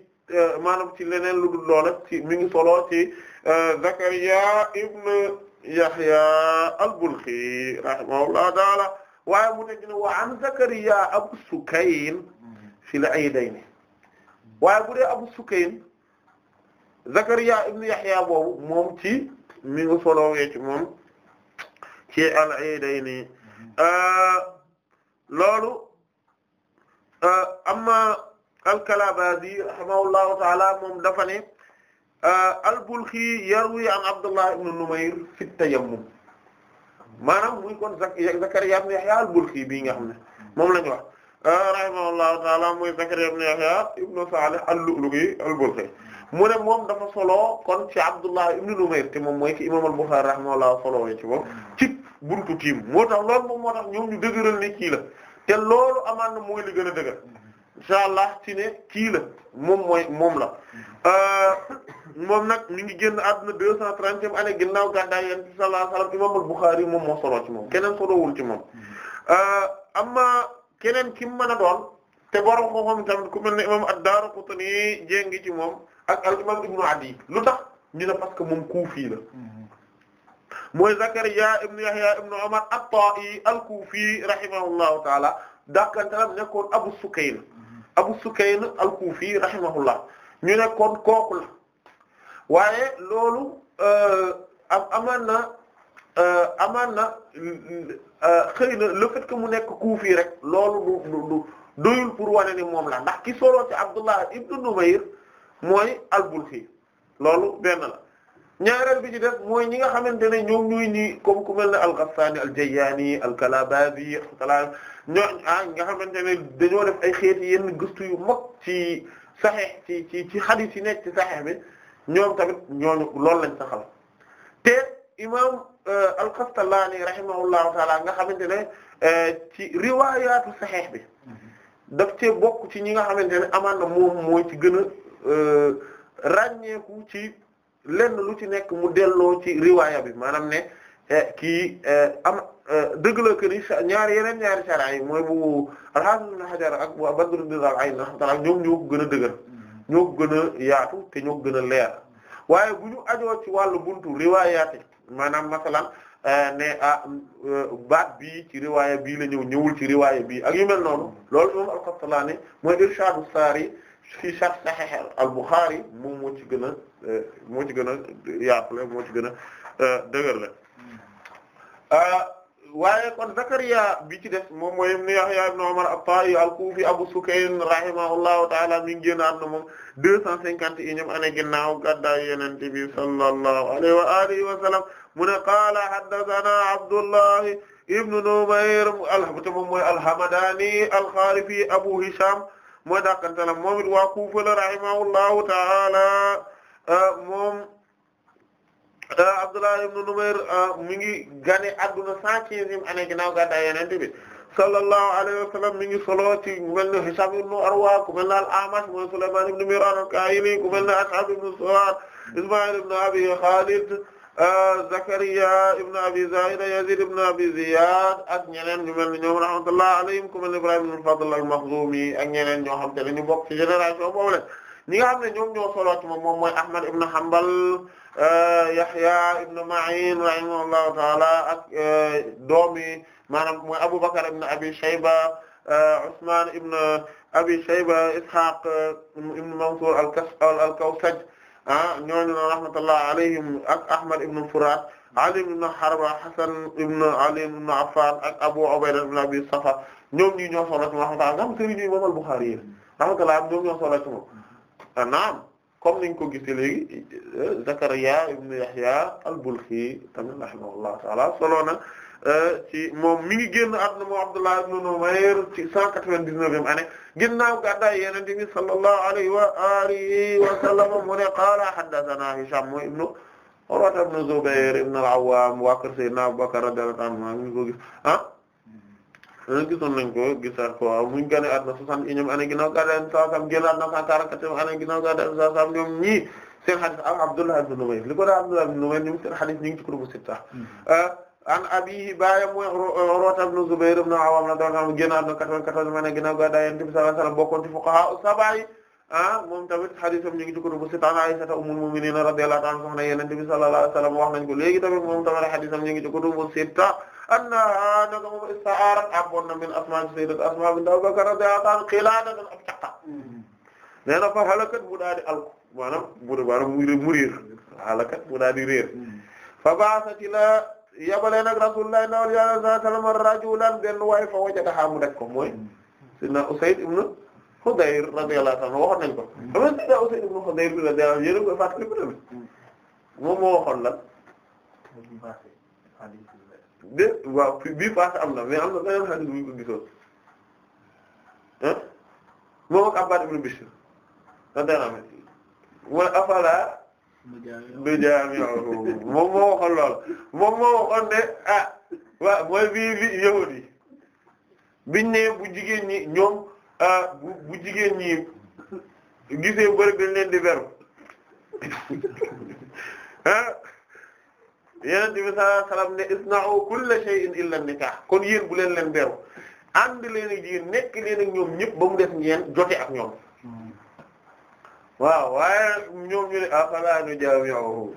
maanaam ci leneen lu dul loola ci mi ngi solo ci Zakariya ibn Yahya al-Balkhi rahimahullah taala waaye mu ne wa an Zakariya Abu Sukayn ci la Aydayni waaye bu dee Abu Sukaym Zakariya ibn Yahya boobu moom ci mi ngi solowee ci moom ci al-Aydayni mhm. euh, loolu euh, amma al-Kalabazi rahimahullahu ta'ala moom dafa ne euh, al-Balkhi yarwi an Abdullah ibn Numayr fi tayammum maanaam muy kon Zakariya ibn Yahya al-Balkhi bii nga xam ne moom la ñu wax Euh, rahimahullahu taala muy Zakariya ibn Yahya ibn Salih al-Lu'lu'i al-Balkhi mu ne moom dafa solo kon ci Abdullah ibn Numayr te moom mooy ci imam al-Bukhari rahimahullahu solo ci moom ci buntu tiim moo tax loolu moom moo tax ñoom ñu dëgëral ne kii la te loolu amaan na mooy li gën a dëgër insha allah ci ne kii la moom mooy moom la euh, moom nag mi ngi génn na deux cent trentième année ginnaaw gàddaay yonent bi sallallahu alayhi wasallam imam al-Bukhari moom moo solo ci moom keneen solowul ci moom euh, keneen ki mu mën a doon te borom xam-xam tamit ku mel ne imam ad-Daraqutni ci moom ak al imam ibnu Adi lu tax ñu ne parce que moom kuufi la mooy Zakariya ibnu Yahya ibnu Umar at-Ta'i al-Kufi rahimahullahu taala dàkantaram nekkoon Abu Sukayn Abu Sukayn ñu nekkoon kooku la waaye loolu euh, am na euh, Euh, xëy na le mu nekk kuufi rek loolu du du pour wane moom la ndax ki solo ci Abdullah ibn Numayr mooy al-Balkhi loolu benn la ñaareel bi ci def mooy ñi nga xamante ne ñoom ñuy nii comme ku mel ne al-Ghassani al-Jayyani al-Kalabadi kala ñoo ah nga xamante ne dañoo def ay xeeti yenn gustu yu mag ci saxeex ci ci ci xadiis yi nekk ci saxeex bi ñoom tamit ñooñu loolu lañ saxal te. imam euh, al-Qastallaani rahimahullahu taala nga xamante ne euh, ci riwaayaatu saxiix bi mhm. daf cee bokk ci ñi nga xamante ne amaan na moom mooy ci gën a euh, ràññeeku ci lenn lu ci nekk mu delloo ci riwaaya bi maanaam ne eh, kii eh, am eh, dëgg la que ni ñaari yeneen ñaari saraay mooy bu al-Hafiz ibn Hajar ak bu Badruddin al-Ayn rahimahullah ñoom ñoo ko gën a dëgër mhm. ñoo ko gën a yaatu te ñoo ko gën a leer mhm. waaye bu ñu ajoo ci wàllu buntu riwaayaat maanaam masalan euh, ne a ah, euh, baat bii ci riwaaya bii la ñëw ñëwul ci riwaaya bii ak yu mel noonu loolu moom al-Qahtalaani mooy irshaadu saari fi sharh sahih al-Bukhari moom moo ci gën a euh, moo ci gën a yaatu moo ci gën a waaye kon Zakariya bi ci des moom mooy ibn Yahya ibn Umar at-Ta'i al-Kufi Abu Sukayn rahimahullahu ta'ala mi ngi génnaat na moom deux cent cinquante yi ñoom année ginnaaw gàddaay Yonent bi sallallahu alayhi wa alihi wa sallam mu ne qaala haddathana Abdullah ibn Numayr al-Habti moom mooy al-Hamadani al-Kharifi Abu Hisham mooy dàqantala moom it waa Kufa la rahimahullahu ta'ala moom Euh, Abdullah ibn Numayr euh, mi ngi gane adduna cent quinzième année ginnaaw gàddaay Yonent bi sallallahu alayhi wa sallam mi ngi solo ci ku mel ne Hishaam ibn Urwa ku mel ne al-A'mash mooy Sulaymaan ibn Mihraan al-Kaahili ku mel ne Ishaq ibn Suwayr Ismaa'il ibn Abi Khaalid euh, Zakariya ibn Abi Zaa'ida Yaziid ibn Abi Ziyaad ak ñeneen ñu mel ne ñoom rahmatullahi alayhim ku mel ne Ibraahiim ibn al-Fadl al-Makhzumi ak ñeneen ñoo xam te ne ñu bokk ci génération boobu la ñi nga xam ne ñoom ñoo solo ci moom moom mooy Ahmad ibn Hanbal Euh, Yahya ibn Ma'in rahimahullahu taala ak euh, doomi maanaam mooy Abu Bakr ibn Abi Shayba euh, Usman ibn Abi Shayba Ishaq ibn Mansur al-Kawsaj ah ñooñu noonu rahmatullahi alayhim ak Ahmad ibn Furat Ali ibn Harba Hasan ibn Ali ibn Affan ak Abu Ubayda ibn Abi Safa ñoom ñii ñoo solo ci moom rahmatullahi am sëriñ yi Imam al-Bukhari yi rahmatullahi ñoom ñoo solo ci moom naam comme niñ ko gisee léegi Zakariya ibn Yahya al-Balkhi tamit rahimahullahu ta'ala solo na euh, ci moom mi ngi génn àdduna moom Abdullah ibn Numayr ci cent quatre-vingt-dix-neuvième année bi sallallahu alayhi wa alihi mu ne qaala haddathana Hisham mooy ibnu Urwa ibn Zubayr ibn al-Awwam waa kër Sayyidina Abu Bakr radiyallahu anhu mi ko gis ah, gisoon nañ ko gisaat ko waaw muñ gane at na soixante unième année ginnaaw gàddaay Yonent bi sallallahu alayhi wasallam génnaat na cent quarante-septième année ginnaaw gàddaay Yonent bi sallallahu alayhi wasallam ñoom ñii seen hadith ak Abdullah ibn Numayr li ko daa Abdullah ibn Numayr ñoom seen hadith ñu ngi ci kutubu sitta hmm. ah, an abihi baayam mooy Urwa ibn Zubayr ibn Awwam la doon génnaat na quatre-vingt-quatorzième année ginnaaw gàddaay Yonent bi sallallahu alayhi wasallam bokkoon ci fuqaha sab'a yi ah moom tamit haditham ñu ngi ci kutubu sitta an Aisha ummul mu'minin radiyallahu anha soxna Yonent bi sallallahu alayhi wasallam wax nañ ko léegi tamit moom tamit haditham ñu ngi ci kutubu sitta annaha naka moom ista'arat abboon na min asma sayyidat asma bint Abu Bakr radiyallahu anha qiladatan ak caqa nee na fa halakat mu daa di alku maanaam mu maanaam mu réer halakat mu daa di réer fa ba'athati la yabale nag Rasulullah sallallahu alayhi wa sallam rajulan benn waay fa wajadaha mu daj ko mooy sidna Usayd ibn Hudayr radiyallahu anhu waxoon nañ ko ama sidna Usayd ibn Hudayr bi radiyallahu anhu yéen a koy fàttali moom moo de waaw bii paase am na mais am na beneen xadis bu ñu ko gisoon ah moom ak Abbad ibn Bishr sant naa ma mooy afala. du jaami'u moom moo waxoon lool moom moo waxoon ne ah waaw mooy bii bi yahud yi biñ ne bu jigéen ñi ñoom ah, bu bu jigéen ñi gisee bërëb dañ leen di beru ah. yonent bi sallallahu alayhi wasallam ne isna'u kulla shay'in illa nikah kon yéen bu leen leen beru ànd leen ak yéen nekk leen ak ñoom ñëpp ba mu def ngeen jote ak ñoom waaw waaye ñoom ñu ne afala nujami'uhu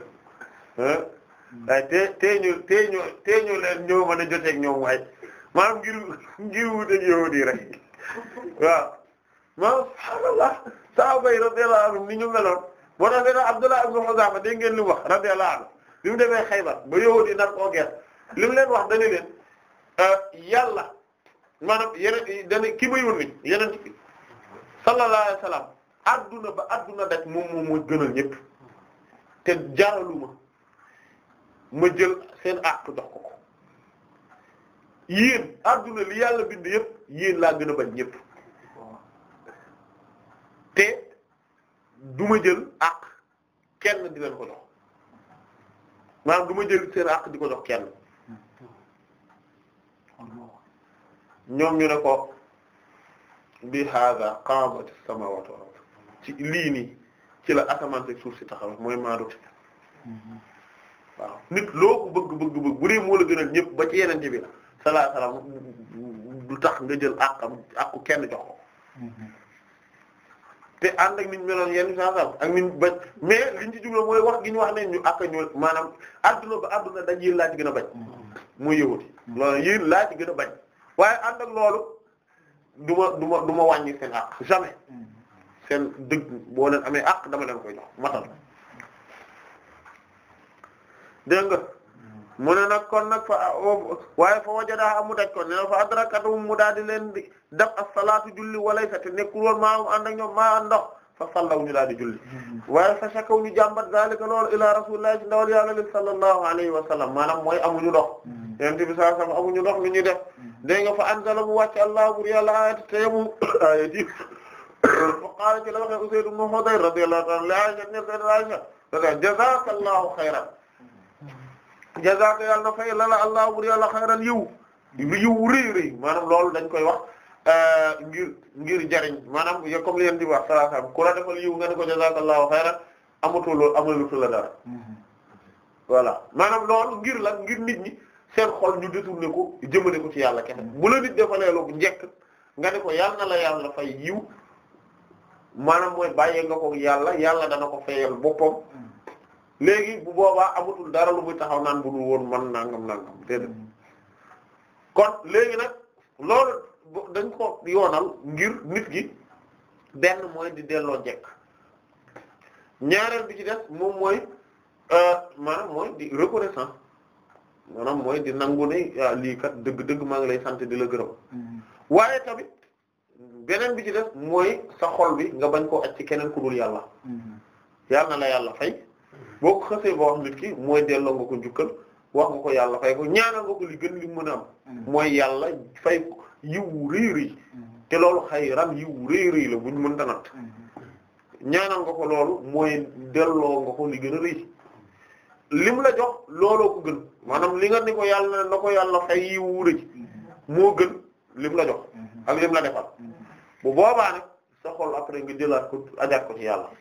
waaye te tee ñu tee ñu tee ñu leen ñoo mën a joteeg ñoom waaye maam ngir ngir wuuteeg yow di rek waaw maam subhaanallah sahaaba yi radiyallahu ni ñu meloon boo tax Abdullah ibn Huzaama dégg ngeen li wax radiyallahu anhu bi mu demee Xaybar ba yowoo di nar koo ger li mu leen wax dana leen euh, yàlla maanaam yeneen dana ki ma yónni yeneen bi sallallahu alayhi wasallam adduna ba adduna daj moom moom moo gënal ñëpp te jaraluma ma jël seen àq dox ko ko yéen adduna li yàlla bind yëpp yéen laa gën a bañ ñëpp te du ma jël àq kenn di leen ko dox maanaam du ma jël seen àq di ko dox kenn ñoom ñu ne ko bi hada qamat as ci lii nii ci la asamaan ak suuf si taxaw mooy maadut waaw nit loo ko bëgg bëgg bëgg bu dee moo la gënal ñëpp ba ci yeneen bi la sallallahu alayhi du tax nga jël àqam àqu kenn jox ko te ànd ak niñ meloon yenn saasam ak niñ bañ mais liñ ci jubloo mooy wax gi ñu wax ne ñu ak ñu maanaam adduna ba adduna dañ yéen laa gën a bañ mu yëwut loolu yéen laa gën a bañ waaye ànd ak loolu du ma du ma du wàññi seen àq jamais seen dëgg boo leen amee àq dama leen koy jox matal dégg nga mu ne nag kon nag fa waaye fa wajadaa amu daj kon ne fa adrakatuhum mu daal di leen di def as-salaatu julli walaysa te nekkul woon maa am ànd ak ñoom maa ndox fa sallaw ñu daal di julli mm-hmm. waaye fa u ñu jàmbat zalika loolu ila rasulillahi ci ndawal yàlla li sallallahu alayhi wa sallam maanaam mooy amuñu ndox mm-hmm. yonent bi sallallahu alayhi wa sallam amuñu ndox ñuy def mm-hmm. dégg nga fa anzala mu allah bur yàlla ayat te yamu ayat fa qaala ci la a Usayd ibn Hudayr radiyallahu anhu la Aisha ne Aisha jazaaka yàlla na fay lala allah bur yàlla xayran yiw yiw rëy rëy maanaam loolu dañ koy wax euh, ngir ngir jariñ maanaam yo comme li yeen di wax salaa salam ku defal yiw nga ne ko jazaaka allahu xayran amatoo loolu amalutu la dara mhm. voilà maanaam loolu ngir la ngir nit ñi seen xol ñu détourné ko jëmale ko ci yàlla ke mhm. bu la nit defalee lu njëkk nga ne ko yàlla na la yàlla fay yiw maanaam mooy bàyyee nga ko yàlla yàlla dana ko fayal boppam mhm. léegi bu boobaa amatul dara lu muy taxaw naan bu dul woon man nangam nangam déedéet kon léegi nag lool dañ ko yoonal ngir nit gi benn mooy di delloo jekk ñaareel bi ci def moom mooy euh, maanaam mooy di reconnaissance maanaam mooy di nangu ne ah, lii kat dëgg-dëgg maa ngi lay sant di la gërëm mm-hmm. waaye tamit beneen bi ci def mooy sa xol bi nga bañ koo aj ci keneen ku yàlla mm-hmm. yàlla na la yàlla fay boo ko xasee ba wax nit ki mooy delloo nga ko njukkal wax nga ko yàlla fay ko ñaanal nga ko li gën li mën a mm. mooy yàlla fay ko yiwu rëy rëy mm. loolu xayran yiwu rëy rëy la buñ mënta natt mm. ñaanal nga ko loolu mooy delloo nga ko li gën a rëy lim la jox looloo gën maanaam li nga ni yàlla na ko yàlla fay yiwu rëy moo gën lim la jox ak lim la defal bu boobaa nag sa xol après nga jëlaat ko ajaat ko ci yàlla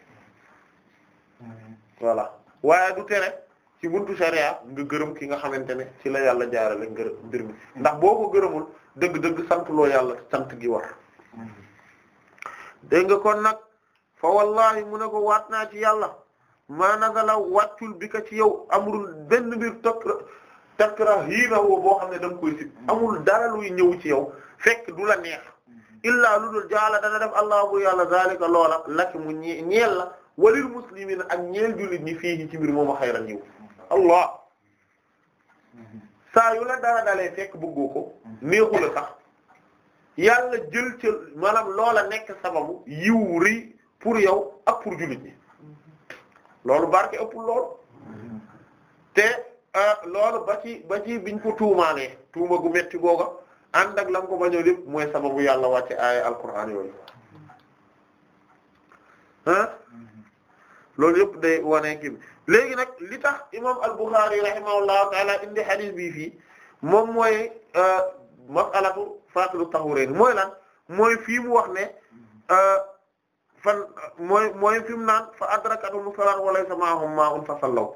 waaye du tere ci buntu sharia nga gërëm ki nga xamante ne ci la yàlla jaarale ngër mbir mi ndax boo ko gërëmul dëgg-dëgg sant loo yàlla sant gi war dégg nga kon nag fa wallahi mu ne ko waat naa ci yàlla maa nazala wàccul bi ka ci yow amul benn mbir takra takrahiinahu boo xam ne da nga amul dara luy ñëw ci yow fekk du la neex illaa lu dul jaala dana def allahu yàlla zalika loola lak mu ñeel la walil muslimin ak ñeel jullit ñi fii ci mbir moomu xayran yiw allah saa yu la dara dalee fekk bëggoo ko neexu la sax yàlla jël ca maanaam loola nekk sababu yiw ri pour yow ak pour jullit ñi loolu barke ëpp lool te euh, loolu ba ci biñ ko tuumaanee tuuma gu metti googa ànd ak lam ko bañoo lépp mooy sababu yàlla wàcce aaya alquran yooyu loolu yëpp day wane kii léegi nag li tax imam al-Bukhari rahimahullahu taala indi hadith bii fii moom mooy euh, mas'alatu faqidu tahurayn mooy lan mooy fii mu wax ne euh, fan mooy mooy fi mu naan fa adrakathum salaat wa laysa ma'ahum ma'un fa sallaw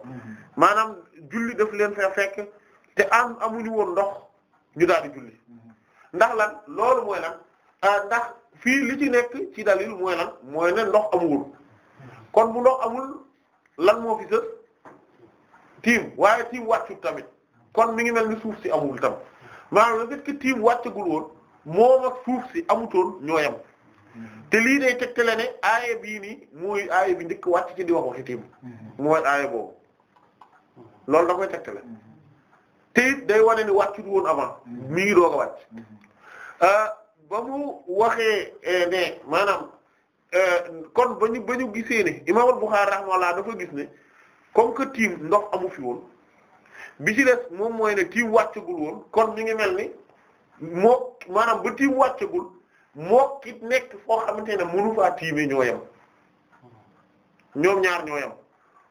maanaam julli daf leen fa fekk te am amuñu woon ndox ñu daal di julli ndax lan loolu mooy lan euh, ndax fii li ci nekk ci dalil mooy lan mooy ne ndox amuwul kon bu ndox amul lan moo fi sës waaye tiim wàccut tamit kon mi ngi mel ni suuf si amul tam maanaam le fait que tiim wàccagul woon moom ak suuf si amutoon ñoo yem te lii day tegtale ne aaye bii nii mooy aaye bi njëkk wàcc ci di wax waxi tiim mm-hmm. mooy aaye boobu mm-hmm. loolu da koy tegtale mm-hmm. te it day wane ni wàccut woon avant mi ngi doog a wàcc euh, ba mu waxee eh, ne maanaam Euh, kon ba ñu ba ñu gisee ne imam al-Bukhari rahimahullah dafa gis ne comme que tiim ndox amu fi woon bi ci des moom mooy ne tiim wàccagul woon kon ñu ngi mel ni moo maanaam ba tiim wàccagul moo kit nekk foo xamante ne mënu faa tiimee ñoo yem ñoom ñaar ñoo yem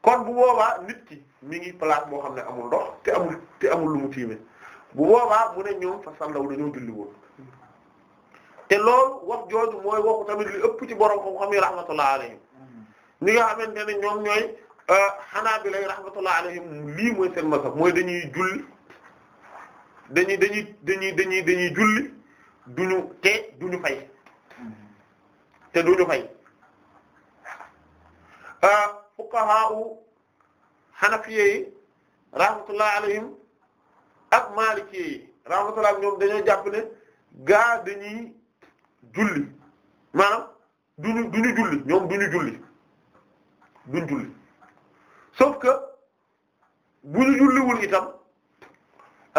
kon bu boobaa nit ki mi ngi place boo xam ne amul ndox te amul te amul lu mu tiimee bu boobaa mu ne ñoom fa sallaw dañoo julli woon te loolu wax jooju mooy waxu tamit li ëpp ci borom xam-xam yi rahmatullah alayhim nga xamante ne ñoom ñooy xanaa euh, bi lay rahmatullah alayhim lii mooy seen masaf mooy dañuy julli dañuy dañuy dañuy dañuy dañuy julli duñu te duñu fay te duñu fay euh, fuqaha u xanafiye yi rahmatullah alayhim ak maaliki yi rahmatullah ñoom dañoo jàpp ne gaa dañuy julli maanaam duñu duñu julli ñoom duñu julli duñ julli sauf que bu ñu julliwul itam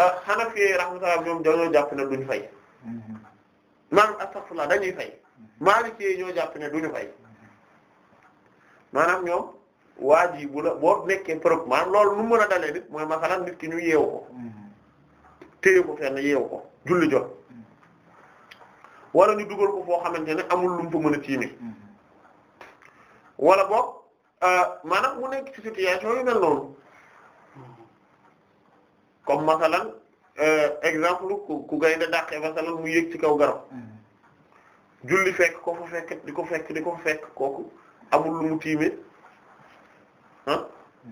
ah, Hanafi rahmatullah ñoom dañoo jàpp ne duñu fay maanaam astaghfirullah fay Maliki ñoo jàpp ne fay maanaam ñoom waa ji bu la boo nekkee preuve maanaam loolu nu mën a dalee nit mooy masalan nit ki ñu yeewu ko mm-hmm. téye ko fenn yeewu ko julli jot wala ñu dugal ko foo xamante ne amul lu mu fa mën a tiimee wala boog euh, maanaam mu nekk ci situation yu mel noonu comme masalan euh, exemple ku ku gaynde dàqee mu yéeg ci kaw garab julli fekk ko fa fekk di ko fekk di ko fekk kooku amul lu mu tiimee ah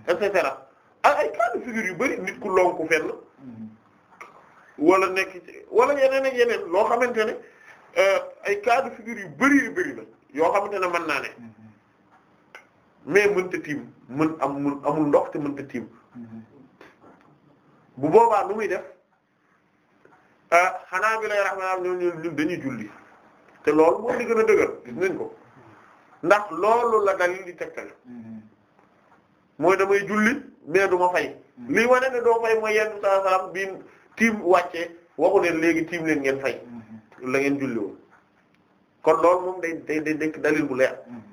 et cetera ay ay cas de yu bari nit ku lonku fenn mm-hmm. wala nekk ci yeneen ak yeneen loo xamante ne. Euh, ay cas de figure yu bëri bëri la yoo xam ne mën naa ne mais mënta tiim mën am mën amul ndox te mënta tiim bu boobaa nu muy def euh, xanaa bi lay raxmanaam ñoom ñun dañuy julli te loolu moom li gën a dëgër nañ ko ndax loolu la dalil di tegtal mooy damay julli mais du ma fay lii wane ne doo fay mooy yenn saa salaam bi tiim wàccee waxu ne léegi tiim leen ngeen fay la ngeen julliwoon kon loolu moom day day day nekk dalil bu leer mm-hmm.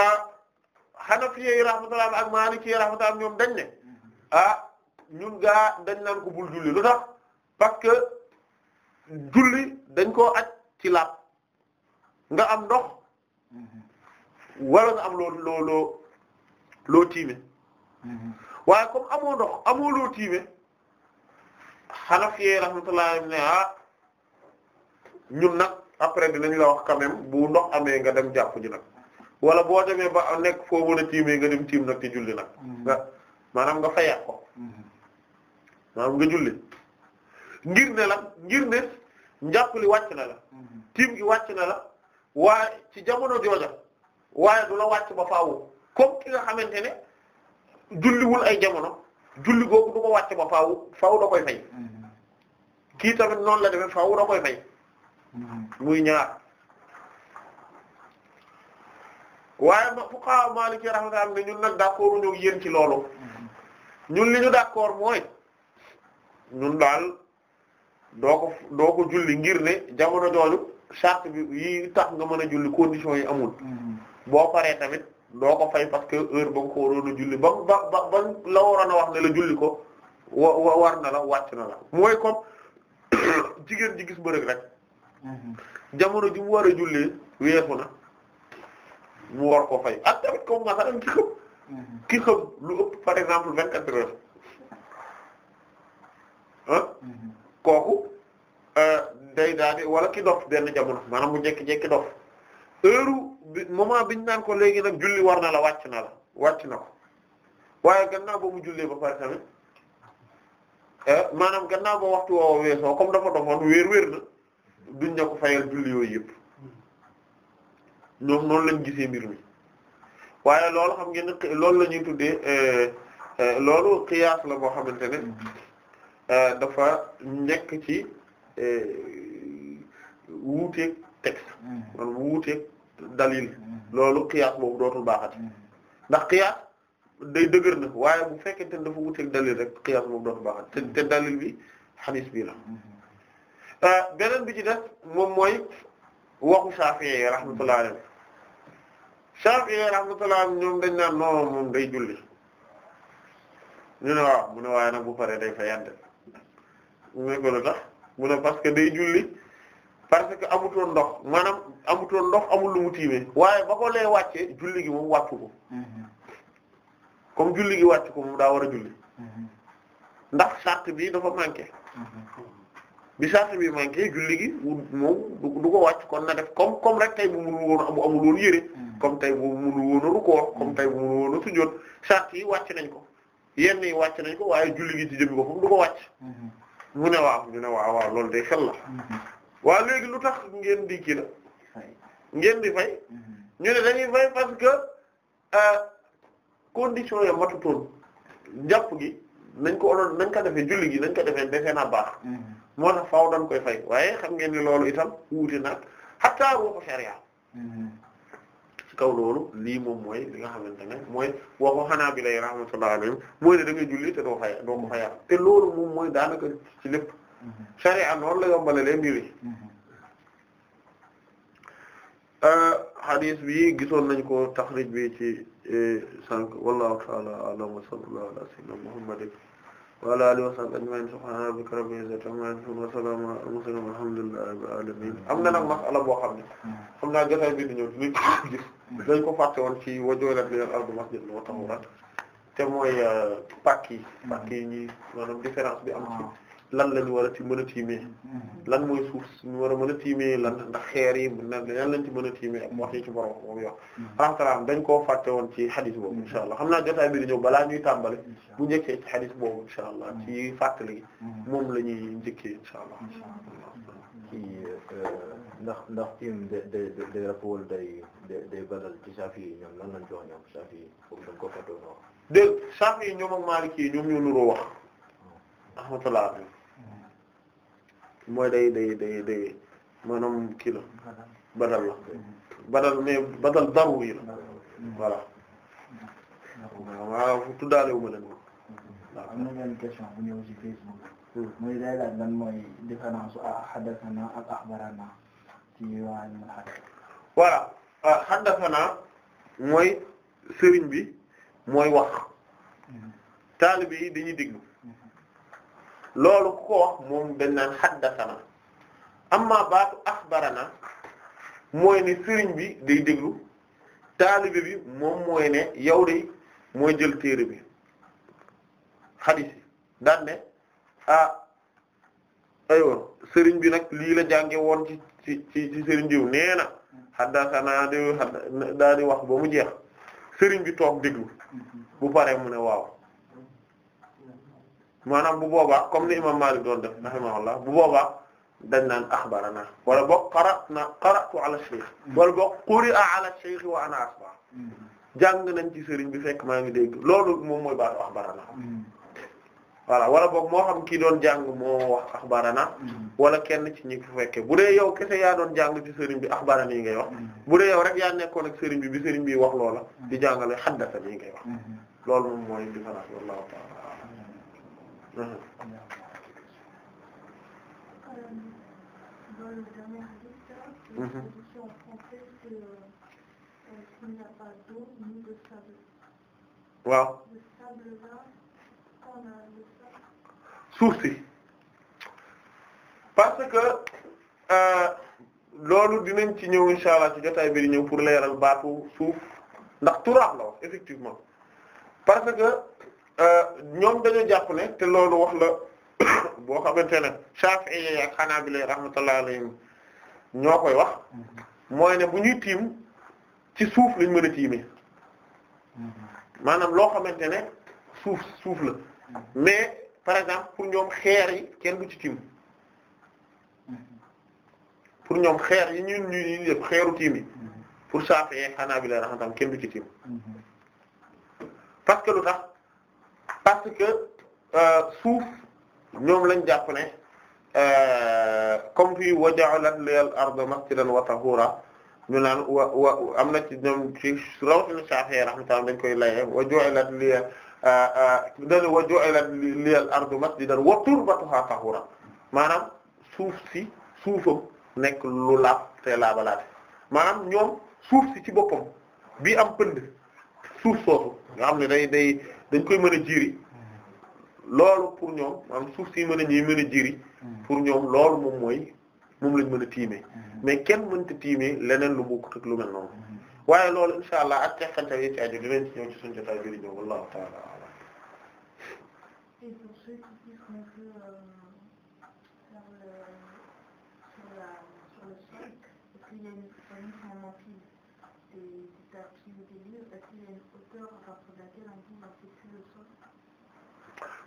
ah Hanafi yi rahmatullah ak Maliki yi rahmatullah ñoom dañ ne ah, ñun gaa dañ naan ko bul julli lu tax parce que julli dañ koo aj ci laab nga am ndox mm-hmm. wala nga am loo loo loo loo tiime mm-hmm. waaye comme amoo ndox amoo loo tiime Hanafi yi rahmatullah ne ah ñun nag après dinañ la wax quand bu ndox amee nga dem jàpp ji nag wala boo demee ba nekk foofu la tiimee nga dem tiim nag te julli nag nga mm-hmm. maanaam nga fayaat ko mm-hmm. maanaam nga julli ngir ne la ngir ne njàpp wàcc na la mm-hmm. tiim gi wàcc na la waaye ci jamono jooja waaye du la wàcc ba faawu comme ki nga xamante ne julliwul ay jamono julli googu du ko wàcc ba faawu faaw da koy fay kii tamit noonu la demee faaw da koy fay muy ñaar waaye ma fuqaha Maliki rahmatullah ne ñun nag d'accord ñu yéen ci loolu ñun li ñu d'accord mooy ñun daal doo ko ko julli ngir ne jamono jooju charte bi yi tax nga mën a julli condition yi amul boo paree tamit doo ko fay parce que heure ba nga ko julli ba ba ba ba wax ne la julli ko war na la wàcc na la mooy comme jigéen ji gis bërëg rek Mm-hmm. jamono ji mu war a jullee weesu na mu war ko fay ak tamit comme masalan ki xam mm-hmm. ki xam lu ëpp par exemple vingt quatre heures ah mm-hmm. kooku euh, day daal di wala ki dof benn jamono maanaam mu jekki-jekki dof heure bi moment biñ naan ko léegi nag julli war na la wàcc na la wàcc na ko waaye gannaa ba mu jullee ba pare tamit euh, maanaam gannaaw ba waxtu woowu weesoo comme dafa dofoon wéer wéer na duñ ne ko fayal julli yooyu yëpp ñoom noonu lañ gisee mbir mi waaye loolu xam ngeen loolu la ñuy tuddee euh, euh, loolu kiyaas la boo xamante ne euh, dafa nekk ci wuuteeg texte wala mm-hmm. wuuteeg dalil mm-hmm. loolu qiyaas boobu dootul baaxati mm-hmm. ndax qiyaas day dëgër na waaye bu fekkente ne dafa wuuteeg dalil rek qiyaas boobu dootul baaxati te te bi xadiis bi la Ah, beneen bi ci def moom mooy waxu Shafi'i rahmatullah alayhi Shafi'i rahmatullah ñoom dañ naan non moom day julli ñu ne waaw mu ne waaye nag bu paree day fayante mu ne ko lu tax mu ne parce que day julli parce que amutoon ndox maanaam amutoon ndox amul lu mu tiimee waaye ba ko lee wàccee julli gi moom wàccu ko mm-hmm. comme julli gi wàccu ko moom daa war a julli mm-hmm. ndax sàrt bi dafa manqué mm-hmm. bi charte bi manqué julli gi moom du ko wàcc kon na def comme comme rek tey bu mënul woon a bu amul woon yére mm. comme tey bu mu woon a rukkoo comme mm. tey bu mënul woon a wàcc nañ ko yenn yi nañ ko waaye julli gi ci jëm boppam du ko wàcc mm-hmm. mu ne waaw mu ne waaw waaw loolu day xel la mm-hmm. waaw léegi lu tax ngeen di kii ngeen di fay mm-hmm. ñu ne dañuy fay parce que euh, condition ya matutoon jàpp gi nañ ko onoon nañ ko defee julli gi nañ ko defee defee na baax moo tax faaw dañ koy fay waaye xam ngeen ni loolu itam wuute nag xataa ruuxu sharia mm-hmm. kaw loolu lii moom mooy li nga xamante ne mooy woo ko xanaa bi lay rahmatullahi alayhim mooy ne da ngay julli te doo fay doo loolu moom mooy daanaka ci lépp mm-hmm. sharia noonu la yombalalee mbir yi mm-hmm. euh, hadith bi gisoon nañ ko taxrij bi ci eh, sànq wallahu ta'ala a'lam wa sallallahu ala muhammadin wa ala alihi wa sahbihi ajma'in subhana rabbika rabbil izzati amma yasifun wa salamun ala al-mursalin walhamdulillahi rabbil alamin am na nag naa jotaay bi di ñëw dinañ ko gis mm. dañ woon ci wajoolat li al ardu masjidan wa tahuuran te mooy euh, pàcc yi mm. pàcc bi am ci ah. lan lañu war a mën a tiimee mm-hmm. lan mooy suuf ñu war mën a tiimee lan ndax xeer yi lan lañ ci mën a tiimee ak wax yi ci borom moom yox rahmatullah mm-hmm. dañ koo fàtte woon ci xadis boobu mm-hmm. insha allah xam naa jotaay bi di bu njëkkee ci xadis boobu insha fàttali moom la ñuy njëkkee euh, ndax ndax tiim day day day rafet wala day day yi ñoom lan lañ jox ko fàtte woon wax dégg oh. Shafi mooy day day day day maanaam kii badal la badal mais badal daru yi la voilà waaw tuddaale wu ma leen waaw am na bu ñëw ci hmm. mooy différence ah ak akhbarana ci waa ñu hadith. voilà ah haddathana mooy sëriñ bi mooy wax. Hmm. taalibe yi dañuy déglu. loolu ku moom dañ naan xaddasana amma baatu axbarana mooy ne sëriñ bi day déglu taalibe bi moom mooy ne yow de mooy jël téere bi xadiis yi daan ne ah aywa sëriñ bi nag lii la jànge woon ci ci ci sëriñ diw nee na xaddasana di wax ba mu jeex sëriñ bi toog déglu mm-hmm. bu paree mu ne waaw maanaam bu boobaa comme ni imam Malik doon def rahimahullah bu boobaa dañ naan axbarana wala boog qara'na qara'tu ala shaykh wala boog quri'a ala shaykh wa ana asma jàng nañ ci sëriñ bi fekk maa ngi dégg loolu moom mooy baatu axbarana voilà wala boog moo xam kii doon jàng moo wax axbarana wala kenn ci ñi ko fekke bu dee yow kese yaa doon jàng ci sëriñ bi axbarana yi ngay wax bu dee yow rek yaa nekkoon ak sëriñ bi bi sëriñ bi wax loola di jàngale xaddasa yi ngay wax mm-hmm. loolu moom mooy Dans le waaw. le si parce que euh, loolu dinañ ci ñëw insha allah ci jotaay bi ñëw pour leeral baatu suuf ndax turaax la wax effectivement parce que. ñoom dañoo jàpp ne te loolu wax la boo xamante ne Shafi'i ak Hanabila rahmatullahi alayhim ñoo koy wax mooy ne bu ñuy tiim ci suuf lañ mën a tiimee maanaam loo xamante ne suuf suuf la mais par exemple pour ñoom xeer yi kenn du ci tiim pour ñoom xeer yi ñun ñu yëpp xeeru tiim pour Shafi'i ak Hanabila rahmatullahi kenn du ci tiim parce lu tax. parce que euh, suuf ñoom lañ jàpp ne euh, comme fii wa ja'alat lil arda masjidan wa tahura ñu naan wa wa am na ci ñoom ci rawatina Shafi'i rahmatullah dañ koy laye wa ju'ilat li euh, dana wa ju'ilat li al ardu masjidan wa turbatuha tahura maanaam suuf si suufam nekk lu laab te laabalaate maanaam ñoom suuf si ci boppam bi am pënd suuf soosu nga xam ne day day dañ koy mën a jiiri loolu pour ñoom maanaam suuf si mën a ñuy mën a jiiri mm. pour ñoom loolu moom mooy moom lañ mën a tiimee mm. mais kenn mënta tiimee leneen lu bokkut ak lu mel noonu mm. waaye loolu insha allah ak teqanta yi ci aju dinañ ci ñëw ci suñu jotaay bi di ñëw wallahu ta'ala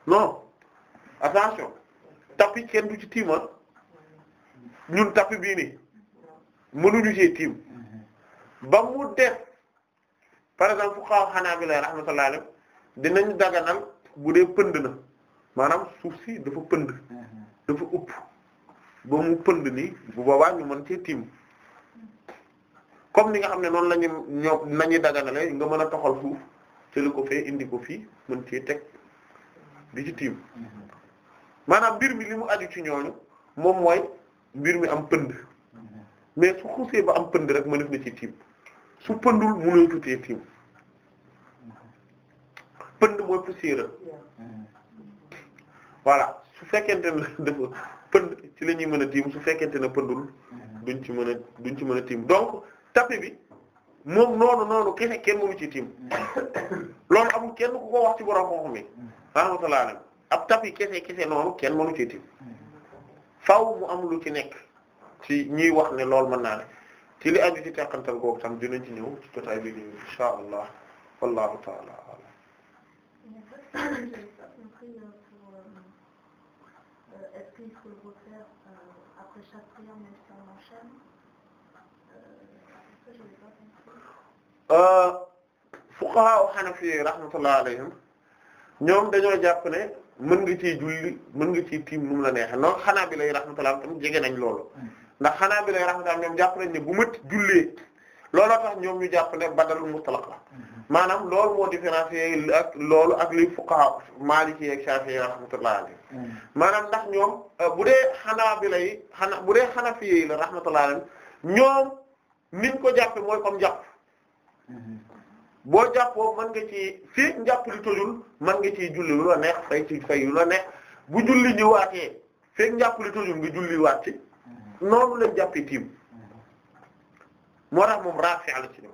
non attention tapis kenn du ci tiima ah. ñun tapis bii nii mënuñu ci tiim ba mu def par exemple fu xaw xanaa bi lay rahmatullahi alayhi dinañ daganal bu dee pënd na maanaam suuf si dafa pënd dafa upp ba mu pënd nii bu waa ñu mën ci tiim comme ni nga xam ne noonu la ñu ñoom nañuy daganale nga mën a toxal suuf te li ko fee indi ko fii mën cee teg di ci tiim maanaam mbir mi li mu aju ci ñooñu moom mooy mbir mi am pënd mais su xusee ba am pënd rek mënef na ci tiim su pëndul mënoo tutee tiim pënd mooy poussière voilà su fekkente ne dafa pënd ci la ñuy mën a tiim su fekkente ne pëndul duñ ci mën a duñ ci mën a tiim donc tapis bi moom noonu noonu kese kenn mënu ci tiim loolu amul kenn ku ko wax ci borom xam-xam yi rahmatullah alayhi ab tapi kese kese noonu kenn mënu ci tiim faaw mu am lu ci nekk ci ñiy wax ne loolu mën naa ne ci li aju ci teqantal googu tam dinañ ci ñëw ci jotaay bi ñu insha allah wallahu taala alam euh, Euh, fuqaha hanafi rahmatullah alayhim ñoom dañoo jàpp ne mën nga ciy julli mën nga ciy tiim nu mu la neexee noonu xanaa bi lay rahmatullah tam jege nañ loolu hmm. ndax xanaa bi lay rahmatullah ñoom jàpp nañ ne bu mët jullee looloo tax ñoom ñu jàpp ne badalul mutlaq la hmm. maanaam loolu ak loolu ak li fuqaha maliki ak shafi'i hmm. maanaam ndax ñoom dee xanaa bi lay xanaa bu dee xanafi la rahmatullah alayhim ñoom niñ ko jàppe mooy kom jàpp boo jàppoo mën nga ci fii njàpp li tojul man nga ciy julli lu la neex fay ci fay lu la neex bu julli ñu waatee fekk njàpp li tojul nga julli waat ci noonu lañ jàppee tiim moo tax moom raafi ala ci dem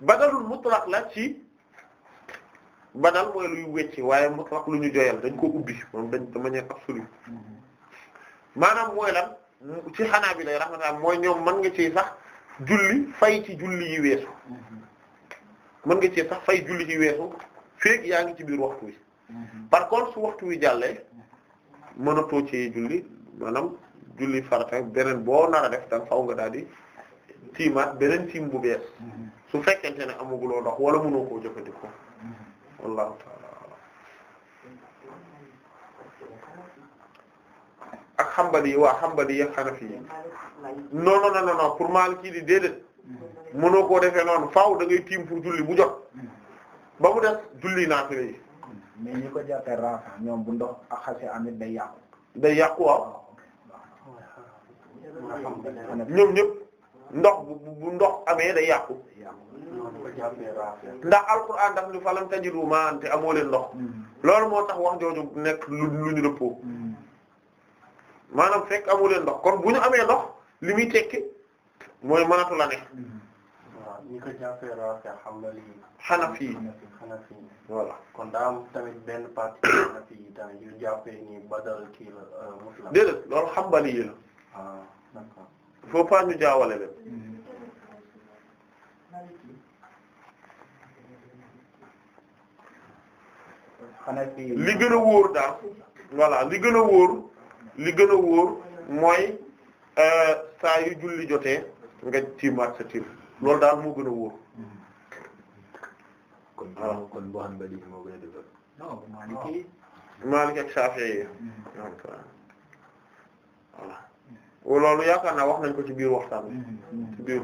badalul mutlaq la ci badal mooy luy wecci waaye mutlaq lu ñu joyal dañ ko ubbi moom dañ de manière absolue maanaam mooy lan ci xanaa bi lay raxmataam mooy ñoom mën nga ci sax julli fay ci julli yi weesu mën nga ci sax fay julli ci weesu feek yaa ngi ci biir waxtu wi mhm. par contre su waxtu wi jàllee mënatoo ci julli maanaam julli farata beneen boo nar a def da faaw nga daal di tiimaat beneen tiim bu bees mhm. su fekkente ne amaguloo ndox wala mënoo ko jëfandikoo mhm. wallahu ta'ala ak xambali yi waa xambali yi ak xanafi yi non non non non pour Maliki di déedéet mënoo koo defee noonu faaw da tiim pour julli bu jot ba mu def julli naafila yi. mais ñi ko jàppee ñoom bu ndox ak xase amit day yàqu. day yàqu ñoom ñëpp ndox bu ndox amee day yàqu. ndax alquran daf ñu falam tajidu maan te amoo leen ndox. loolu moo tax wax jooju nekk lu lu ñu dëppoo. maanaam fekk amu leen ndox kon bu ñu amee ndox li muy tekki mooy mënatu ñi ko jàppee voilà kon daa benn partie xanafi ni badal kii la euh, ah, li gën a wóor daal. voilà li gën a wóor. li gën a wóor mooy euh, saa yu julli jotee nga tiimaat sa tiim. lool daal moo gën a wóor. kon kon boo xam ne moo gën a dëgër. Mm-hmm. Mm-hmm. loolu yaakaar naa wax nañ ko ci biir waxtaan bi. Mm-hmm. ci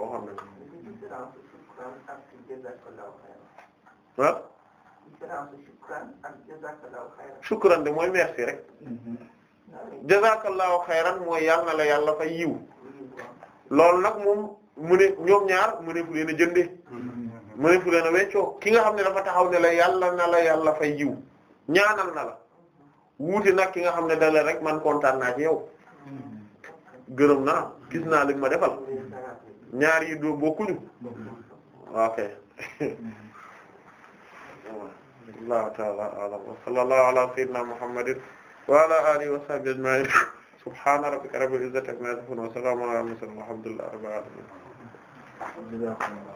waxoon nañ ko. ah. shukran de mooy merci rek. jazakallahu xayran mooy yàlla na la yàlla fay yiw. loolu nag moom. mu ne ñoom ñaar mu ne fu leen a jëndee mu ne fu ki nga xam ne dafa taxaw ne la yàlla na la yàlla fay yiw ñaanal na la wuute nag ki nga xam ne dala rek man kontaan naa ci yow gërëm naa gis naa li ma defal ñaar yi doo bokkuñu ok Allah ta'ala a'lam wa sallallahu ala sayyidina Muhammadin wa jazaakumullah